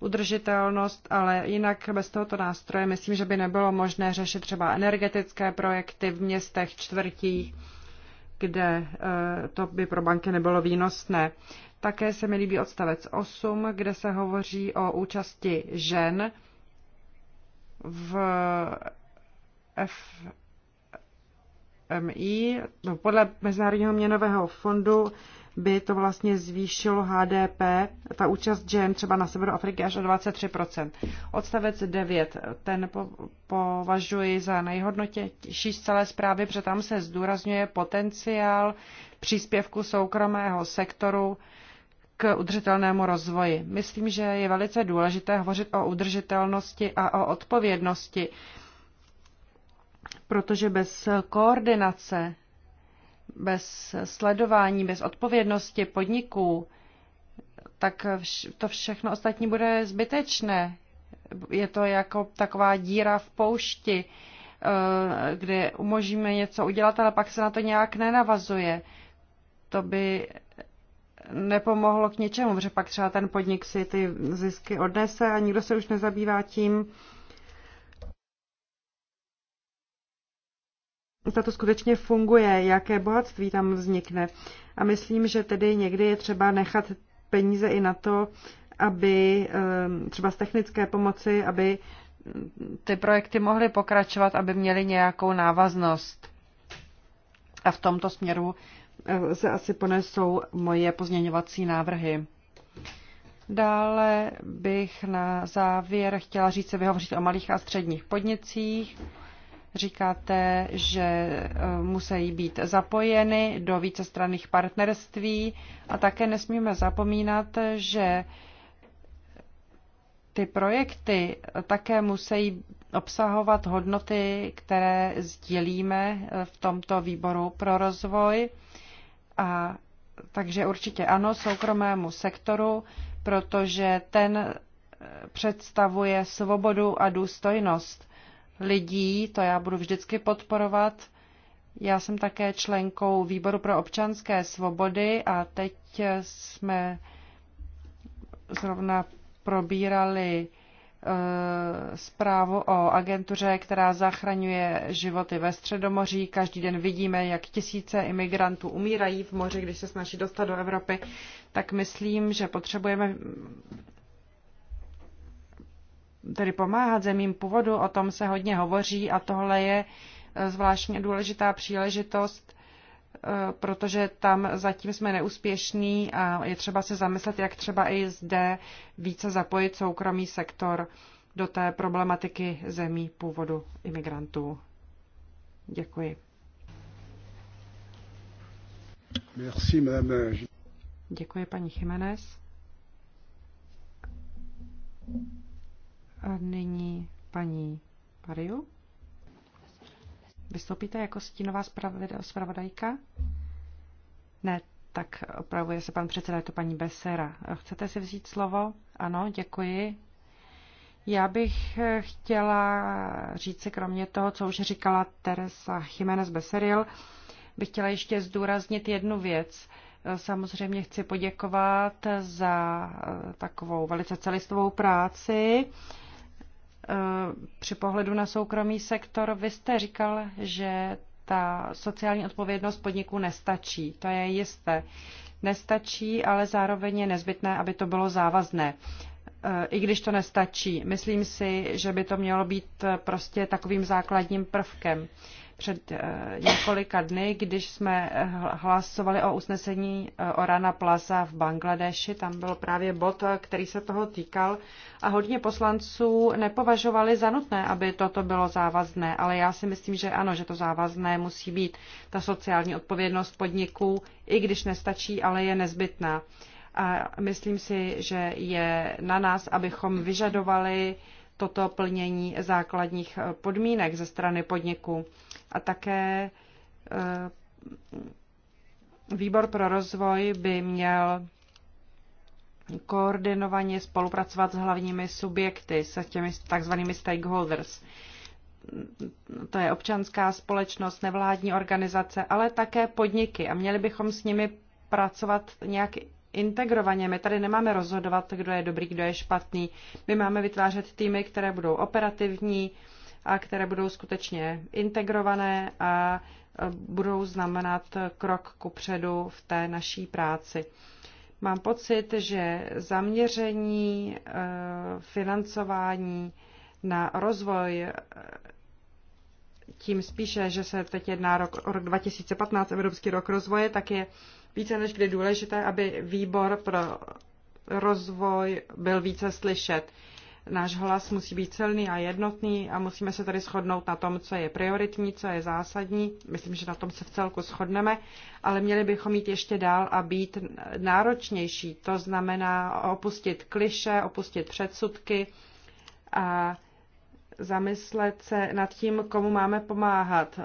udržitelnost, ale jinak bez tohoto nástroje myslím, že by nebylo možné řešit třeba energetické projekty v městech, čtvrtích, kde e, to by pro banky nebylo výnosné. Také se mi líbí odstavec 8, kde se hovoří o účasti žen v MI. No, podle Mezinárodního měnového fondu by to vlastně zvýšilo HDP, ta účast žen třeba na severu Afriky až o 23%. Odstavec 9, ten po, považuji za nejhodnotější z celé zprávy, protože tam se zdůrazňuje potenciál příspěvku soukromého sektoru k udržitelnému rozvoji. Myslím, že je velice důležité hovořit o udržitelnosti a o odpovědnosti protože bez koordinace, bez sledování, bez odpovědnosti podniků, tak to všechno ostatní bude zbytečné. Je to jako taková díra v poušti, eh, kde umožníme něco udělat, ale pak se na to nějak nenavazuje. To by nepomohlo k ničemu, protože pak třeba ten podnik si ty zisky odnese a nikdo se už nezabývá tím, zda to skutečně funguje, jaké bohatství tam vznikne. A myslím, že tedy někdy je třeba nechat peníze i na to, aby ehm, třeba z technické pomoci, aby mm, ty projekty mohly pokračovat, aby měly nějakou návaznost. A v tomto směru eh, se asi ponesou moje pozměňovací návrhy. Dále bych na závěr chtěla říct se vyhovořit o malých a středních podnicích. Říkáte, že eh, musí být zapojeny do vícestranných partnerství a také nesmíme zapomínat, že ty projekty také musí obsahovat hodnoty, které sdělíme eh, v tomto výboru pro rozvoj. A takže určitě ano soukromému sektoru, protože ten eh, představuje svobodu a důstojnost lidí, to já budu vždycky podporovat. Já jsem také členkou Výboru pro občanské svobody a teď jsme zrovna probírali eh, zprávu o agentuře, která zachraňuje životy ve Středomoří. Každý den vidíme, jak tisíce imigrantů umírají v moři, když se snaží dostat do Evropy. Tak myslím, že potřebujeme tedy pomáhat zemím původu, o tom se hodně hovoří a tohle je e, zvláštně důležitá příležitost, e, protože tam zatím jsme neúspěšní a je třeba se zamyslet, jak třeba i zde více zapojit soukromý sektor do té problematiky zemí původu imigrantů. Děkuji. Merci, madame. Děkuji, paní Jiménez. A nyní paní Pariu. Vystoupíte jako stínová zpravodajka? Ne, tak opravuje se pan předseda, je to paní Besera. Chcete si vzít slovo? Ano, děkuji. Já bych chtěla říci, kromě toho, co už říkala Teresa Jiménez Beseril, bych chtěla ještě zdůraznit jednu věc. Samozřejmě chci poděkovat za takovou velice celistvou práci Eh, při pohledu na soukromý sektor. Vy jste říkal, že ta sociální odpovědnost podniku nestačí. To je jisté. Nestačí, ale zároveň je nezbytné, aby to bylo závazné. Eh, I když to nestačí, myslím si, že by to mělo být eh, prostě takovým základním prvkem před eh, několika dny, když jsme eh, hlasovali o usnesení eh, Orana Plaza v Bangladeši. Tam byl právě bod, který se toho týkal a hodně poslanců nepovažovali za nutné, aby toto bylo závazné, ale já si myslím, že ano, že to závazné musí být ta sociální odpovědnost podniků, i když nestačí, ale je nezbytná. A myslím si, že je na nás, abychom vyžadovali toto plnění základních eh, podmínek ze strany podniku. A také eh, výbor pro rozvoj by měl koordinovaně spolupracovat s hlavními subjekty, s těmi takzvanými stakeholders. To je občanská společnost, nevládní organizace, ale také podniky a měli bychom s nimi pracovat nějak integrovaně. My tady nemáme rozhodovat, kdo je dobrý, kdo je špatný. My máme vytvářet týmy, které budou operativní a které budou skutečně integrované a e, budou znamenat krok ku předu v té naší práci. Mám pocit, že zaměření e, financování na rozvoj e, tím spíše, že se teď jedná rok, rok 2015, Evropský rok rozvoje, tak je více než kdy důležité, aby výbor pro rozvoj byl více slyšet. Náš hlas musí být silný a jednotný a musíme se tady shodnout na tom, co je prioritní, co je zásadní. Myslím, že na tom se v celku shodneme, ale měli bychom jít ještě dál a být náročnější. To znamená opustit kliše, opustit předsudky a zamyslet se nad tím, komu máme pomáhat,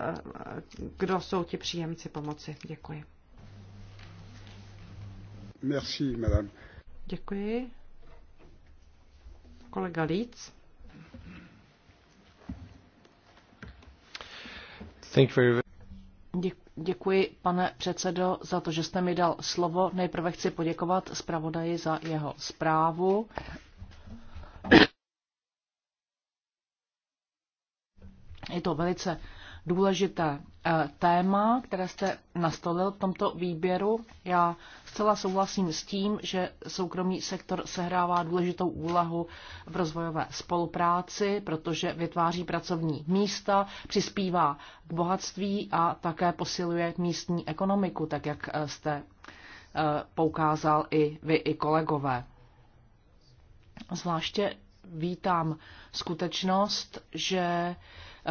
kdo jsou ti příjemci pomoci. Děkuji. Merci, madame. Děkuji. Kolega Leeds. Thank you Děkuji, pane předsedo, za to, že jste mi dal slovo. Nejprve chci poděkovat zpravodaji za jeho zprávu. Je to velice důležité eh, téma, které jste nastolil v tomto výběru. Já zcela souhlasím s tím, že soukromý sektor sehrává důležitou úlahu v rozvojové spolupráci, protože vytváří pracovní místa, přispívá k bohatství a také posiluje místní ekonomiku, tak jak eh, jste eh, poukázal i vy, i kolegové. Zvláště vítám skutečnost, že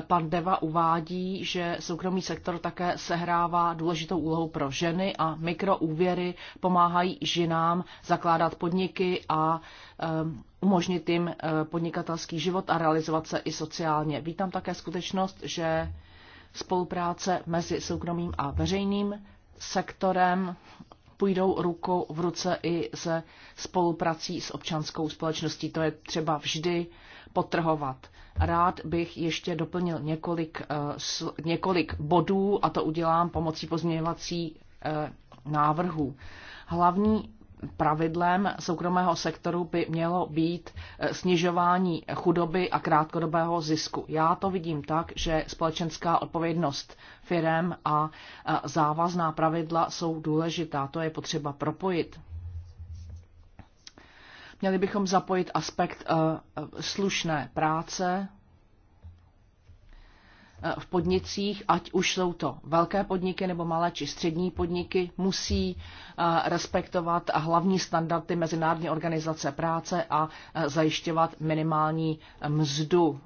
Pan Deva uvádí, že soukromý sektor také sehrává důležitou úlohu pro ženy a mikroúvěry pomáhají ženám zakládat podniky a ehm, umožnit jim eh, podnikatelský život a realizovat se i sociálně. Vítám také skutečnost, že spolupráce mezi soukromým a veřejným sektorem půjdou ruku v ruce i se spoluprací s občanskou společností. To je třeba vždy potrhovat. Rád bych ještě doplnil několik, eh, několik bodů a to udělám pomocí pozměňovací eh, návrhů. Hlavní pravidlem soukromého sektoru by mělo být eh, snižování chudoby a krátkodobého zisku. Já to vidím tak, že společenská odpovědnost firem a závazná pravidla jsou důležitá. To je potřeba propojit. Měli bychom zapojit aspekt eh, eh, slušné práce eh, v podnicích, ať už jsou to velké podniky nebo malé či střední podniky, musí respektovat hlavní standardy Mezinárodní organizace práce a zajišťovat minimální mzdu.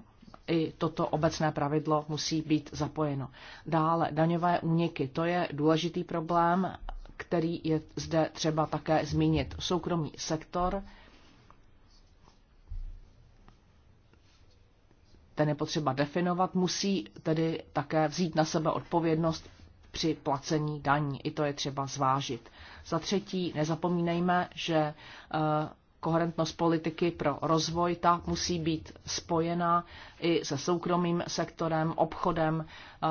I toto obecné pravidlo musí být zapojeno. Dále daňové úniky. To je důležitý problém, který je zde třeba také zmínit. Soukromý sektor ten je potřeba definovat, musí tedy také vzít na sebe odpovědnost při placení daní. I to je třeba zvážit. Za třetí, nezapomínejme, že eh, koherentnost politiky pro rozvoj, ta musí být spojena i se soukromým sektorem, obchodem, eh,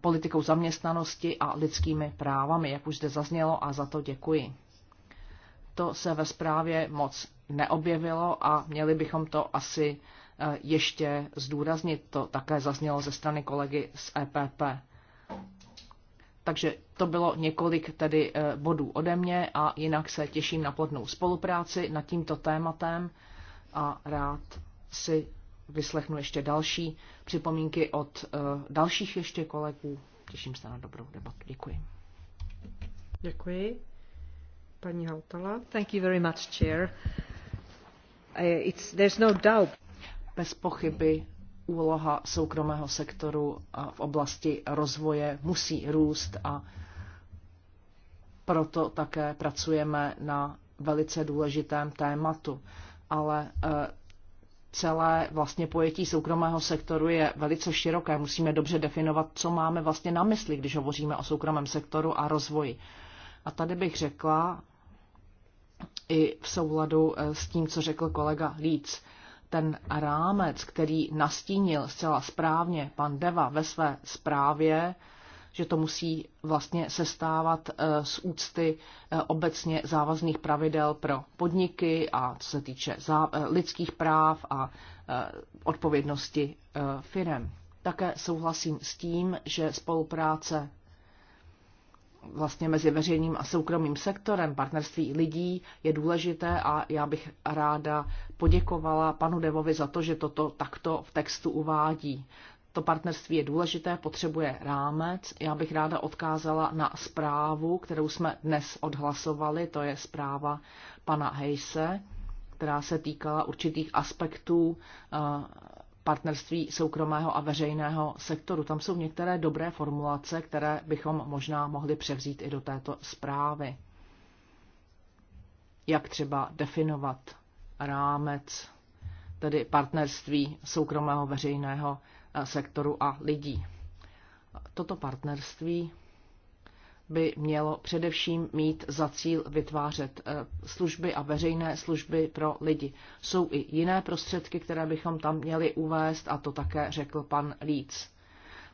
politikou zaměstnanosti a lidskými právami, jak už zde zaznělo a za to děkuji. To se ve zprávě moc neobjevilo a měli bychom to asi Eh, ještě zdůraznit. To také zaznělo ze strany kolegy z EPP. Takže to bylo několik tedy eh, bodů ode mě a jinak se těším na plodnou spolupráci nad tímto tématem a rád si vyslechnu ještě další připomínky od eh, dalších ještě kolegů. Těším se na dobrou debatu. Děkuji. Děkuji. Paní Hautala. Thank you very much, Chair. It's, there's no doubt bez pochyby úloha soukromého sektoru v oblasti rozvoje musí růst a proto také pracujeme na velice důležitém tématu. Ale eh, celé vlastně pojetí soukromého sektoru je velice široké. Musíme dobře definovat, co máme vlastně na mysli, když hovoříme o soukromém sektoru a rozvoji. A tady bych řekla, i v souladu eh, s tím, co řekl kolega Líc, ten rámec, který nastínil zcela správně pan Deva ve své zprávě, že to musí vlastně sestávat eh, z úcty eh, obecně závazných pravidel pro podniky a co se týče eh, lidských práv a odpovědnosti firem. Také souhlasím s tím, že spolupráce vlastně mezi veřejným a soukromým sektorem, partnerství lidí je důležité a já bych ráda poděkovala panu Devovi za to, že toto takto v textu uvádí. To partnerství je důležité, potřebuje rámec. Já bych ráda odkázala na zprávu, kterou jsme dnes odhlasovali, to je zpráva pana Hejse, která se týkala určitých aspektů eh, partnerství soukromého a veřejného sektoru. Tam jsou některé dobré formulace, které bychom možná mohli převzít i do této zprávy. Jak třeba definovat rámec, tedy partnerství soukromého veřejného eh, sektoru a lidí. Toto partnerství by mělo především mít za cíl vytvářet eh, služby a veřejné služby pro lidi. Jsou i jiné prostředky, které bychom tam měli uvést, a to také řekl pan Líc.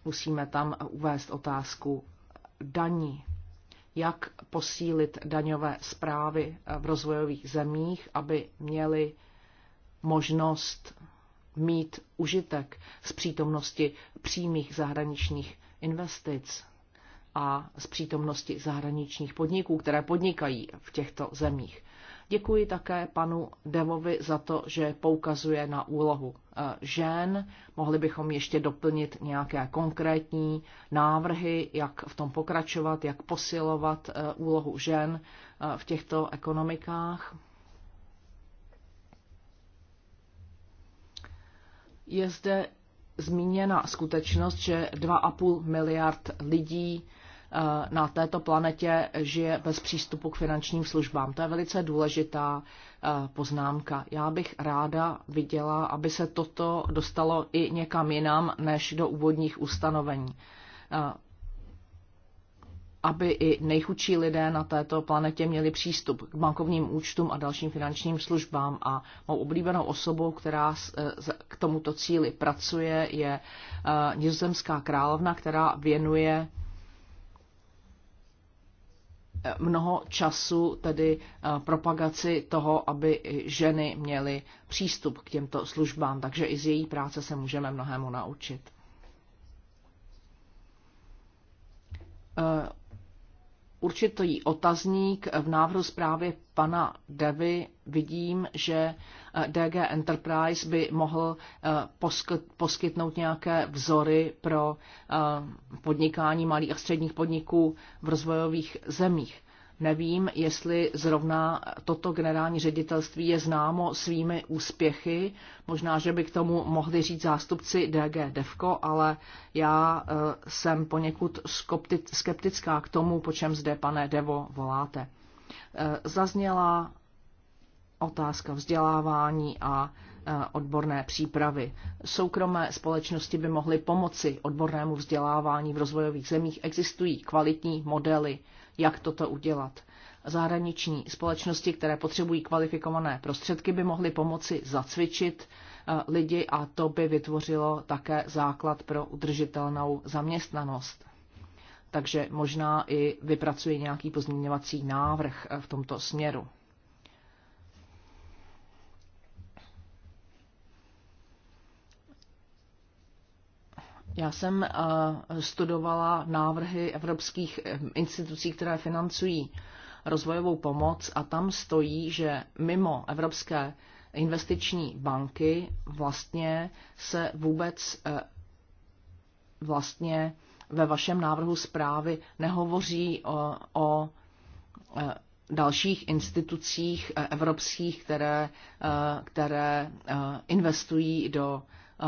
Musíme tam uvést otázku daní. Jak posílit daňové zprávy eh, v rozvojových zemích, aby měli možnost mít užitek z přítomnosti přímých zahraničních investic a z přítomnosti zahraničních podniků, které podnikají v těchto zemích. Děkuji také panu Devovi za to, že poukazuje na úlohu e, žen. Mohli bychom ještě doplnit nějaké konkrétní návrhy, jak v tom pokračovat, jak posilovat e, úlohu žen e, v těchto ekonomikách. Je zde zmíněna skutečnost, že 2,5 miliard lidí Eh, na této planetě žije bez přístupu k finančním službám. To je velice důležitá eh, poznámka. Já bych ráda viděla, aby se toto dostalo i někam jinam než do úvodních ustanovení eh, aby i nejchudší lidé na této planetě měli přístup k bankovním účtům a dalším finančním službám. A mou oblíbenou osobou, která k tomuto cíli pracuje, je nizozemská královna, která věnuje mnoho času tedy eh, propagaci toho, aby ženy měly přístup k těmto službám, takže i z její práce se můžeme mnohému naučit. Eh, určitý otazník v návrhu zprávy pana Devy vidím, že DG Enterprise by mohl eh, poskytnout nějaké vzory pro eh, podnikání malých a středních podniků v rozvojových zemích. Nevím, jestli zrovna toto generální ředitelství je známo svými úspěchy. Možná, že by k tomu mohli říct zástupci DG Devko, ale já eh, jsem poněkud skeptická k tomu, po čem zde, pane Devo, voláte. Zazněla otázka vzdělávání a e, odborné přípravy. Soukromé společnosti by mohly pomoci odbornému vzdělávání v rozvojových zemích. Existují kvalitní modely, jak toto udělat. Zahraniční společnosti, které potřebují kvalifikované prostředky, by mohly pomoci zacvičit e, lidi a to by vytvořilo také základ pro udržitelnou zaměstnanost. Takže možná i vypracuje nějaký pozměňovací návrh e, v tomto směru. Já jsem eh, studovala návrhy evropských eh, institucí, které financují rozvojovou pomoc a tam stojí, že mimo Evropské investiční banky vlastně se vůbec eh, vlastně ve vašem návrhu zprávy nehovoří o, o dalších institucích evropských, které, které investují do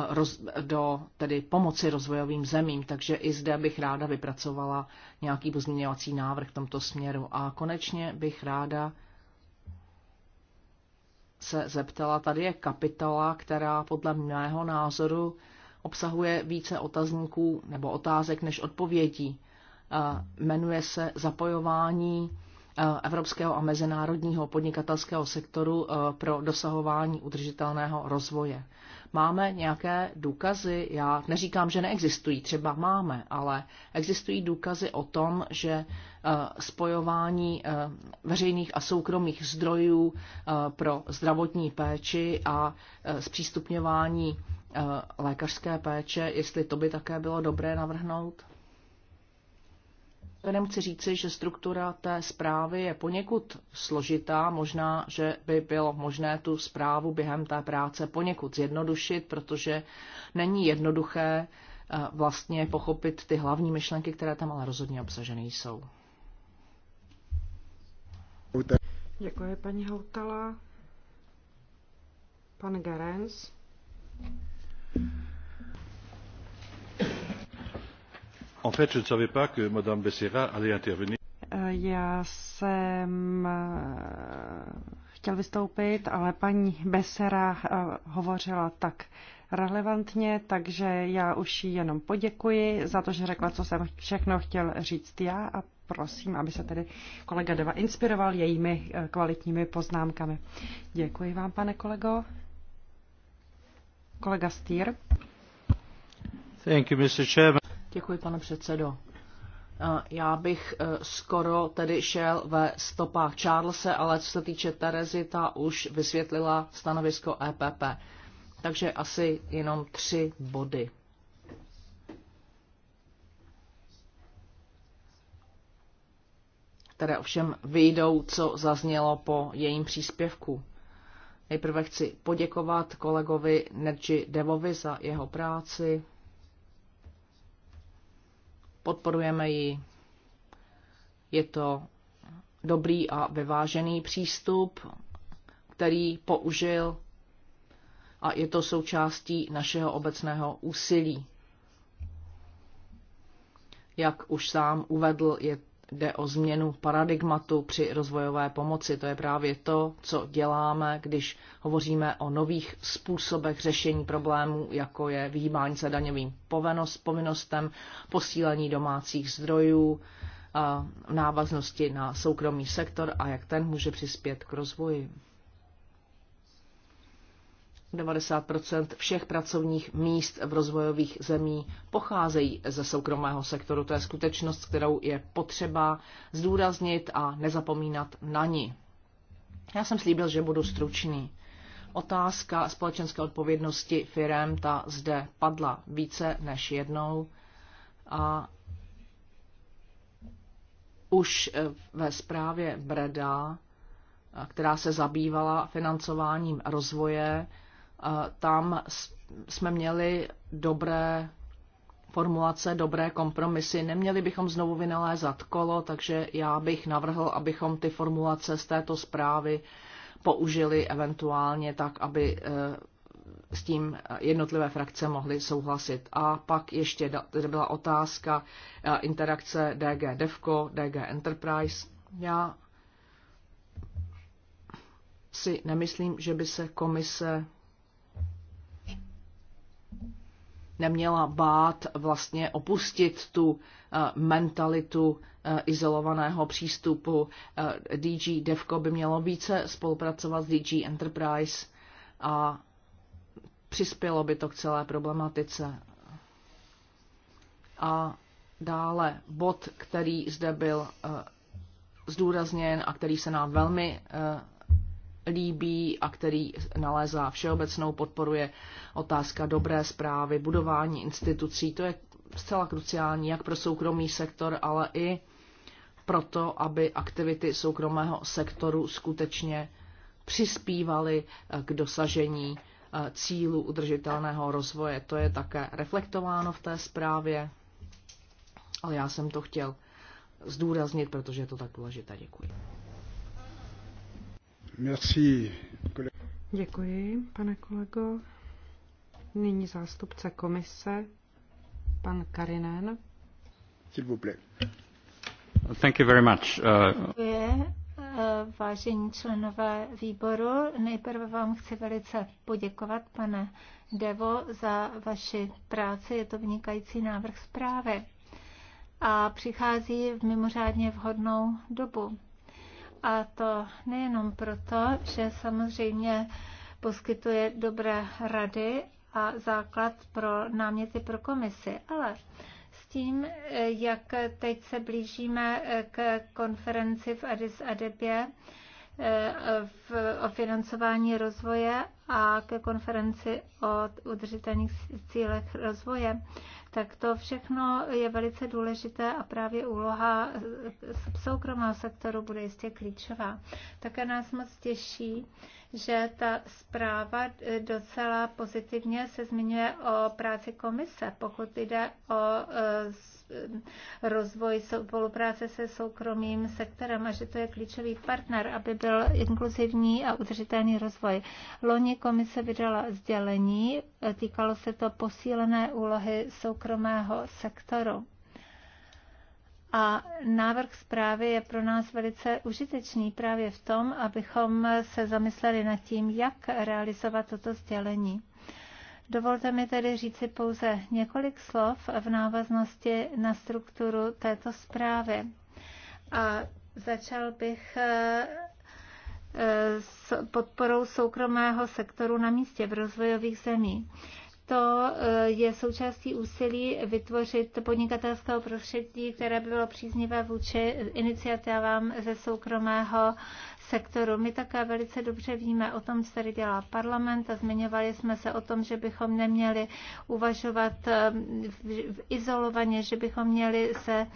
roz, do tedy pomoci rozvojovým zemím, takže i zde bych ráda vypracovala nějaký pozměňovací návrh v tomto směru. A konečně bych ráda se zeptala, tady je kapitola, která podle mého názoru obsahuje více otazníků nebo otázek než odpovědí. Jmenuje se zapojování evropského a mezinárodního podnikatelského sektoru pro dosahování udržitelného rozvoje. Máme nějaké důkazy, já neříkám, že neexistují, třeba máme, ale existují důkazy o tom, že eh, spojování eh, veřejných a soukromých zdrojů eh, pro zdravotní péči a zpřístupňování lékařské péče, jestli to by také bylo dobré navrhnout? Jenom chci říci, že struktura té zprávy je poněkud složitá. Možná, že by bylo možné tu zprávu během té práce poněkud zjednodušit, protože není jednoduché eh, vlastně pochopit ty hlavní myšlenky, které tam ale rozhodně obsažené jsou. Děkuji, paní Houtala. Pan Gerens. Eh, já jsem eh, chtěl vystoupit, ale paní Besera eh, hovořila tak relevantně, takže já už jí jenom poděkuji za to, že řekla, co jsem všechno chtěl říct já a prosím, aby se tedy kolega Deva inspiroval jejími kvalitními poznámkami. Děkuji vám, pane kolego. Kolega Stýr. Thank you, Mr. Chairman. Děkuji, pane předsedo. Eh, já bych eh, skoro tedy šel ve stopách Charlesa, ale co se týče Terezy, ta už vysvětlila stanovisko EPP. Takže asi jenom tři body. které ovšem vyjdou, co zaznělo po jejím příspěvku. Nejprve chci poděkovat kolegovi Nerči Devovi za jeho práci, podporujeme ji. Je to dobrý a vyvážený přístup, který použil a je to součástí našeho obecného úsilí. Jak už sám uvedl, je jde o změnu paradigmatu při rozvojové pomoci. To je právě to, co děláme, když hovoříme o nových způsobech řešení problémů, jako je výjímání se daňovým povinnostem, posílení domácích zdrojů, v návaznosti na soukromý sektor a jak ten může přispět k rozvoji. 90 všech pracovních míst v rozvojových zemí pocházejí ze soukromého sektoru. To je skutečnost, kterou je potřeba zdůraznit a nezapomínat na ní. Já jsem slíbil, že budu stručný. Otázka společenské odpovědnosti firem ta zde padla více než jednou a už eh, ve zprávě Breda, eh, která se zabývala financováním rozvoje, tam jsme měli dobré formulace, dobré kompromisy. Neměli bychom znovu vynalézat kolo, takže já bych navrhl, abychom ty formulace z této zprávy použili eventuálně tak, aby eh, s tím jednotlivé frakce mohly souhlasit. A pak ještě byla otázka eh, interakce DG Devco, DG Enterprise. Já si nemyslím, že by se komise neměla bát vlastně opustit tu eh, mentalitu eh, izolovaného přístupu. Eh, DG Devco by mělo více spolupracovat s DG Enterprise a přispělo by to k celé problematice. A dále bod, který zde byl zdůrazněn a který se nám velmi líbí a který nalézá všeobecnou podporu, je otázka dobré zprávy, budování institucí. To je zcela kruciální jak pro soukromý sektor, ale i proto, aby aktivity soukromého sektoru skutečně přispívaly eh, k dosažení eh, cílu udržitelného rozvoje. To je také reflektováno v té zprávě, ale já jsem to chtěl zdůraznit, protože je to tak důležité. Děkuji. Merci. Děkuji, pane kolego. Nyní zástupce komise, pan Karinen. S'il vous plaît. Thank you very much. Uh, uh... Vážení členové výboru, nejprve vám chci velice poděkovat, pane Devo, za vaši práci. Je to vynikající návrh zprávy a přichází v mimořádně vhodnou dobu a to nejenom proto, že samozřejmě poskytuje dobré rady a základ pro náměty pro komisi, ale s tím, jak teď se blížíme k konferenci v Addis Adebě, eh, v, o financování rozvoje a ke konferenci o udržitelných cílech rozvoje tak to všechno je velice důležité a právě úloha soukromého sektoru bude jistě klíčová. Také nás moc těší, že ta zpráva docela pozitivně se zmiňuje o práci komise, pokud jde o e, Eh, rozvoj spolupráce se soukromým sektorem a že to je klíčový partner, aby byl inkluzivní a udržitelný rozvoj. Loni komise vydala sdělení, eh, týkalo se to posílené úlohy soukromého sektoru. A návrh zprávy je pro nás velice užitečný právě v tom, abychom se zamysleli nad tím, jak realizovat toto sdělení. Dovolte mi tedy říci pouze několik slov v návaznosti na strukturu této zprávy. A začal bych eh, eh, s podporou soukromého sektoru na místě v rozvojových zemích to eh, je součástí úsilí vytvořit podnikatelského prostředí, které bylo příznivé vůči iniciativám ze soukromého sektoru. My také velice dobře víme o tom, co tady dělá parlament a zmiňovali jsme se o tom, že bychom neměli uvažovat eh, v izolovaně, že bychom měli se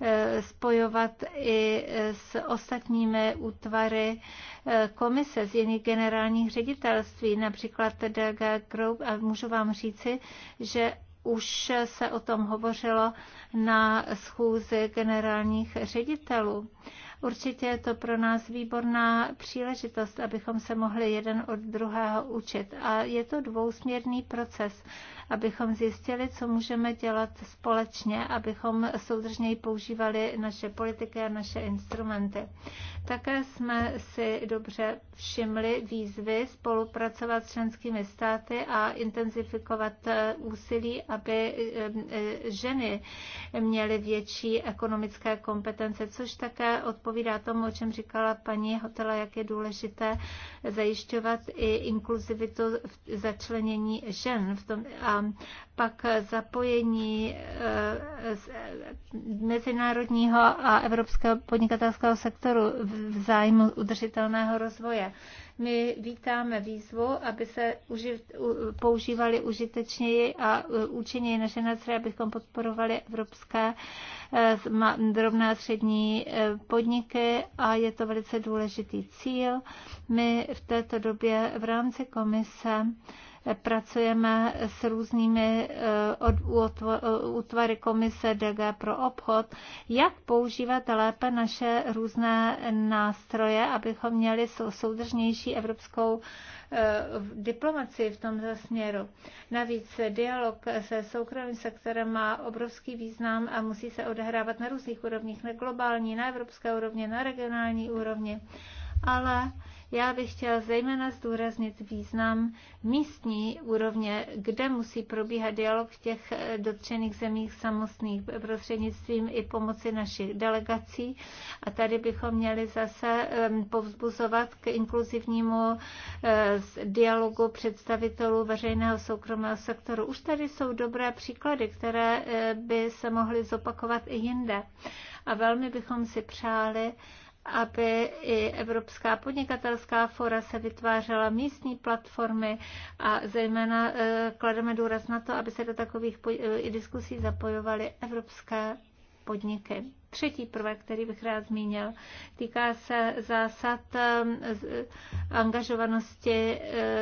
eh, spojovat i s ostatními útvary komise z jiných generálních ředitelství, například DG Group a můžu vám říci, že už se o tom hovořilo na schůzi generálních ředitelů. Určitě je to pro nás výborná příležitost, abychom se mohli jeden od druhého učit. A je to dvousměrný proces, abychom zjistili, co můžeme dělat společně, abychom soudržněji používali naše politiky a naše instrumenty. Také jsme si dobře všimli výzvy spolupracovat s členskými státy a intenzifikovat eh, úsilí, aby eh, eh, ženy měly větší ekonomické kompetence, což také odpovídá odpovídá tomu, o čem říkala paní Hotela, jak je důležité zajišťovat i inkluzivitu začlenění žen v tom, a pak zapojení eh, eh, mezinárodního a evropského podnikatelského sektoru v zájmu udržitelného rozvoje. My vítáme výzvu, aby se uži, používali užitečněji a e, účinněji naše nástroje, abychom podporovali evropské e, drobné a střední e, podniky a je to velice důležitý cíl. My v této době v rámci komise Pracujeme s různými eh, eh, útvary komise DG pro obchod, jak používat lépe naše různé nástroje, abychom měli soudržnější evropskou eh, diplomacii v tomto směru. Navíc dialog se soukromým sektorem má obrovský význam a musí se odehrávat na různých úrovních, na globální, na evropské úrovni, na regionální úrovni. Ale já bych chtěla zejména zdůraznit význam místní úrovně, kde musí probíhat dialog v těch eh, dotčených zemích samostných prostřednictvím i pomoci našich delegací. A tady bychom měli zase povzbuzovat k inkluzivnímu eh, dialogu představitelů veřejného soukromého sektoru. Už tady jsou dobré příklady, které eh, by se mohly zopakovat i jinde. A velmi bychom si přáli, aby i Evropská podnikatelská fora se vytvářela místní platformy a zejména eh, klademe důraz na to, aby se do takových eh, diskusí zapojovaly evropské podniky. Třetí prvek, který bych rád zmínil, týká se zásad um, angažovanosti eh,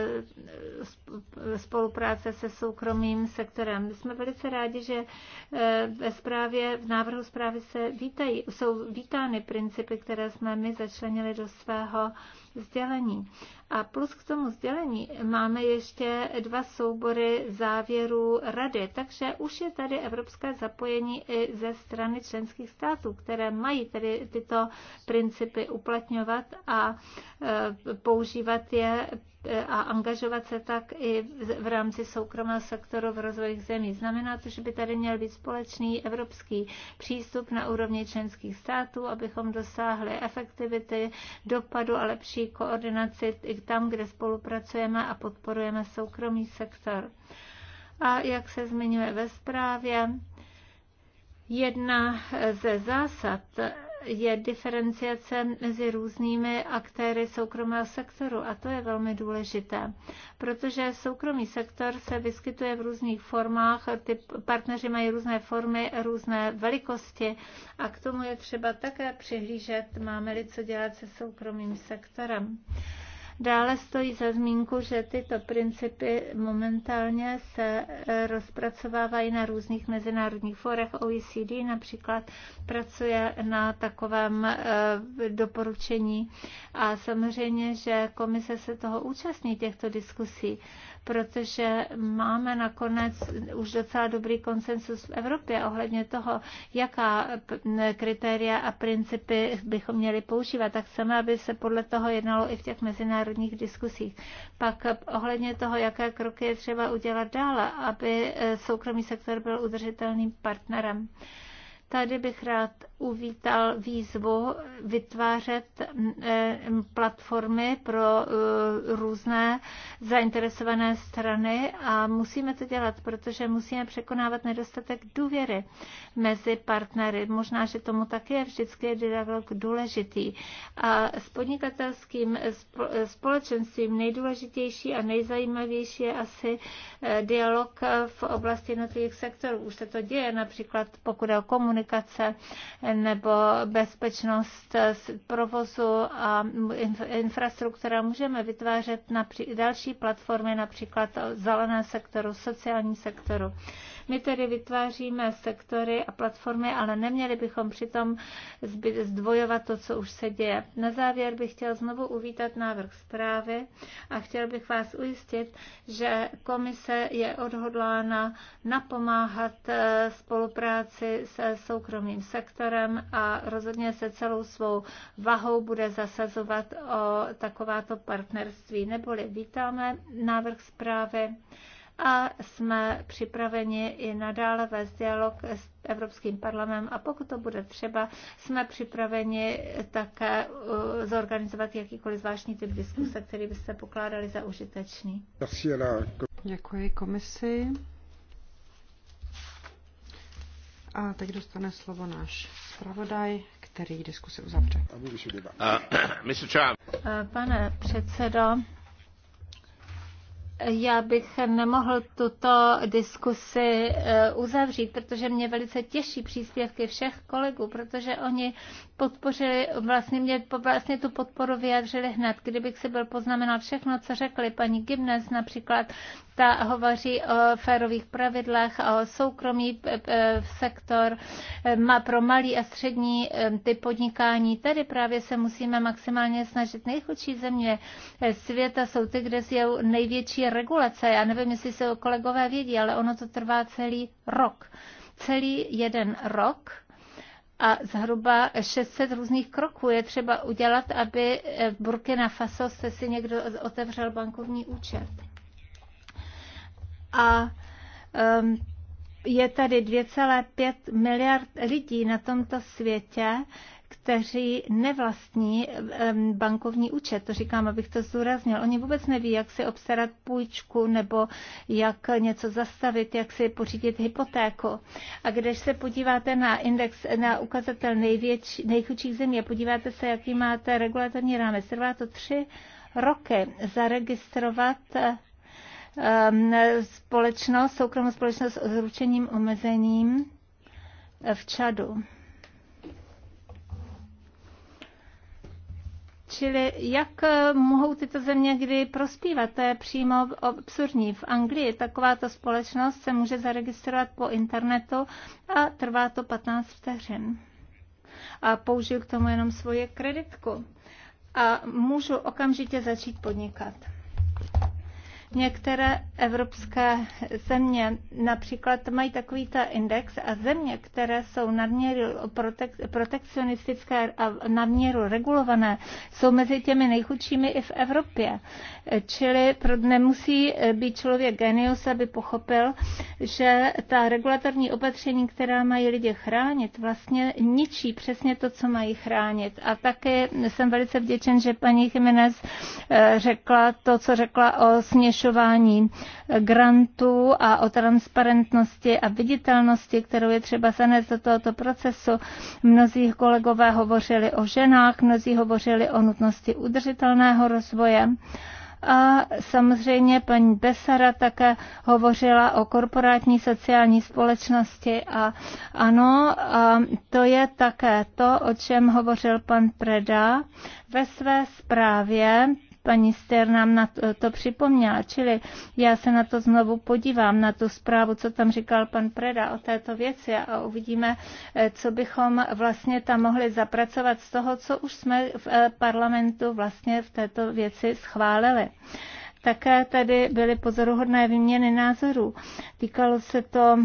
spolupráce se soukromým sektorem. My jsme velice rádi, že eh, ve zprávě, v návrhu zprávy se vítají, jsou vítány principy, které jsme my začlenili do svého sdělení. A plus k tomu sdělení máme ještě dva soubory závěrů rady, takže už je tady evropské zapojení i ze strany členských států států, které mají tedy tyto principy uplatňovat a e, používat je e, a angažovat se tak i v rámci soukromého sektoru v rozvojích zemí. Znamená to, že by tady měl být společný evropský přístup na úrovni členských států, abychom dosáhli efektivity, dopadu a lepší koordinaci i tam, kde spolupracujeme a podporujeme soukromý sektor. A jak se zmiňuje ve zprávě, Jedna ze zásad je diferenciace mezi různými aktéry soukromého sektoru a to je velmi důležité, protože soukromý sektor se vyskytuje v různých formách, ty partneři mají různé formy, různé velikosti a k tomu je třeba také přihlížet, máme-li co dělat se soukromým sektorem. Uh, Dále stojí za zmínku, že tyto principy momentálně se e, rozpracovávají na různých mezinárodních forech OECD, například pracuje na takovém e, doporučení a samozřejmě, že komise se toho účastní těchto diskusí protože máme nakonec už docela dobrý konsensus v Evropě ohledně toho, jaká kritéria a principy bychom měli používat. Tak chceme, aby se podle toho jednalo i v těch mezinárodních diskusích. Pak ohledně toho, jaké kroky je třeba udělat dále, aby eh, soukromý sektor byl udržitelným partnerem. Tady bych rád uvítal výzvu vytvářet e, platformy pro e, různé zainteresované strany a musíme to dělat, protože musíme překonávat nedostatek důvěry mezi partnery. Možná, že tomu také je, vždycky dialog důležitý. A s podnikatelským společenstvím nejdůležitější a nejzajímavější je asi e, dialog v oblasti jednotlivých sektorů. Už se to děje, například pokud je o komunikaci, komunikace nebo bezpečnost provozu a infrastruktura. Můžeme vytvářet další platformy, například zelené sektoru, sociální sektoru. My tedy vytváříme sektory a platformy, ale neměli bychom přitom zdvojovat to, co už se děje. Na závěr bych chtěl znovu uvítat návrh zprávy a chtěl bych vás ujistit, že komise je odhodlána napomáhat eh, spolupráci se soukromým sektorem a rozhodně se celou svou vahou bude zasazovat o takováto partnerství. Neboli vítáme návrh zprávy a jsme připraveni i nadále vést dialog s Evropským parlamentem a pokud to bude třeba, jsme připraveni také uh, zorganizovat jakýkoliv zvláštní typ diskuse, který byste pokládali za užitečný. Děkuji komisi. A teď dostane slovo náš zpravodaj, který diskusi uzavře. Uh, [coughs] uh, pane předsedo, já bych nemohl tuto diskusi e, uzavřít, protože mě velice těší příspěvky všech kolegů, protože oni podpořili, vlastně mě vlastně tu podporu vyjadřili hned. Kdybych si byl poznamenal všechno, co řekli paní Gibnes například, ta hovoří o férových pravidlech, o soukromý e, e, sektor má pro malý a střední ty podnikání. Tady právě se musíme maximálně snažit. Nejchudší země světa jsou ty, kde jsou největší regulace, já nevím, jestli se kolegové vědí, ale ono to trvá celý rok. Celý jeden rok a zhruba 600 různých kroků je třeba udělat, aby eh, v Burkina Faso se si někdo otevřel bankovní účet. A um, je tady 2,5 miliard lidí na tomto světě, kteří nevlastní bankovní účet. To říkám, abych to zdůraznil. Oni vůbec neví, jak si obstarat půjčku nebo jak něco zastavit, jak si pořídit hypotéku. A když se podíváte na index, na ukazatel nejchudších zemí a podíváte se, jaký máte regulatorní rámec, trvá to tři roky zaregistrovat společnost, soukromou společnost s ručením omezením v Čadu. Čili jak eh, mohou tyto země kdy prospívat? To je přímo absurdní. V Anglii takováto společnost se může zaregistrovat po internetu a trvá to 15 vteřin. A použiju k tomu jenom svoje kreditku. A můžu okamžitě začít podnikat. Některé evropské země například mají takovýto index a země, které jsou nadměru protek- protekcionistické a nadměru regulované, jsou mezi těmi nejchudšími i v Evropě. Čili nemusí být člověk genius, aby pochopil, že ta regulatorní opatření, která mají lidi chránit, vlastně ničí přesně to, co mají chránit. A taky jsem velice vděčen, že paní Jiménez eh, řekla to, co řekla o směš vyhlašování grantů a o transparentnosti a viditelnosti, kterou je třeba zanést do tohoto procesu. Mnozí kolegové hovořili o ženách, mnozí hovořili o nutnosti udržitelného rozvoje. A samozřejmě paní Besara také hovořila o korporátní sociální společnosti a ano, a to je také to, o čem hovořil pan Preda ve své zprávě paní Ster nám na to, to připomněla, čili já se na to znovu podívám, na tu zprávu, co tam říkal pan Preda o této věci a uvidíme, eh, co bychom vlastně tam mohli zapracovat z toho, co už jsme v eh, parlamentu vlastně v této věci schválili. Také tady byly pozoruhodné výměny názorů. Týkalo se to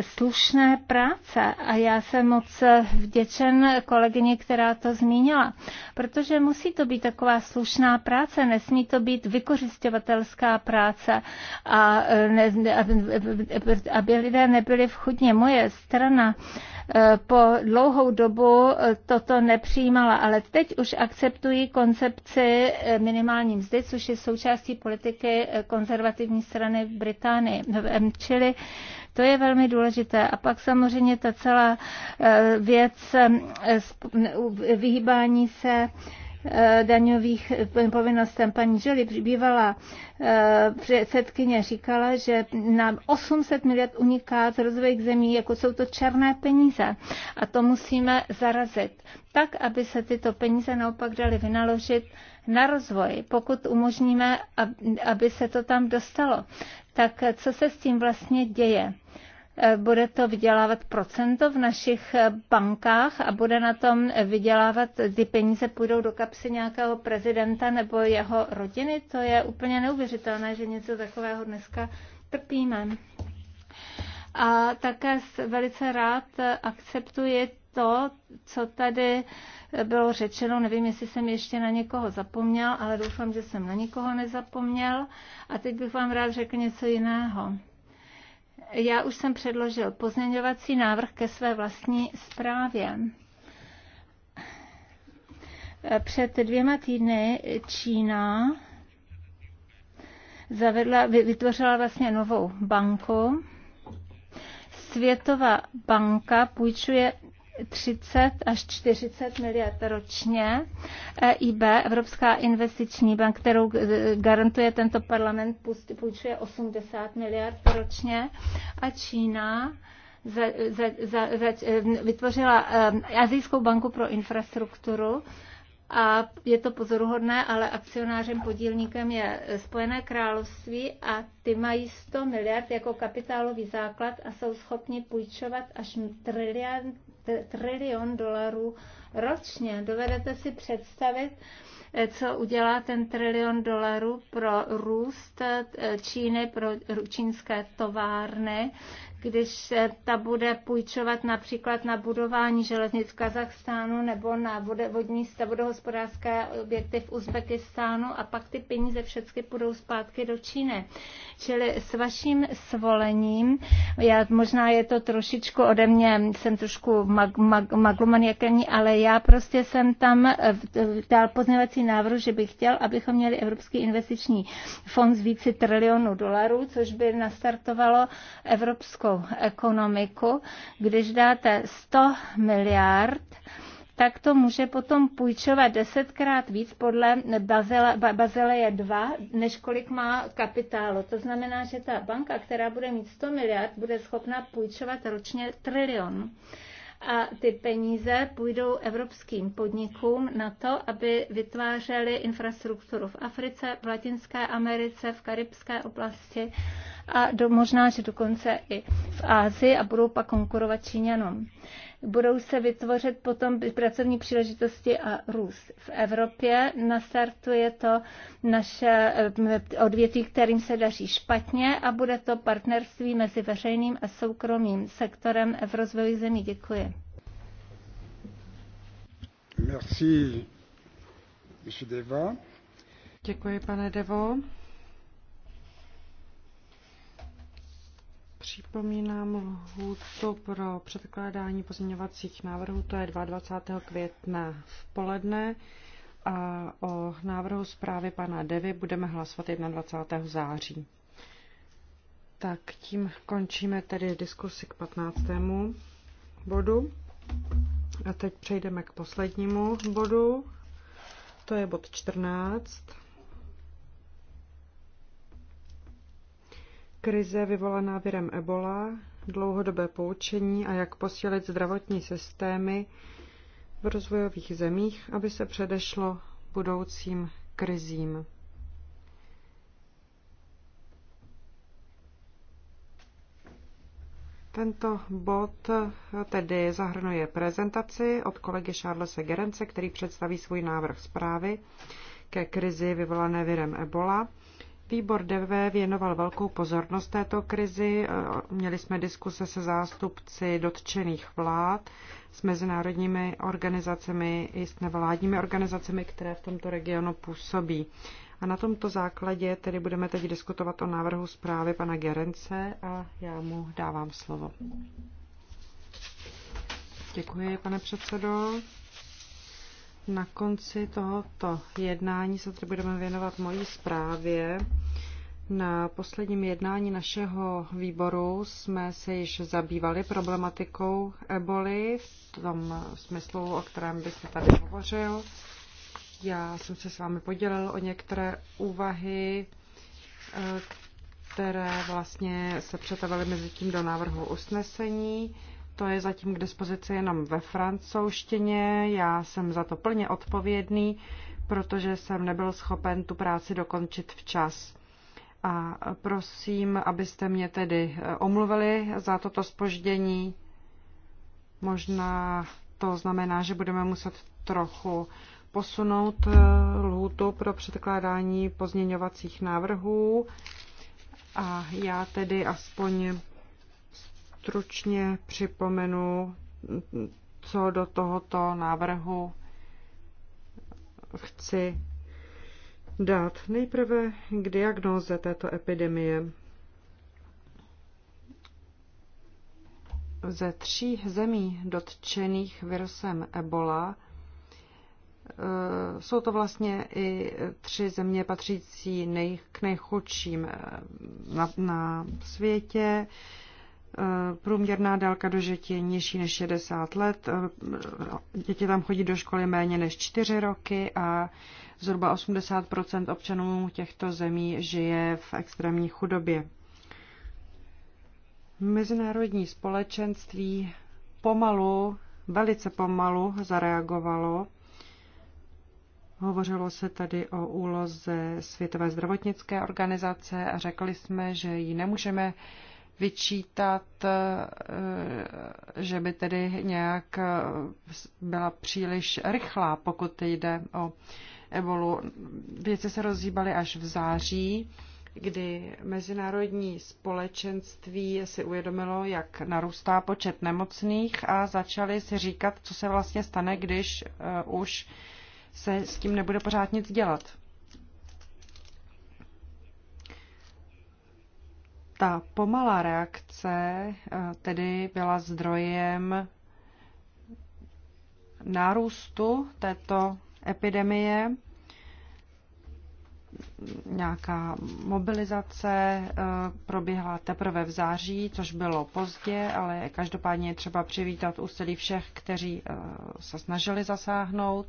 slušné práce a já jsem moc vděčen kolegyni, která to zmínila, protože musí to být taková slušná práce, nesmí to být vykořišťovatelská práce, a ne, aby lidé nebyli v chudně. Moje strana eh, po dlouhou dobu toto nepřijímala, ale teď už akceptují koncepci eh, minimální mzdy, což je součástí politiky eh, konzervativní strany v Británii. Čili to je velmi důležité. A pak samozřejmě ta celá eh, věc eh, vyhýbání se Eh, daňových eh, povinnostem. Paní Želi, bývalá eh, předsedkyně, říkala, že na 800 miliard uniká z rozvojových zemí, jako jsou to černé peníze. A to musíme zarazit tak, aby se tyto peníze naopak daly vynaložit na rozvoj, pokud umožníme, aby se to tam dostalo. Tak co se s tím vlastně děje? Eh, bude to vydělávat procento v našich eh, bankách a bude na tom vydělávat, ty peníze půjdou do kapsy nějakého prezidenta nebo jeho rodiny. To je úplně neuvěřitelné, že něco takového dneska trpíme. A také velice rád eh, akceptuji to, co tady bylo řečeno, nevím, jestli jsem ještě na někoho zapomněl, ale doufám, že jsem na nikoho nezapomněl. A teď bych vám rád řekl něco jiného. Já už jsem předložil pozměňovací návrh ke své vlastní zprávě. Před dvěma týdny Čína zavedla, vytvořila vlastně novou banku. Světová banka půjčuje 30 až 40 miliard ročně. EIB, Evropská investiční banka, kterou garantuje tento parlament, půjčuje 80 miliard ročně. A Čína za, za, za, za, vytvořila e, Azijskou banku pro infrastrukturu, a je to pozoruhodné, ale akcionářem podílníkem je Spojené království a ty mají 100 miliard jako kapitálový základ a jsou schopni půjčovat až trilion, trilion dolarů ročně. Dovedete si představit, eh, co udělá ten trilion dolarů pro růst eh, Číny, pro čínské továrny, když ta bude půjčovat například na budování železnic v Kazachstánu nebo na vodní stavodohospodářské objekty v Uzbekistánu a pak ty peníze všechny půjdou zpátky do Číny. Čili s vaším svolením, já, možná je to trošičku ode mě, jsem trošku mag, mag, maglomaniakální, ale já prostě jsem tam eh, dal poznávací návrh, že bych chtěl, abychom měli Evropský investiční fond z více trilionů dolarů, což by nastartovalo Evropskou obrovskou ekonomiku, když dáte 100 miliard, tak to může potom půjčovat desetkrát víc podle Bazele, je 2, než kolik má kapitálu. To znamená, že ta banka, která bude mít 100 miliard, bude schopna půjčovat ročně trilion a ty peníze půjdou evropským podnikům na to, aby vytvářely infrastrukturu v Africe, v Latinské Americe, v Karibské oblasti a do, možná, že dokonce i v Ázii a budou pak konkurovat Číňanům budou se vytvořit potom pracovní příležitosti a růst. V Evropě nastartuje to naše eh, odvětví, kterým se daří špatně a bude to partnerství mezi veřejným a soukromým sektorem v rozvoji zemí. Děkuji. Merci, Deva. Děkuji, pane Devo. Připomínám lhůtu pro předkládání pozměňovacích návrhů, to je 22. května v poledne a o návrhu zprávy pana Devy budeme hlasovat 21. září. Tak tím končíme tedy diskusi k 15. bodu. A teď přejdeme k poslednímu bodu. To je bod 14. Krize vyvolaná virem Ebola, dlouhodobé poučení a jak posílit zdravotní systémy v rozvojových zemích, aby se předešlo budoucím krizím. Tento bod tedy zahrnuje prezentaci od kolegy Charlesa Gerence, který představí svůj návrh zprávy ke krizi vyvolané virem Ebola Výbor DV věnoval velkou pozornost této krizi. E, měli jsme diskuse se zástupci dotčených vlád, s mezinárodními organizacemi i s nevládními organizacemi, které v tomto regionu působí. A na tomto základě tedy budeme teď diskutovat o návrhu zprávy pana Gerence a já mu dávám slovo. Děkuji, pane předsedo na konci tohoto jednání se tedy budeme věnovat mojí zprávě. Na posledním jednání našeho výboru jsme se již zabývali problematikou eboli v tom smyslu, o kterém byste tady hovořil. Já jsem se s vámi podělil o některé úvahy, eh, které vlastně se přetavily mezi tím do návrhu usnesení. To je zatím k dispozici jenom ve francouzštině. Já jsem za to plně odpovědný, protože jsem nebyl schopen tu práci dokončit včas. A prosím, abyste mě tedy eh, omluvili za toto spoždění. Možná to znamená, že budeme muset trochu posunout eh, lhůtu pro předkládání pozměňovacích návrhů. A já tedy aspoň stručně připomenu, co do tohoto návrhu chci dát. Nejprve k diagnoze této epidemie. Ze tří zemí dotčených virusem Ebola eh, jsou to vlastně i tři země patřící nej, k nejchudším eh, na, na světě průměrná délka dožití je nižší než 60 let, děti tam chodí do školy méně než 4 roky a zhruba 80 občanů těchto zemí žije v extrémní chudobě. Mezinárodní společenství pomalu, velice pomalu zareagovalo. Hovořilo se tady o úloze Světové zdravotnické organizace a řekli jsme, že ji nemůžeme uh, vyčítat, eh, že by tedy nějak eh, byla příliš rychlá, pokud jde o ebolu. Věci se rozhýbaly až v září, kdy mezinárodní společenství si uvědomilo, jak narůstá počet nemocných a začali si říkat, co se vlastně stane, když eh, už se s tím nebude pořád nic dělat. Ta pomalá reakce eh, tedy byla zdrojem nárůstu této epidemie, nějaká mobilizace eh, proběhla teprve v září, což bylo pozdě, ale každopádně je třeba přivítat úsilí všech, kteří eh, se snažili zasáhnout.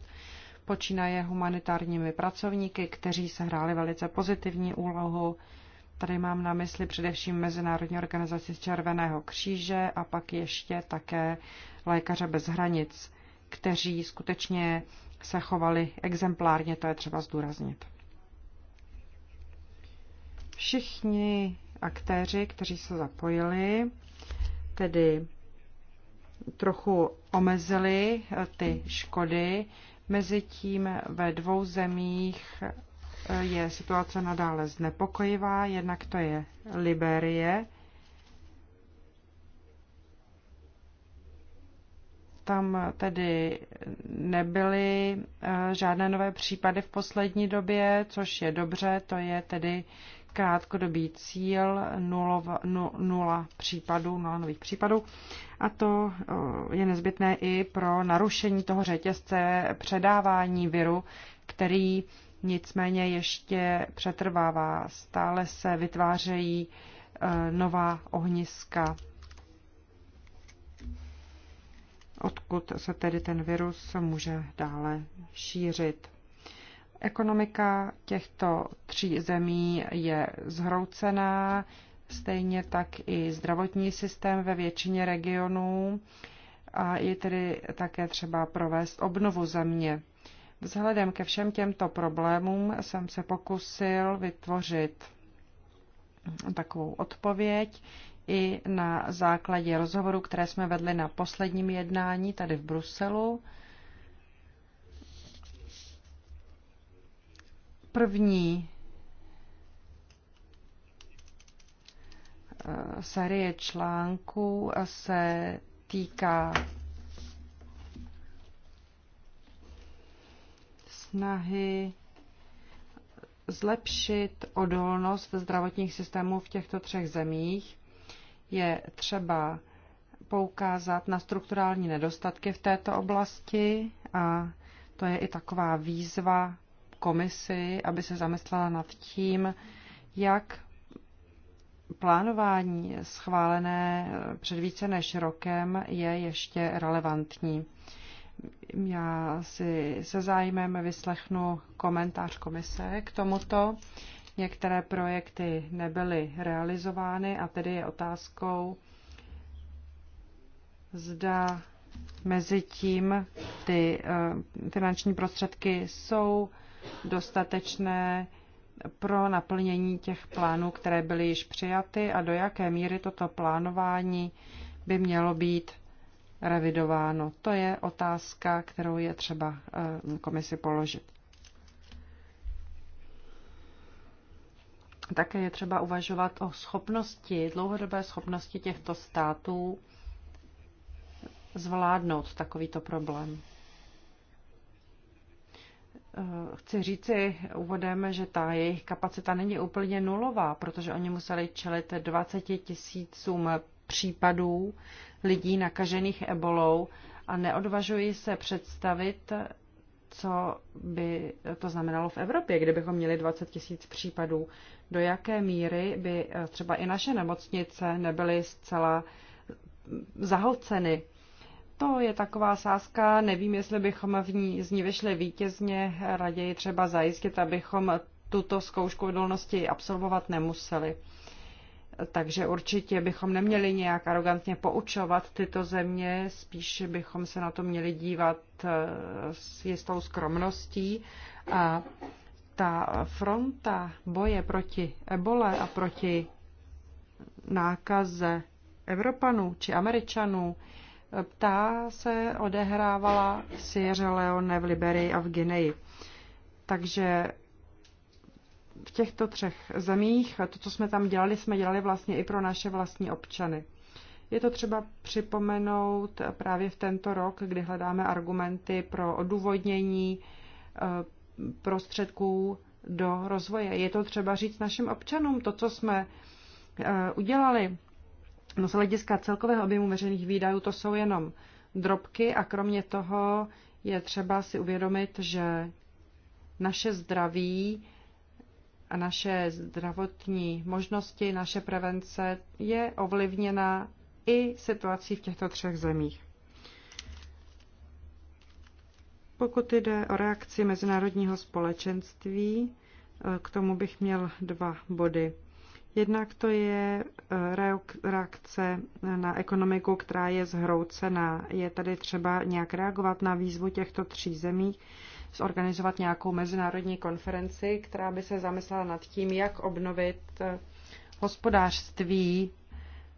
Počínaje humanitárními pracovníky, kteří se hráli velice pozitivní úlohu Tady mám na mysli především Mezinárodní organizaci Červeného kříže a pak ještě také Lékaře bez hranic, kteří skutečně se chovali exemplárně, to je třeba zdůraznit. Všichni aktéři, kteří se zapojili, tedy trochu omezili eh, ty škody. Mezitím ve dvou zemích je situace nadále znepokojivá. Jednak to je Liberie. Tam tedy nebyly eh, žádné nové případy v poslední době, což je dobře, to je tedy krátkodobý cíl nulov, nula, nula případů, nula nových případů. A to eh, je nezbytné i pro narušení toho řetězce předávání viru, který nicméně ještě přetrvává. Stále se vytvářejí eh, nová ohniska, odkud se tedy ten virus může dále šířit. Ekonomika těchto tří zemí je zhroucená, stejně tak i zdravotní systém ve většině regionů a je tedy také třeba provést obnovu země. Vzhledem ke všem těmto problémům jsem se pokusil vytvořit takovou odpověď i na základě rozhovoru, které jsme vedli na posledním jednání tady v Bruselu. První eh, série článků se týká snahy zlepšit odolnost zdravotních systémů v těchto třech zemích, je třeba poukázat na strukturální nedostatky v této oblasti a to je i taková výzva komisi, aby se zamyslela nad tím, jak plánování schválené před více než rokem je ještě relevantní. Já si se zájmem vyslechnu komentář komise k tomuto. Některé projekty nebyly realizovány a tedy je otázkou, zda mezi tím ty eh, finanční prostředky jsou dostatečné pro naplnění těch plánů, které byly již přijaty a do jaké míry toto plánování by mělo být revidováno? To je otázka, kterou je třeba eh, komisi položit. Také je třeba uvažovat o schopnosti, dlouhodobé schopnosti těchto států zvládnout takovýto problém. Eh, chci říci úvodem, že ta jejich kapacita není úplně nulová, protože oni museli čelit 20 tisícům případů lidí nakažených ebolou a neodvažuji se představit, co by to znamenalo v Evropě, kdybychom měli 20 tisíc případů. Do jaké míry by eh, třeba i naše nemocnice nebyly zcela zahlceny. To je taková sázka, nevím, jestli bychom v ní, z ní vyšli vítězně, raději třeba zajistit, abychom tuto zkoušku odolnosti absolvovat nemuseli. Takže určitě bychom neměli nějak arrogantně poučovat tyto země, spíš bychom se na to měli dívat eh, s jistou skromností. A ta fronta boje proti ebole a proti nákaze Evropanů či Američanů, eh, ta se odehrávala v Sierra Leone, v Liberii a v Guineji. Takže v těchto třech zemích, to, co jsme tam dělali, jsme dělali vlastně i pro naše vlastní občany. Je to třeba připomenout právě v tento rok, kdy hledáme argumenty pro odůvodnění eh, prostředků do rozvoje. Je to třeba říct našim občanům to, co jsme eh, udělali. No z hlediska celkového objemu veřejných výdajů to jsou jenom drobky a kromě toho je třeba si uvědomit, že naše zdraví a naše zdravotní možnosti, naše prevence je ovlivněna i situací v těchto třech zemích. Pokud jde o reakci mezinárodního společenství, eh, k tomu bych měl dva body. Jednak to je eh, reakce na ekonomiku, která je zhroucená. Je tady třeba nějak reagovat na výzvu těchto tří zemí, zorganizovat nějakou mezinárodní konferenci, která by se zamyslela nad tím, jak obnovit eh, hospodářství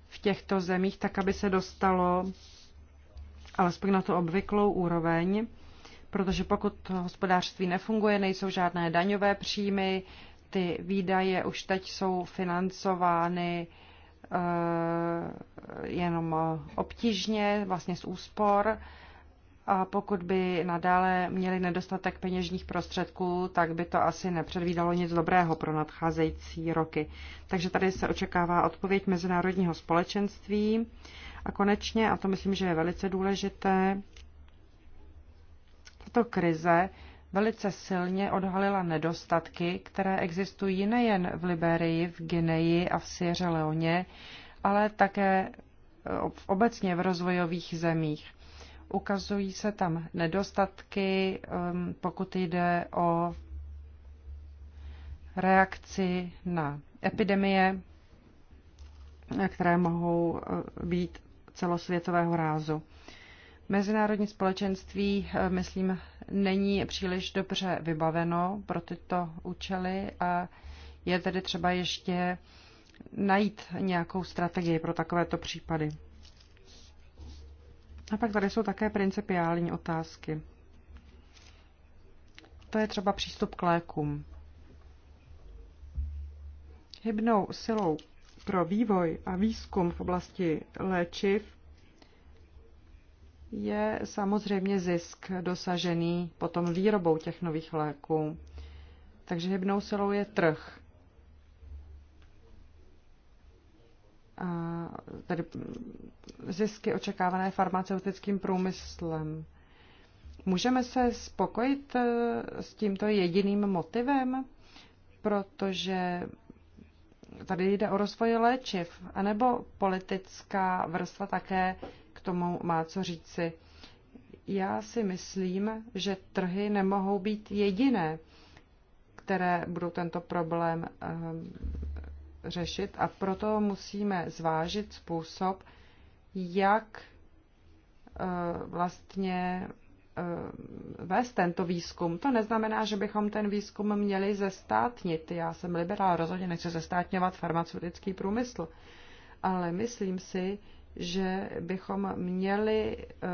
v těchto zemích, tak aby se dostalo alespoň na tu obvyklou úroveň, protože pokud hospodářství nefunguje, nejsou žádné daňové příjmy, ty výdaje už teď jsou financovány eh, jenom eh, obtížně, vlastně z úspor. A pokud by nadále měli nedostatek peněžních prostředků, tak by to asi nepředvídalo nic dobrého pro nadcházející roky. Takže tady se očekává odpověď mezinárodního společenství. A konečně, a to myslím, že je velice důležité, tato krize velice silně odhalila nedostatky, které existují nejen v Liberii, v Gineji a v Sierra Leone, ale také eh, obecně v rozvojových zemích ukazují se tam nedostatky, um, pokud jde o reakci na epidemie, které mohou uh, být celosvětového rázu. Mezinárodní společenství, uh, myslím, není příliš dobře vybaveno pro tyto účely a je tedy třeba ještě najít nějakou strategii pro takovéto případy. A pak tady jsou také principiální otázky. To je třeba přístup k lékům. Hybnou silou pro vývoj a výzkum v oblasti léčiv je samozřejmě zisk dosažený potom výrobou těch nových léků. Takže hybnou silou je trh. tedy zisky očekávané farmaceutickým průmyslem. Můžeme se spokojit e, s tímto jediným motivem, protože tady jde o rozvoj léčiv, anebo politická vrstva také k tomu má co říci. Já si myslím, že trhy nemohou být jediné, které budou tento problém e, řešit a proto musíme zvážit způsob, jak eh, vlastně eh, vést tento výzkum. To neznamená, že bychom ten výzkum měli zestátnit. Já jsem liberál, rozhodně nechci zestátňovat farmaceutický průmysl, ale myslím si, že bychom měli eh,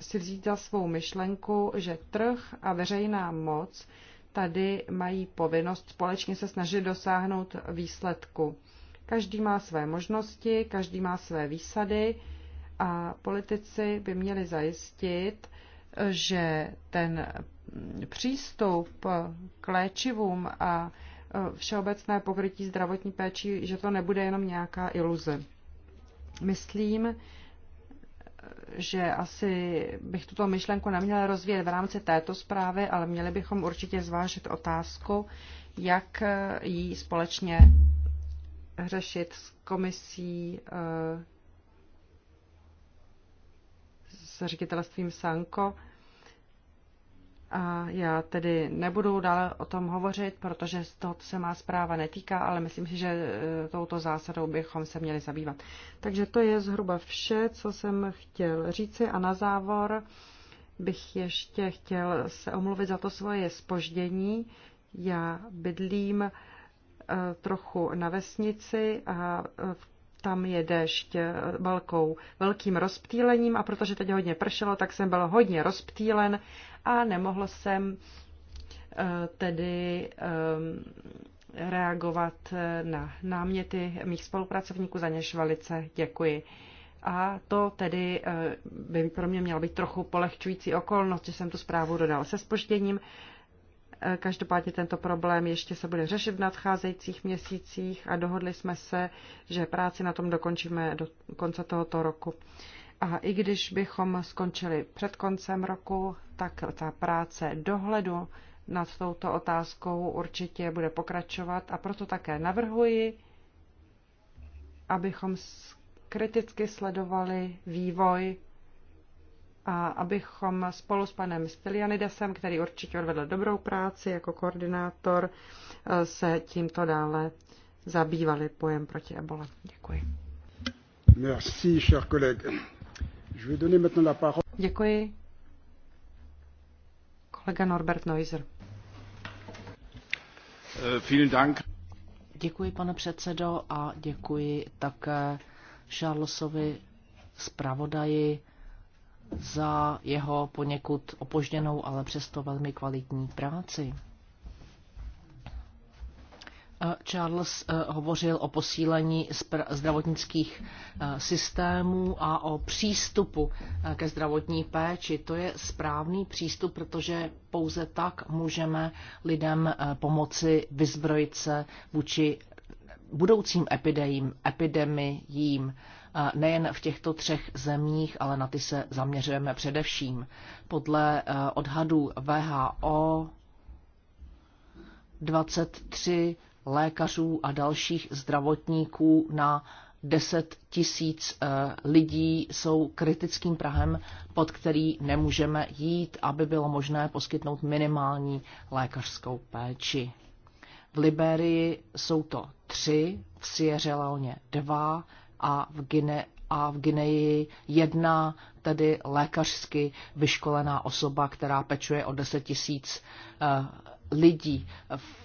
si vzít za svou myšlenku, že trh a veřejná moc tady mají povinnost společně se snažit dosáhnout výsledku. Každý má své možnosti, každý má své výsady a politici by měli zajistit, že ten přístup k léčivům a e, všeobecné pokrytí zdravotní péči, že to nebude jenom nějaká iluze. Myslím, že asi bych tuto myšlenku neměla rozvíjet v rámci této zprávy, ale měli bychom určitě zvážit otázku, jak ji společně řešit s komisí, eh, s ředitelstvím Sanko, a já tedy nebudu dále o tom hovořit, protože z toho se má zpráva netýká, ale myslím si, že e, touto zásadou bychom se měli zabývat. Takže to je zhruba vše, co jsem chtěl říci a na závor bych ještě chtěl se omluvit za to svoje spoždění. Já bydlím e, trochu na vesnici a e, v tam je déšť eh, velkou, velkým rozptýlením a protože teď hodně pršelo, tak jsem byl hodně rozptýlen a nemohl jsem eh, tedy eh, reagovat na náměty mých spolupracovníků, za něž velice děkuji. A to tedy by pro mě měla být trochu polehčující okolnost, že jsem tu zprávu dodal se spožděním, Každopádně tento problém ještě se bude řešit v nadcházejících měsících a dohodli jsme se, že práci na tom dokončíme do konce tohoto roku. A i když bychom skončili před koncem roku, tak ta práce dohledu nad touto otázkou určitě bude pokračovat a proto také navrhuji, abychom kriticky sledovali vývoj a abychom spolu s panem Stylianidesem, který určitě odvedl dobrou práci jako koordinátor, eh, se tímto dále zabývali pojem proti ebole. Děkuji. Merci, cher collègue. Je vais donner maintenant la parole. Děkuji. Kolega Norbert Neuser. Eh, vielen Dank. Děkuji, pane předsedo, a děkuji také Charlesovi zpravodaji za jeho poněkud opožděnou, ale přesto velmi kvalitní práci. Eh, Charles eh, hovořil o posílení zdravotnických eh, systémů a o přístupu ke zdravotní péči. To je správný přístup, protože pouze tak můžeme lidem pomoci vyzbrojit se vůči budoucím epidemím, nejen v těchto třech zemích, ale na ty se zaměřujeme především. Podle eh, odhadů VHO 23 lékařů a dalších zdravotníků na 10 tisíc eh, lidí jsou kritickým prahem, pod který nemůžeme jít, aby bylo možné poskytnout minimální lékařskou péči. V Liberii jsou to tři, v Sierra Leone dva, a v, Gine, a v Gineji jedna tedy lékařsky vyškolená osoba, která pečuje o 10 tisíc eh, lidí.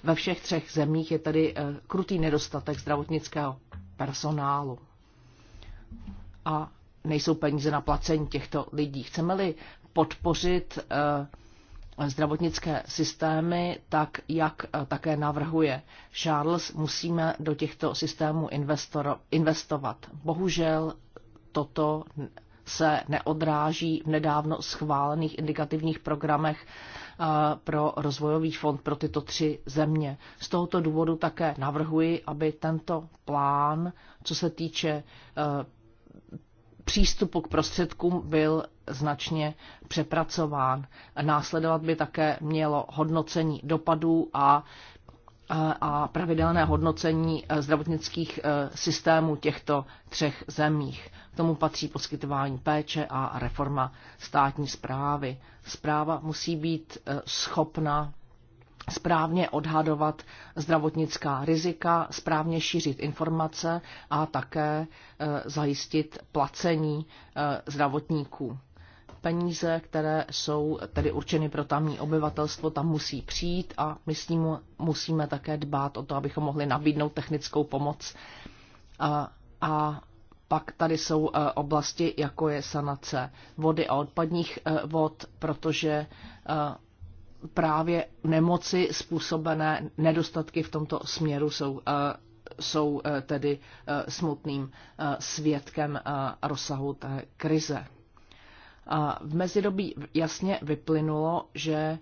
Ve všech třech zemích je tady eh, krutý nedostatek zdravotnického personálu. A nejsou peníze na placení těchto lidí. Chceme-li podpořit uh, zdravotnické systémy, tak jak eh, také navrhuje Charles, musíme do těchto systémů investovat. Bohužel toto se neodráží v nedávno schválených indikativních programech eh, pro rozvojový fond pro tyto tři země. Z tohoto důvodu také navrhuji, aby tento plán, co se týče eh, přístupu k prostředkům byl značně přepracován. Následovat by také mělo hodnocení dopadů a a pravidelné hodnocení e, zdravotnických e, systémů těchto třech zemích. K tomu patří poskytování péče a reforma státní zprávy. Zpráva musí být e, schopna správně odhadovat zdravotnická rizika, správně šířit informace a také e, zajistit placení e, zdravotníků. Peníze, které jsou tedy určeny pro tamní obyvatelstvo, tam musí přijít a my s ním musíme také dbát o to, abychom mohli nabídnout technickou pomoc. A, a pak tady jsou e, oblasti, jako je sanace vody a odpadních vod, protože právě nemoci způsobené nedostatky v tomto směru jsou, eh, jsou eh, tedy eh, smutným svědkem rozsahu té krize. v mezidobí jasně vyplynulo, že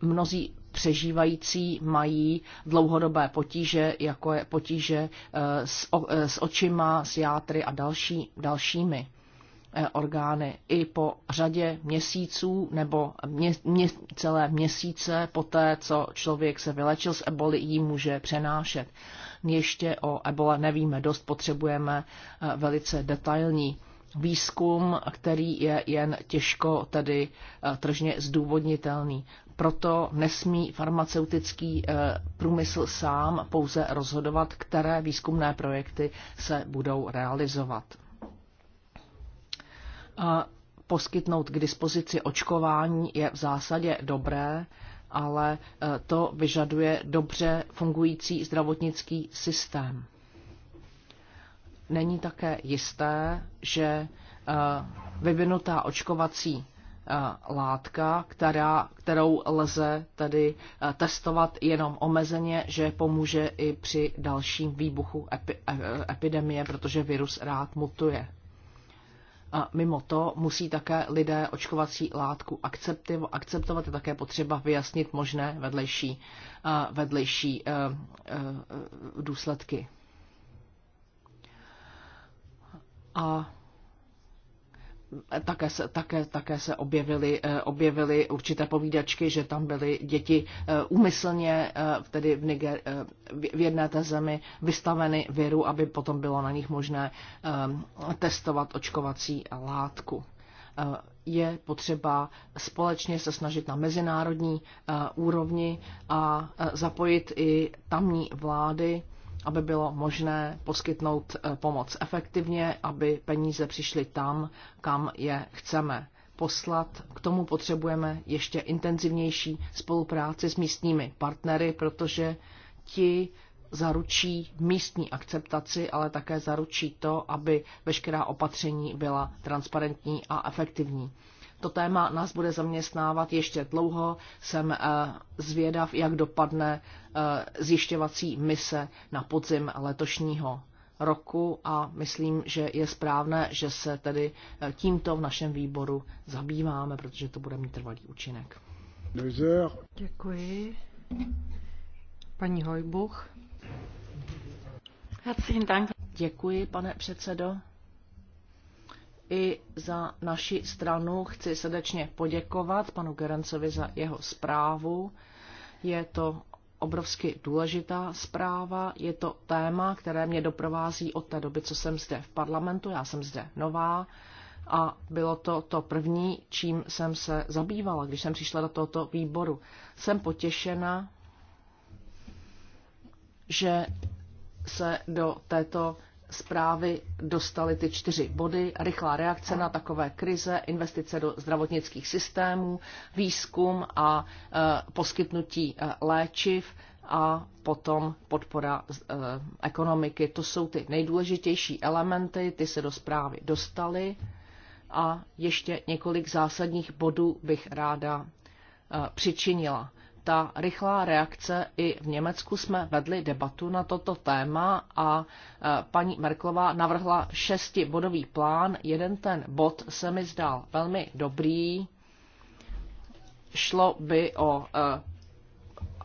mnozí přežívající mají dlouhodobé potíže, jako je potíže s, s očima, s játry a další, dalšími. Eh, orgány i po řadě měsíců nebo mě, mě, celé měsíce po té, co člověk se vylečil z eboli, ji může přenášet. Ještě o ebole nevíme dost, potřebujeme eh, velice detailní výzkum, který je jen těžko tedy eh, tržně zdůvodnitelný. Proto nesmí farmaceutický průmysl sám pouze rozhodovat, které výzkumné projekty se budou realizovat poskytnout k dispozici očkování je v zásadě dobré, ale e, to vyžaduje dobře fungující zdravotnický systém. Není také jisté, že e, vyvinutá očkovací e, látka, která, kterou lze tedy testovat jenom omezeně, že pomůže i při dalším výbuchu epi, epidemie, protože virus rád mutuje. A Mimo to musí také lidé očkovací látku akceptovat, je také potřeba vyjasnit možné vedlejší, eh, vedlejší eh, eh, důsledky. A také se, také, také se objevily, eh, objevily určité povídačky, že tam byly děti eh, úmyslně eh, tedy v, Niger, v jedné té zemi vystaveny viru, aby potom bylo na nich možné testovat očkovací látku. Je potřeba společně se snažit na mezinárodní úrovni a zapojit i tamní vlády aby bylo možné poskytnout eh, pomoc efektivně, aby peníze přišly tam, kam je chceme poslat. K tomu potřebujeme ještě intenzivnější spolupráci s místními partnery, protože ti zaručí místní akceptaci, ale také zaručí to, aby veškerá opatření byla transparentní a efektivní. To téma nás bude zaměstnávat ještě dlouho. Jsem eh, zvědav, jak dopadne eh, zjišťovací mise na podzim letošního roku a myslím, že je správné, že se tedy eh, tímto v našem výboru zabýváme, protože to bude mít trvalý účinek. Děkuji. Paní Hojbuch. Děkuji, pane předsedo i za naši stranu chci srdečně poděkovat panu Gerencovi za jeho zprávu. Je to obrovsky důležitá zpráva. Je to téma, které mě doprovází od té doby, co jsem zde v parlamentu. Já jsem zde nová a bylo to to první, čím jsem se zabývala, když jsem přišla do tohoto výboru. Jsem potěšena, že se do této zprávy dostaly ty čtyři body. Rychlá reakce na takové krize, investice do zdravotnických systémů, výzkum a e, poskytnutí e, léčiv a potom podpora e, ekonomiky. To jsou ty nejdůležitější elementy, ty se do zprávy dostaly. A ještě několik zásadních bodů bych ráda přičinila ta rychlá reakce. I v Německu jsme vedli debatu na toto téma a e, paní Merklová navrhla šestibodový plán. Jeden ten bod se mi zdál velmi dobrý. Šlo by o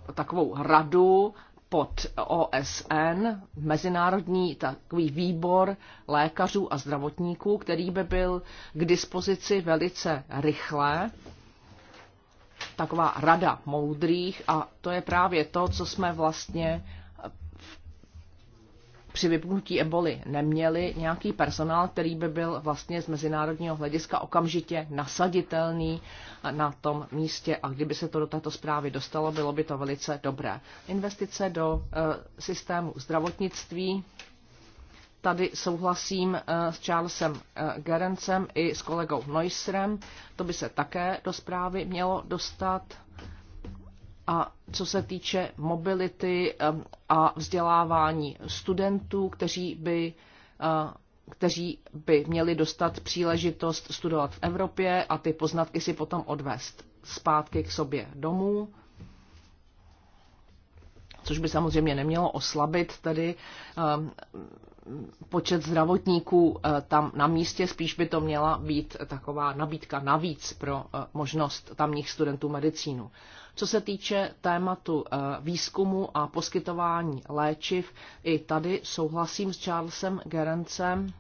e, takovou radu pod OSN, mezinárodní takový výbor lékařů a zdravotníků, který by byl k dispozici velice rychle taková rada moudrých a to je právě to, co jsme vlastně při vypnutí eboli neměli nějaký personál, který by byl vlastně z mezinárodního hlediska okamžitě nasaditelný na tom místě a kdyby se to do této zprávy dostalo, bylo by to velice dobré. Investice do e, systému zdravotnictví Tady souhlasím eh, s Charlesem eh, Gerencem i s kolegou Neusserem. To by se také do zprávy mělo dostat. A co se týče mobility eh, a vzdělávání studentů, kteří by, kteří by měli dostat příležitost studovat v Evropě a ty poznatky si potom odvést zpátky k sobě domů, což by samozřejmě nemělo oslabit tedy počet zdravotníků eh, tam na místě, spíš by to měla být taková nabídka navíc pro eh, možnost tamních studentů medicínu. Co se týče tématu eh, výzkumu a poskytování léčiv, i tady souhlasím s Charlesem Gerencem,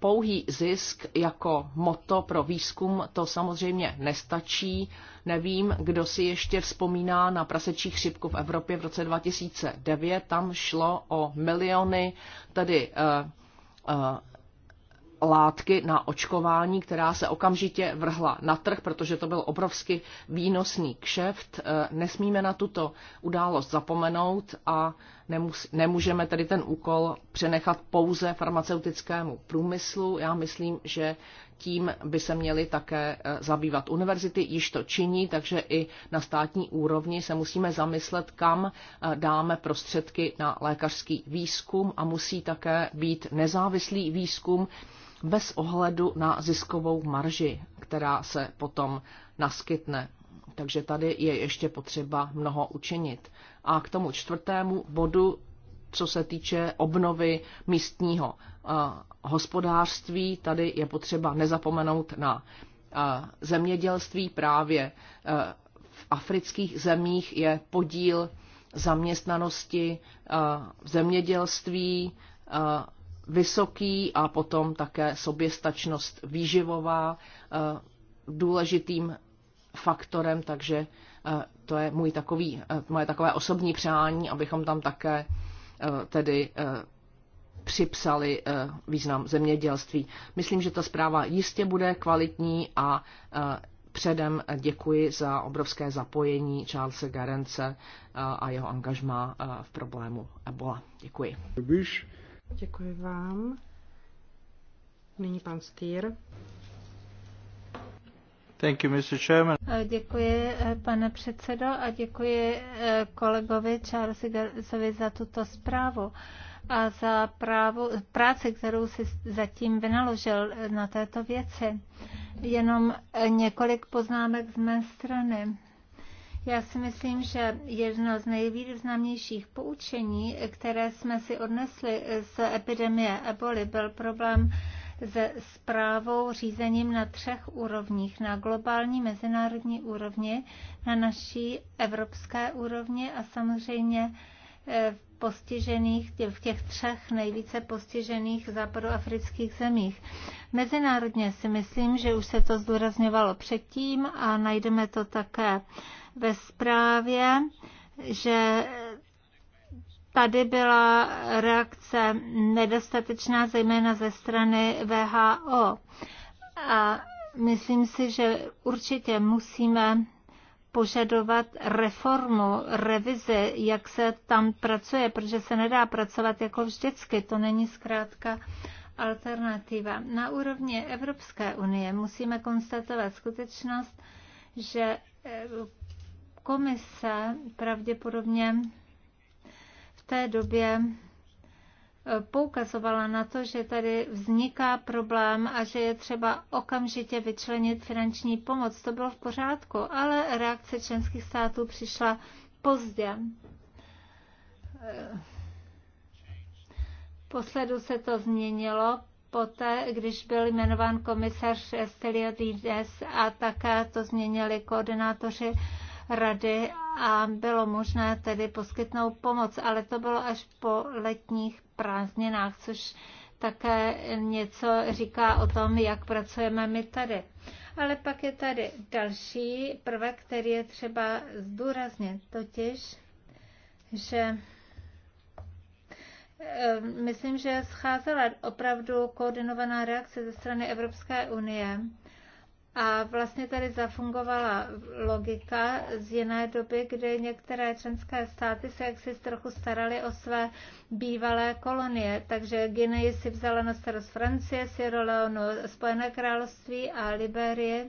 pouhý zisk jako moto pro výzkum to samozřejmě nestačí. Nevím, kdo si ještě vzpomíná na prasečí chřipku v Evropě v roce 2009. Tam šlo o miliony tedy uh, uh, látky na očkování, která se okamžitě vrhla na trh, protože to byl obrovsky výnosný kšeft. Eh, nesmíme na tuto událost zapomenout a Nemus, nemůžeme tedy ten úkol přenechat pouze farmaceutickému průmyslu. Já myslím, že tím by se měly také eh, zabývat univerzity, již to činí, takže i na státní úrovni se musíme zamyslet, kam eh, dáme prostředky na lékařský výzkum a musí také být nezávislý výzkum bez ohledu na ziskovou marži, která se potom naskytne. Takže tady je ještě potřeba mnoho učinit. A k tomu čtvrtému bodu, co se týče obnovy místního eh, hospodářství, tady je potřeba nezapomenout na eh, zemědělství právě eh, v afrických zemích je podíl zaměstnanosti v zemědělství vysoký a potom také soběstačnost výživová důležitým faktorem, takže to je můj takový, eh, moje takové osobní přání, abychom tam také eh, tedy eh, připsali význam zemědělství. Myslím, že ta zpráva jistě bude kvalitní a předem děkuji za obrovské zapojení Charlesa Garence a jeho angažma v problému Ebola. Děkuji. Děkuji vám. Nyní pan Stýr. Thank you, Mr. Chairman. Eh, děkuji, eh, pane předsedo, a děkuji eh, kolegovi Charlesovi za tuto zprávu a za právu, práci, kterou si zatím vynaložil na této věci. Jenom několik poznámek z mé strany. Já si myslím, že jedno z nejvýznamnějších poučení, které jsme si odnesli z epidemie eboli, byl problém se zprávou řízením na třech úrovních. Na globální mezinárodní úrovni, na naší evropské úrovni a samozřejmě v eh, postižených, v těch třech nejvíce postižených západoafrických zemích. Mezinárodně si myslím, že už se to zdůrazňovalo předtím a najdeme to také ve zprávě, že Tady byla reakce nedostatečná, zejména ze strany VHO. A myslím si, že určitě musíme požadovat reformu, revizi, jak se tam pracuje, protože se nedá pracovat jako vždycky. To není zkrátka alternativa. Na úrovni Evropské unie musíme konstatovat skutečnost, že eh, komise pravděpodobně té době eh, poukazovala na to, že tady vzniká problém a že je třeba okamžitě vyčlenit finanční pomoc. To bylo v pořádku, ale reakce členských států přišla pozdě. Eh, posledu se to změnilo poté, když byl jmenován komisař Stylianides a také to změnili koordinátoři rady a bylo možné tedy poskytnout pomoc, ale to bylo až po letních prázdninách, což také něco říká o tom, jak pracujeme my tady. Ale pak je tady další prvek, který je třeba zdůraznit, totiž, že eh, myslím, že scházela opravdu koordinovaná reakce ze strany Evropské unie a vlastně tady zafungovala logika z jiné doby, kdy některé členské státy se jaksi trochu staraly o své bývalé kolonie. Takže Guinea si vzala na starost Francie, Sierra Leone Spojené království a Liberie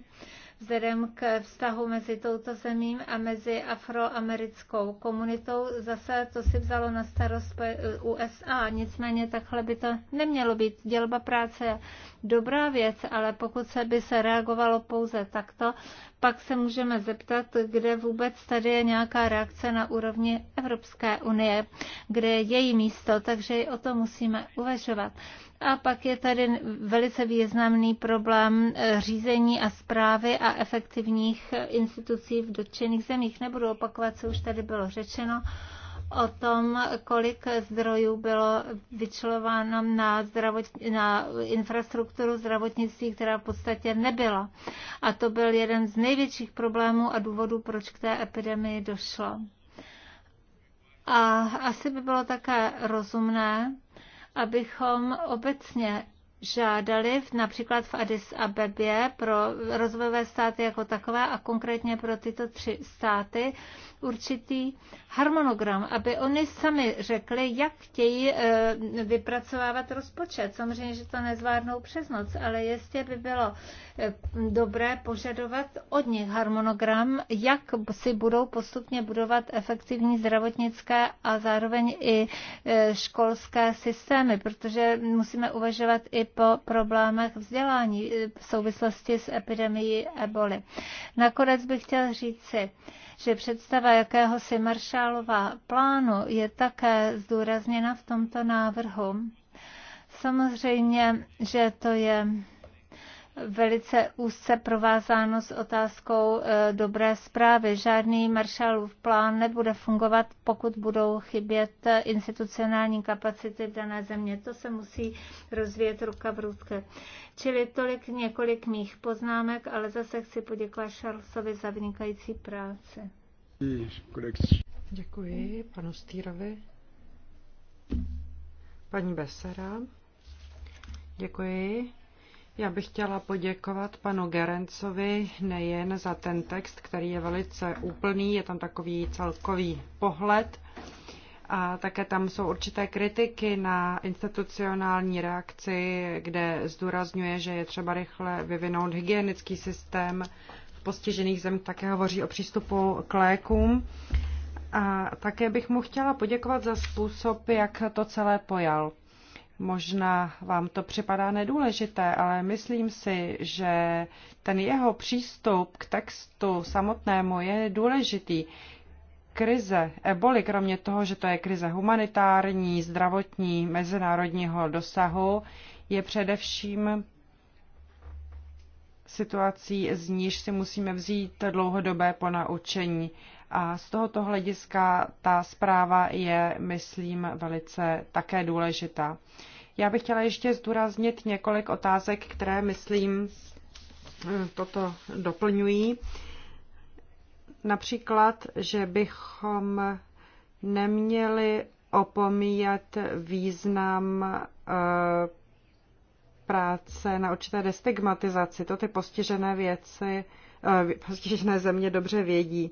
vzhledem k vztahu mezi touto zemím a mezi afroamerickou komunitou. Zase to si vzalo na starost USA, nicméně takhle by to nemělo být. Dělba práce je dobrá věc, ale pokud se by se reagovalo pouze takto, pak se můžeme zeptat, kde vůbec tady je nějaká reakce na úrovni Evropské unie, kde je její místo, takže i o to musíme uvažovat. A pak je tady velice významný problém eh, řízení a zprávy a efektivních eh, institucí v dotčených zemích. Nebudu opakovat, co už tady bylo řečeno o tom, kolik zdrojů bylo vyčlováno na, zdravot, na infrastrukturu zdravotnictví, která v podstatě nebyla. A to byl jeden z největších problémů a důvodů, proč k té epidemii došlo. A asi by bylo také rozumné, abychom obecně žádali například v Addis Abebě pro rozvojové státy jako takové a konkrétně pro tyto tři státy určitý harmonogram, aby oni sami řekli, jak chtějí eh, vypracovávat rozpočet. Samozřejmě, že to nezvládnou přes noc, ale jestli by bylo eh, dobré požadovat od nich harmonogram, jak si budou postupně budovat efektivní zdravotnické a zároveň i eh, školské systémy, protože musíme uvažovat i po problémech vzdělání eh, v souvislosti s epidemií eboli. Nakonec bych chtěl říci, že představa jakéhosi maršálova plánu je také zdůrazněna v tomto návrhu. Samozřejmě, že to je velice úzce provázáno s otázkou eh, dobré zprávy. Žádný Marshallův plán nebude fungovat, pokud budou chybět eh, institucionální kapacity v dané země. To se musí rozvíjet ruka v ruce. Čili tolik několik mých poznámek, ale zase chci poděkovat Charlesovi za vynikající práci. Děkuji panu Stýrovi. Paní Besera. Děkuji. Já bych chtěla poděkovat panu Gerencovi nejen za ten text, který je velice úplný, je tam takový celkový pohled, a také tam jsou určité kritiky na institucionální reakci, kde zdůrazňuje, že je třeba rychle vyvinout hygienický systém. V postižených zemích, také hovoří o přístupu k lékům. A také bych mu chtěla poděkovat za způsob, jak to celé pojal. Možná vám to připadá nedůležité, ale myslím si, že ten jeho přístup k textu samotnému je důležitý. Krize eboli, kromě toho, že to je krize humanitární, zdravotní, mezinárodního dosahu, je především situací, z níž si musíme vzít dlouhodobé ponaučení. A z tohoto hlediska ta zpráva je, myslím, velice také důležitá. Já bych chtěla ještě zdůraznit několik otázek, které, myslím, toto doplňují. Například, že bychom neměli opomíjet význam eh, práce na určité destigmatizaci. To ty postižené věci, eh, postižené země dobře vědí.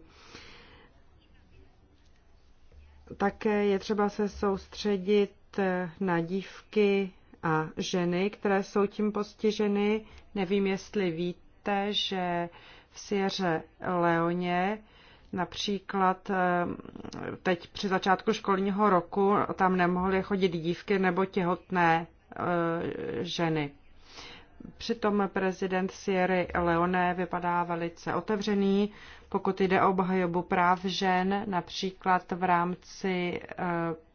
Také je třeba se soustředit eh, na dívky a ženy, které jsou tím postiženy. Nevím, jestli víte, že v Sierře Leoně například eh, teď při začátku školního roku tam nemohly chodit dívky nebo těhotné eh, ženy. Přitom prezident Sierra Leone vypadá velice otevřený, pokud jde o obhajobu práv žen, například v rámci eh,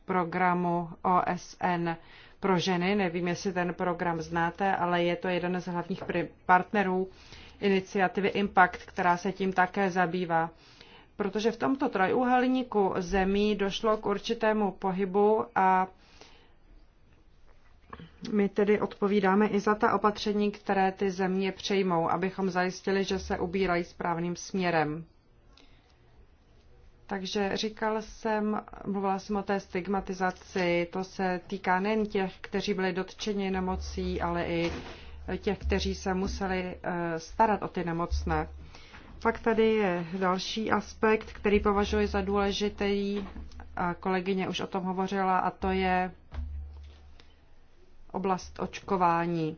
programu OSN pro ženy. Nevím, jestli ten program znáte, ale je to jeden z hlavních partnerů iniciativy Impact, která se tím také zabývá. Protože v tomto trojúhelníku zemí došlo k určitému pohybu a my tedy odpovídáme i za ta opatření, které ty země přejmou, abychom zajistili, že se ubírají správným směrem. Takže říkal jsem, mluvila jsem o té stigmatizaci, to se týká nejen těch, kteří byli dotčeni nemocí, ale i těch, kteří se museli eh, starat o ty nemocné. Pak tady je další aspekt, který považuji za důležitý, a kolegyně už o tom hovořila, a to je oblast očkování.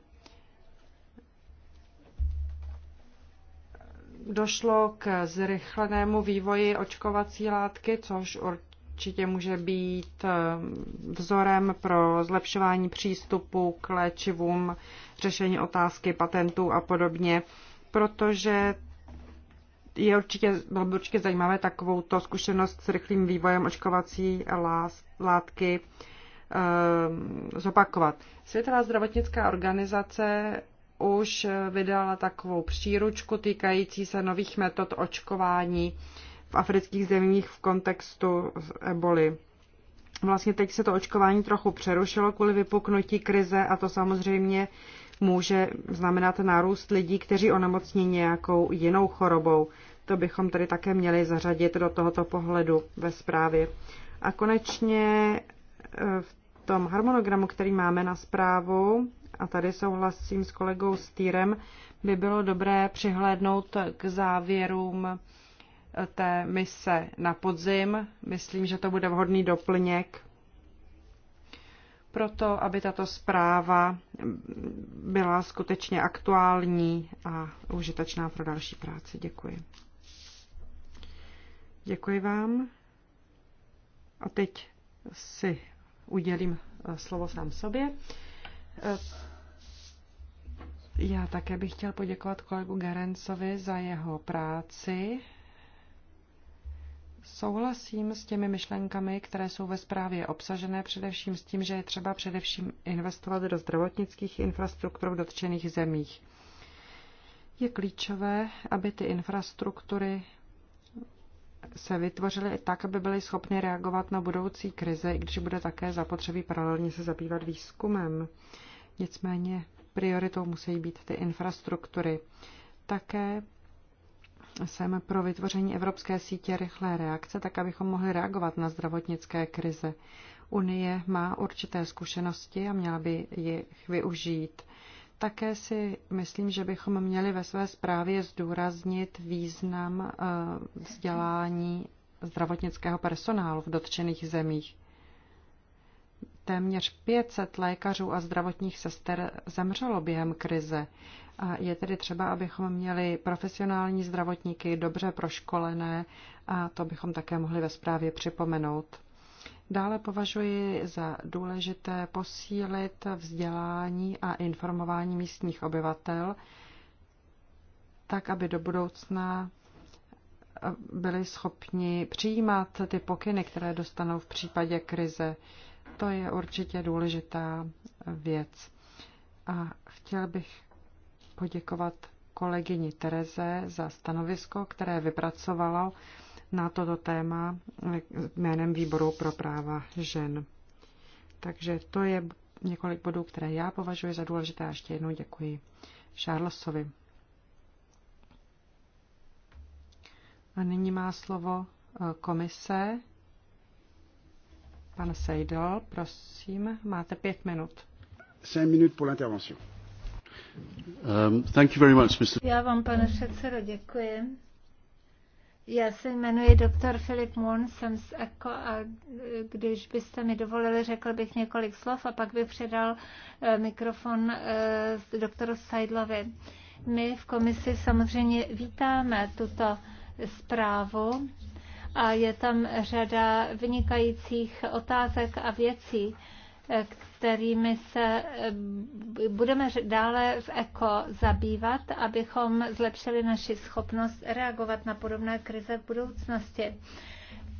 Došlo k zrychlenému vývoji očkovací látky, což určitě může být eh, vzorem pro zlepšování přístupu k léčivům, řešení otázky patentů a podobně, protože je určitě, bylo by určitě zajímavé takovouto zkušenost s rychlým vývojem očkovací látky Eh, zopakovat. Světová zdravotnická organizace už vydala takovou příručku týkající se nových metod očkování v afrických zemích v kontextu eboli. Vlastně teď se to očkování trochu přerušilo kvůli vypuknutí krize a to samozřejmě může znamenat nárůst lidí, kteří onemocní nějakou jinou chorobou. To bychom tady také měli zařadit do tohoto pohledu ve zprávě. A konečně v eh, tom harmonogramu, který máme na zprávu, a tady souhlasím s kolegou Stýrem, by bylo dobré přihlédnout k závěrům eh, té mise na podzim. Myslím, že to bude vhodný doplněk Pro to, aby tato zpráva byla skutečně aktuální a užitečná pro další práci. Děkuji. Děkuji vám. A teď si udělím eh, slovo sám sobě. Eh, já také bych chtěl poděkovat kolegu Garencovi za jeho práci. Souhlasím s těmi myšlenkami, které jsou ve zprávě obsažené, především s tím, že je třeba především investovat do zdravotnických infrastruktur v dotčených zemích. Je klíčové, aby ty infrastruktury se vytvořily tak, aby byly schopny reagovat na budoucí krize, i když bude také zapotřebí paralelně se zabývat výzkumem. Nicméně prioritou musí být ty infrastruktury. Také jsem pro vytvoření Evropské sítě rychlé reakce, tak abychom mohli reagovat na zdravotnické krize. Unie má určité zkušenosti a měla by jich využít. Také si myslím, že bychom měli ve své zprávě zdůraznit význam eh, vzdělání zdravotnického personálu v dotčených zemích. Téměř 500 lékařů a zdravotních sester zemřelo během krize. A je tedy třeba, abychom měli profesionální zdravotníky dobře proškolené a to bychom také mohli ve zprávě připomenout. Dále považuji za důležité posílit vzdělání a informování místních obyvatel, tak aby do budoucna eh, byli schopni přijímat ty pokyny, které dostanou v případě krize. To je určitě důležitá věc. A chtěl bych poděkovat kolegyni Tereze za stanovisko, které vypracovala na toto téma jménem Výboru pro práva žen. Takže to je několik bodů, které já považuji za důležité a ještě jednou děkuji Charlesovi. A nyní má slovo eh, komise. Pan Seidel, prosím, máte pět minut. Pět minut pro intervenci. Um, thank you very much, Mr. Já vám, pane předsedo, děkuji. Já se jmenuji doktor Filip Moon, jsem z ECO a když byste mi dovolili, řekl bych několik slov a pak bych předal eh, mikrofon eh, doktoru Seidlovi. My v komisi samozřejmě vítáme tuto zprávu a je tam řada vynikajících otázek a věcí, eh, kterými se eh, budeme dále v ECO zabývat, abychom zlepšili naši schopnost reagovat na podobné krize v budoucnosti.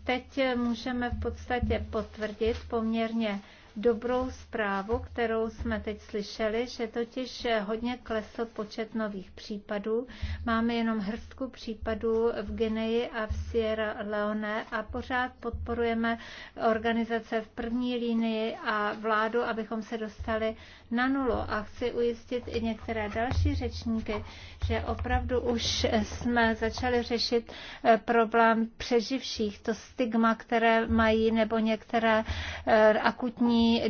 Teď eh, můžeme v podstatě potvrdit poměrně dobrou zprávu, kterou jsme teď slyšeli, že totiž hodně klesl počet nových případů. Máme jenom hrstku případů v Gineji a v Sierra Leone a pořád podporujeme organizace v první línii a vládu, abychom se dostali na nulu. A chci ujistit i některé další řečníky, že opravdu už jsme začali řešit eh, problém přeživších, to stigma, které mají, nebo některé eh, akutní Eh,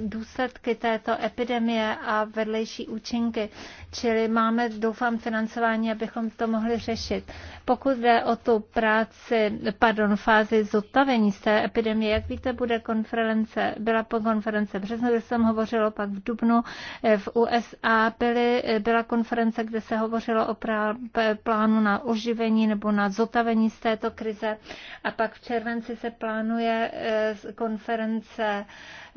důsledky této epidemie a vedlejší účinky. Čili máme, doufám, financování, abychom to mohli řešit. Pokud jde o tu práci, pardon, fázi zotavení z té epidemie, jak víte, bude konference, byla po konference v březnu, kde jsem hovořilo, pak v Dubnu eh, v USA byly, eh, byla konference, kde se hovořilo o prá, plánu na oživení nebo na zotavení z této krize a pak v červenci se plánuje konference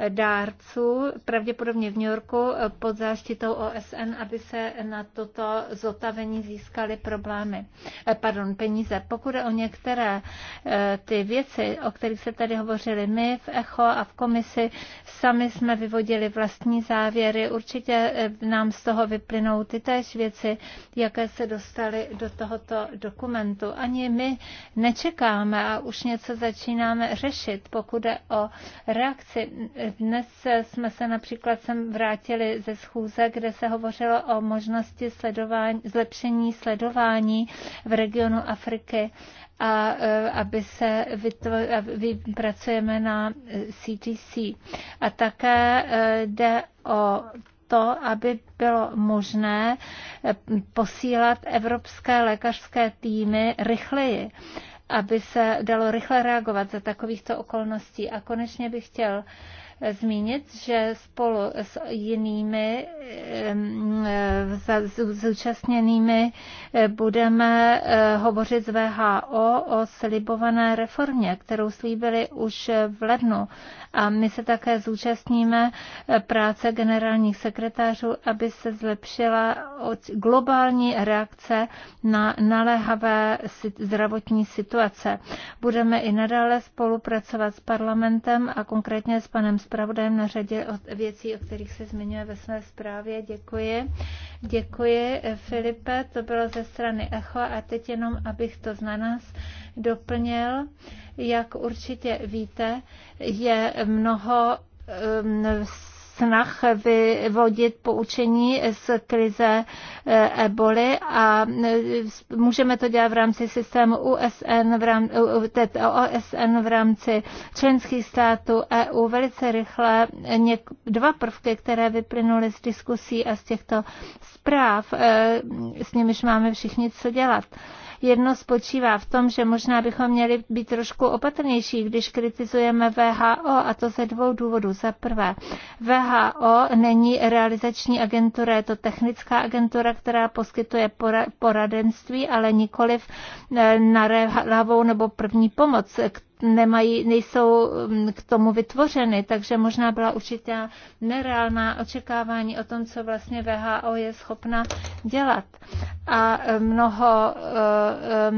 dárců, pravděpodobně v New Yorku pod záštitou OSN, aby se na toto zotavení získaly problémy, eh, pardon, peníze. Pokud je o některé eh, ty věci, o kterých se tady hovořili my v ECHO a v komisi, sami jsme vyvodili vlastní závěry. Určitě eh, nám z toho vyplynou ty též věci, jaké se dostaly do tohoto dokumentu. Ani my nečekáme a už něco začínáme řešit, pokud je o reakci dnes jsme se například sem vrátili ze schůze, kde se hovořilo o možnosti sledování, zlepšení sledování v regionu Afriky a e, aby se vypracujeme na CTC. A také e, jde o to, aby bylo možné e, posílat evropské lékařské týmy rychleji aby se dalo rychle reagovat za takovýchto okolností. A konečně bych chtěl zmínit, že spolu s jinými zúčastněnými eh, budeme eh, hovořit z VHO o slibované reformě, kterou slíbili už v lednu. A my se také zúčastníme eh, práce generálních sekretářů, aby se zlepšila globální reakce na naléhavé zdravotní situace. Budeme i nadále spolupracovat s parlamentem a konkrétně s panem zpravodajem na řadě od věcí, o kterých se zmiňuje ve své zprávě. Děkuji. Děkuji, eh, Filipe, to bylo ze strany Echo a teď jenom, abych to na nás doplnil. Jak určitě víte, je mnoho um, snah vyvodit poučení z krize eh, eboli a eh, můžeme to dělat v rámci systému USN, v rámci, eh, OSN v rámci členských států EU velice rychle něk- dva prvky, které vyplynuly z diskusí a z těchto zpráv, s nimiž máme všichni co dělat. Jedno spočívá v tom, že možná bychom měli být trošku opatrnější, když kritizujeme VHO, a to ze dvou důvodů. Za prvé, VHO není realizační agentura, je to technická agentura, která poskytuje poradenství, ale nikoliv eh, na rehavou nebo první pomoc nemají, nejsou mm, k tomu vytvořeny, takže možná byla určitá nereálná očekávání o tom, co vlastně VHO je schopna dělat. A e, mnoho,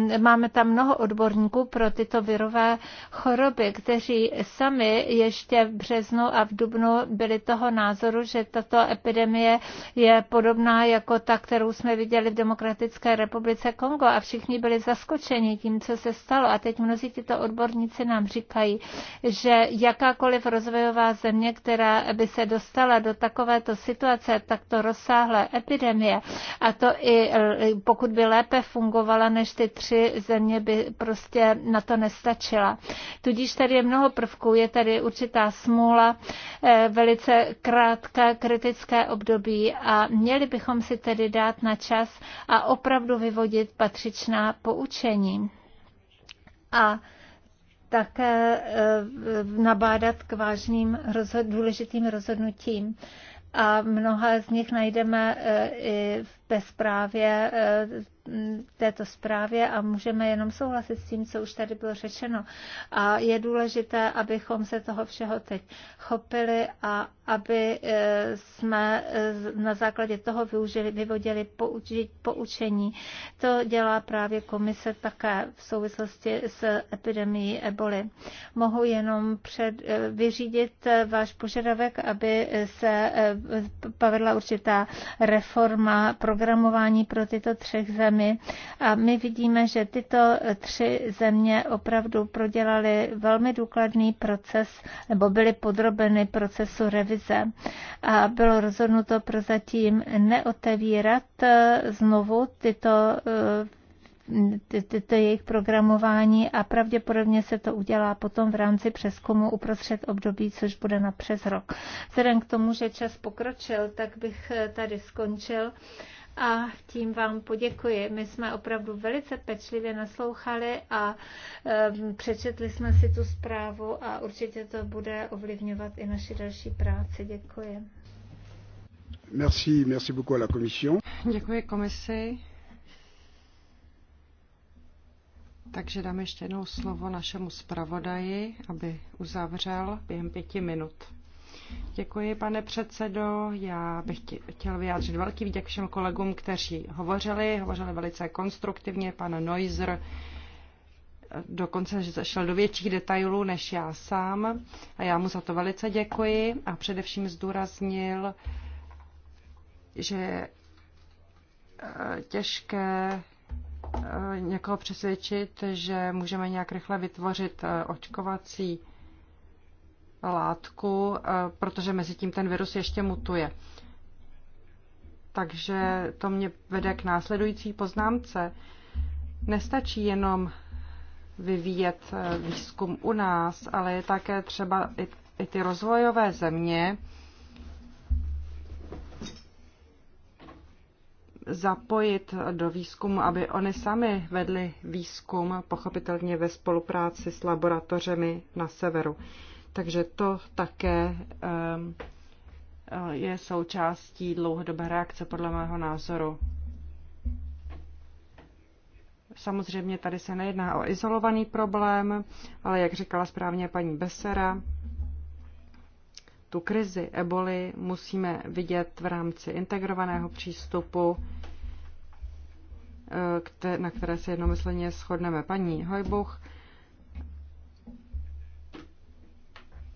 e, e, máme tam mnoho odborníků pro tyto virové choroby, kteří sami ještě v březnu a v dubnu byli toho názoru, že tato epidemie je podobná jako ta, kterou jsme viděli v Demokratické republice Kongo a všichni byli zaskočeni tím, co se stalo. A teď mnozí tyto odborníci odborníci nám říkají, že jakákoliv rozvojová země, která by se dostala do takovéto situace, takto rozsáhlé epidemie, a to i pokud by lépe fungovala než ty tři země, by prostě na to nestačila. Tudíž tady je mnoho prvků, je tady určitá smůla, eh, velice krátké kritické období a měli bychom si tedy dát na čas a opravdu vyvodit patřičná poučení. A také eh, nabádat k vážným rozhod- důležitým rozhodnutím a mnohé z nich najdeme eh, i v ve zprávě, eh, této zprávě a můžeme jenom souhlasit s tím, co už tady bylo řečeno. A je důležité, abychom se toho všeho teď chopili a aby eh, jsme eh, na základě toho využili, vyvodili poučení. To dělá právě komise také v souvislosti s epidemií eboli. Mohu jenom před, vyřídit váš požadavek, aby se pavedla určitá reforma programu programování pro tyto třech zemi a my vidíme, že tyto tři země opravdu prodělaly velmi důkladný proces nebo byly podrobeny procesu revize a bylo rozhodnuto prozatím neotevírat e, znovu tyto e, to jejich programování a pravděpodobně se to udělá potom v rámci přeskumu uprostřed období, což bude na přes rok. Vzhledem k tomu, že čas pokročil, tak bych e, tady skončil a tím vám poděkuji. My jsme opravdu velice pečlivě naslouchali a přečetli jsme si tu zprávu a určitě to bude ovlivňovat i naši další práci. Děkuji. Merci, merci beaucoup à la commission. Děkuji komisi. Takže dám ještě jednou slovo našemu zpravodaji, aby uzavřel během pěti minut. Děkuji, pane předsedo. Já bych chtěl vyjádřit velký vděk všem kolegům, kteří hovořili. Hovořili velice konstruktivně. Pan Neuser dokonce zašel do větších detailů než já sám. A já mu za to velice děkuji a především zdůraznil, že eh, těžké eh, někoho přesvědčit, že můžeme nějak rychle vytvořit eh, očkovací látku, eh, protože mezi tím ten virus ještě mutuje. Takže to mě vede k následující poznámce. Nestačí jenom vyvíjet eh, výzkum u nás, ale je také třeba i, i ty rozvojové země zapojit do výzkumu, aby oni sami vedli výzkum, pochopitelně ve spolupráci s laboratořemi na severu. Takže to také ehm, eh, je součástí dlouhodobé reakce, podle mého názoru. Samozřejmě tady se nejedná o izolovaný problém, ale jak říkala správně paní Besera, tu krizi eboli musíme vidět v rámci integrovaného přístupu, eh, na které se jednomyslně shodneme. Paní Hojbuch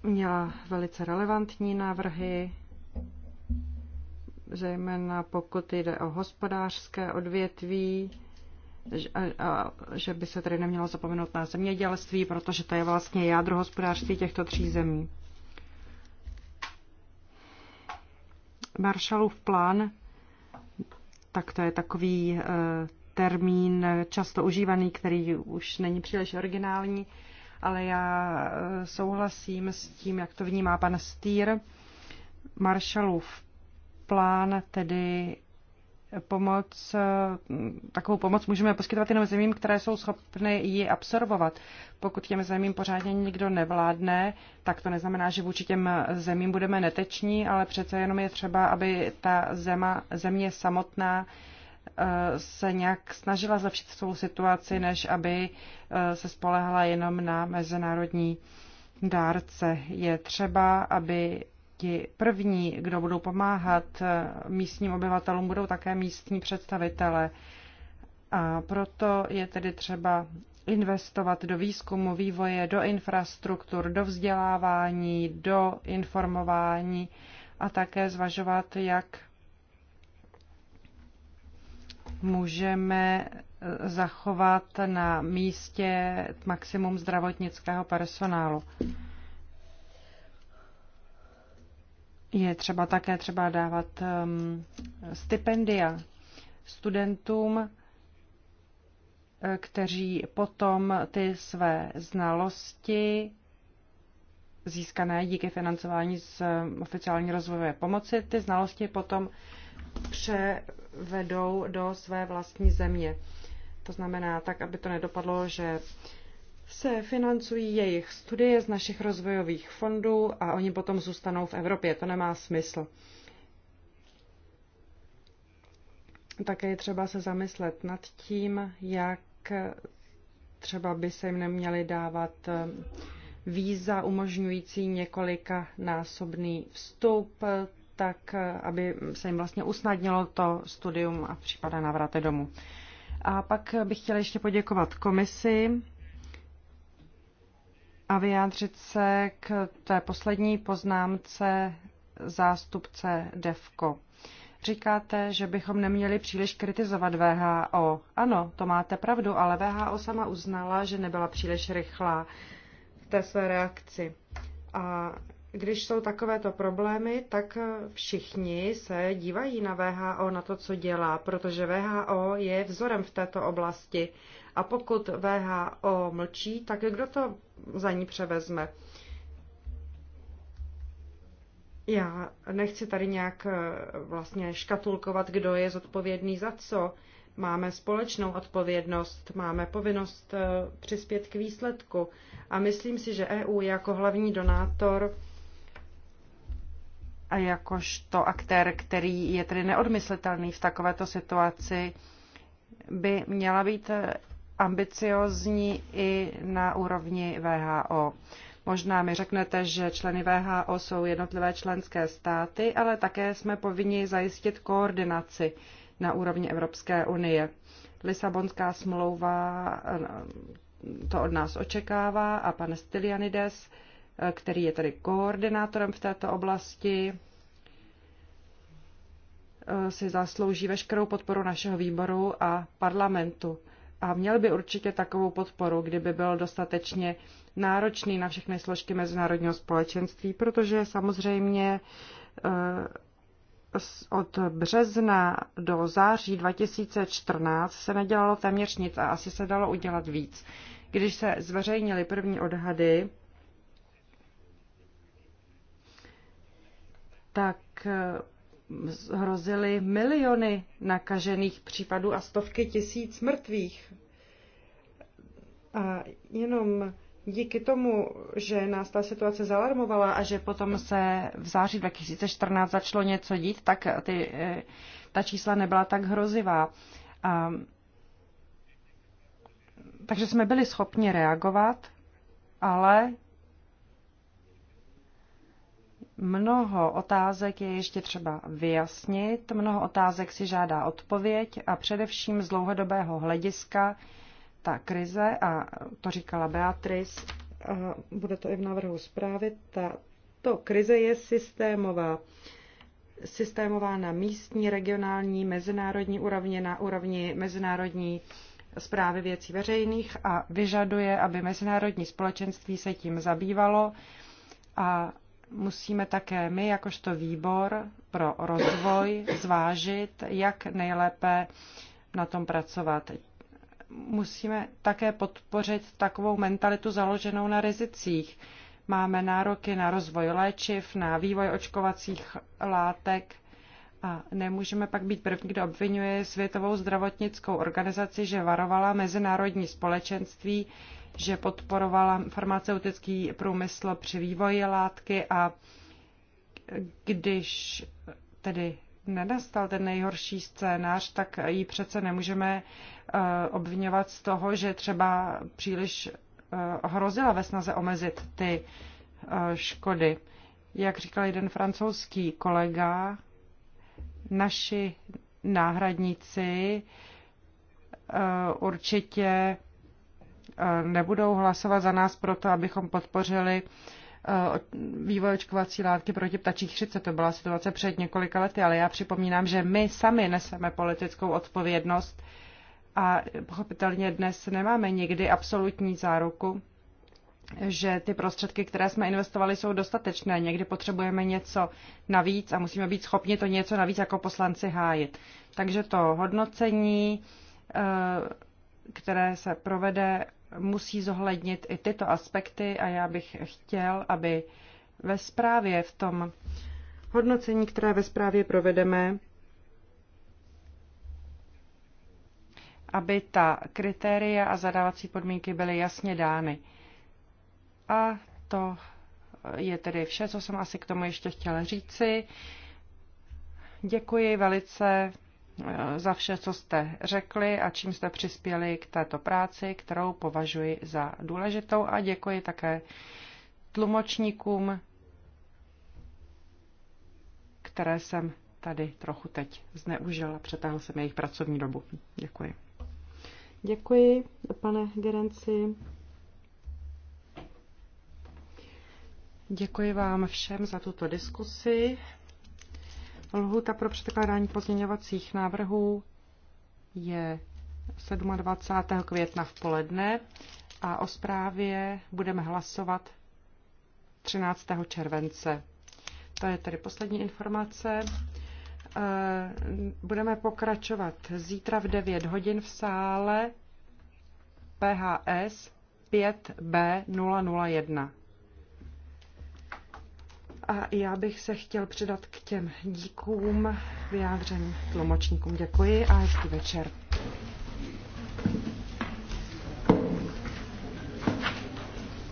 měla velice relevantní návrhy, zejména pokud jde o hospodářské odvětví, že by se tedy nemělo zapomenout na zemědělství, protože to je vlastně jádro hospodářství těchto tří zemí. Marshallův plán, tak to je takový eh, termín eh, často užívaný, který už není příliš originální, ale já eh, souhlasím s tím, jak to vnímá pan Stýr. Marshallův plán tedy pomoc, eh, takovou pomoc můžeme poskytovat jenom zemím, které jsou schopny ji absorbovat. Pokud těm zemím pořádně nikdo nevládne, tak to neznamená, že vůči těm zemím budeme neteční, ale přece jenom je třeba, aby ta zema, země samotná uh, se nějak snažila zlepšit svou situaci, než aby eh, se spolehla jenom na mezinárodní dárce. Je třeba, aby ti první, kdo budou pomáhat eh, místním obyvatelům, budou také místní představitele. A proto je tedy třeba investovat do výzkumu, vývoje, do infrastruktur, do vzdělávání, do informování a také zvažovat, jak můžeme eh, zachovat na místě maximum zdravotnického personálu. Je třeba také třeba dávat um, stipendia studentům, eh, kteří potom ty své znalosti získané díky financování z eh, oficiální rozvojové pomoci, ty znalosti potom uh, převedou do své vlastní země. To znamená tak, aby to nedopadlo, že se financují jejich studie z našich rozvojových fondů a oni potom zůstanou v Evropě. To nemá smysl. Také je třeba se zamyslet nad tím, jak třeba by se jim neměly dávat eh, víza umožňující několika násobný vstup tak eh, aby se jim vlastně usnadnilo to studium a případné návraty domů. A pak bych chtěla ještě poděkovat komisi a vyjádřit se k té poslední poznámce zástupce DEVKO. Říkáte, že bychom neměli příliš kritizovat VHO. Ano, to máte pravdu, ale VHO sama uznala, že nebyla příliš rychlá v té své reakci. A když jsou takovéto problémy, tak eh, všichni se dívají na VHO, na to, co dělá, protože VHO je vzorem v této oblasti. A pokud VHO mlčí, tak kdo to za ní převezme? Já nechci tady nějak eh, vlastně škatulkovat, kdo je zodpovědný za co. Máme společnou odpovědnost, máme povinnost eh, přispět k výsledku a myslím si, že EU jako hlavní donátor a jakožto aktér, který je tedy neodmyslitelný v takovéto situaci, by měla být ambiciozní i na úrovni VHO. Možná mi řeknete, že členy VHO jsou jednotlivé členské státy, ale také jsme povinni zajistit koordinaci na úrovni Evropské unie. Lisabonská smlouva eh, to od nás očekává a pan Stylianides Eh, který je tedy koordinátorem v této oblasti, eh, si zaslouží veškerou podporu našeho výboru a parlamentu. A měl by určitě takovou podporu, kdyby byl dostatečně náročný na všechny složky mezinárodního společenství, protože samozřejmě eh, od března do září 2014 se nedělalo téměř nic a asi se dalo udělat víc. Když se zveřejnily první odhady, tak eh, hrozily miliony nakažených případů a stovky tisíc mrtvých. A jenom díky tomu, že nás ta situace zalarmovala a že potom se v září 2014 začalo něco dít, tak ty, eh, ta čísla nebyla tak hrozivá. A, takže jsme byli schopni reagovat, ale Mnoho otázek je ještě třeba vyjasnit, mnoho otázek si žádá odpověď a především z dlouhodobého hlediska ta krize, a to říkala Beatrice, a bude to i v návrhu zprávy, ta, to krize je systémová. Systémová na místní, regionální, mezinárodní úrovni, na úrovni mezinárodní zprávy věcí veřejných a vyžaduje, aby mezinárodní společenství se tím zabývalo a musíme také my, jakožto výbor pro rozvoj, zvážit, jak nejlépe na tom pracovat. Musíme také podpořit takovou mentalitu založenou na rizicích. Máme nároky na rozvoj léčiv, na vývoj očkovacích látek a nemůžeme pak být první, kdo obvinuje Světovou zdravotnickou organizaci, že varovala mezinárodní společenství, že podporovala farmaceutický průmysl při vývoji látky a když tedy nenastal ten nejhorší scénář, tak ji přece nemůžeme eh, obvinovat z toho, že třeba příliš eh, hrozila ve snaze omezit ty eh, škody. Jak říkal jeden francouzský kolega, naši náhradníci určitě nebudou hlasovat za nás proto, abychom podpořili e, vývoj očkovací látky proti ptačí chřice. To byla situace před několika lety, ale já připomínám, že my sami neseme politickou odpovědnost a pochopitelně dnes nemáme nikdy absolutní záruku, že ty prostředky, které jsme investovali, jsou dostatečné. Někdy potřebujeme něco navíc a musíme být schopni to něco navíc jako poslanci hájit. Takže to hodnocení, e, které se provede musí zohlednit i tyto aspekty a já bych chtěl, aby ve zprávě, v tom hodnocení, které ve zprávě provedeme, aby ta kritéria a zadávací podmínky byly jasně dány. A to je tedy vše, co jsem asi k tomu ještě chtěla říci. Děkuji velice Eh, za vše, co jste řekli a čím jste přispěli k této práci, kterou považuji za důležitou a děkuji také tlumočníkům, které jsem tady trochu teď zneužil a přetáhl jsem jejich pracovní dobu. Děkuji. Děkuji, pane Gerenci. Děkuji vám všem za tuto diskusi. Lhuta pro předkládání pozměňovacích návrhů je 27. května v poledne a o zprávě budeme hlasovat 13. července. To je tedy poslední informace. Eh, budeme pokračovat zítra v 9 hodin v sále PHS 5B001. A já bych se chtěl přidat k těm díkům, vyjádřeným tlumočníkům. Děkuji a hezký večer.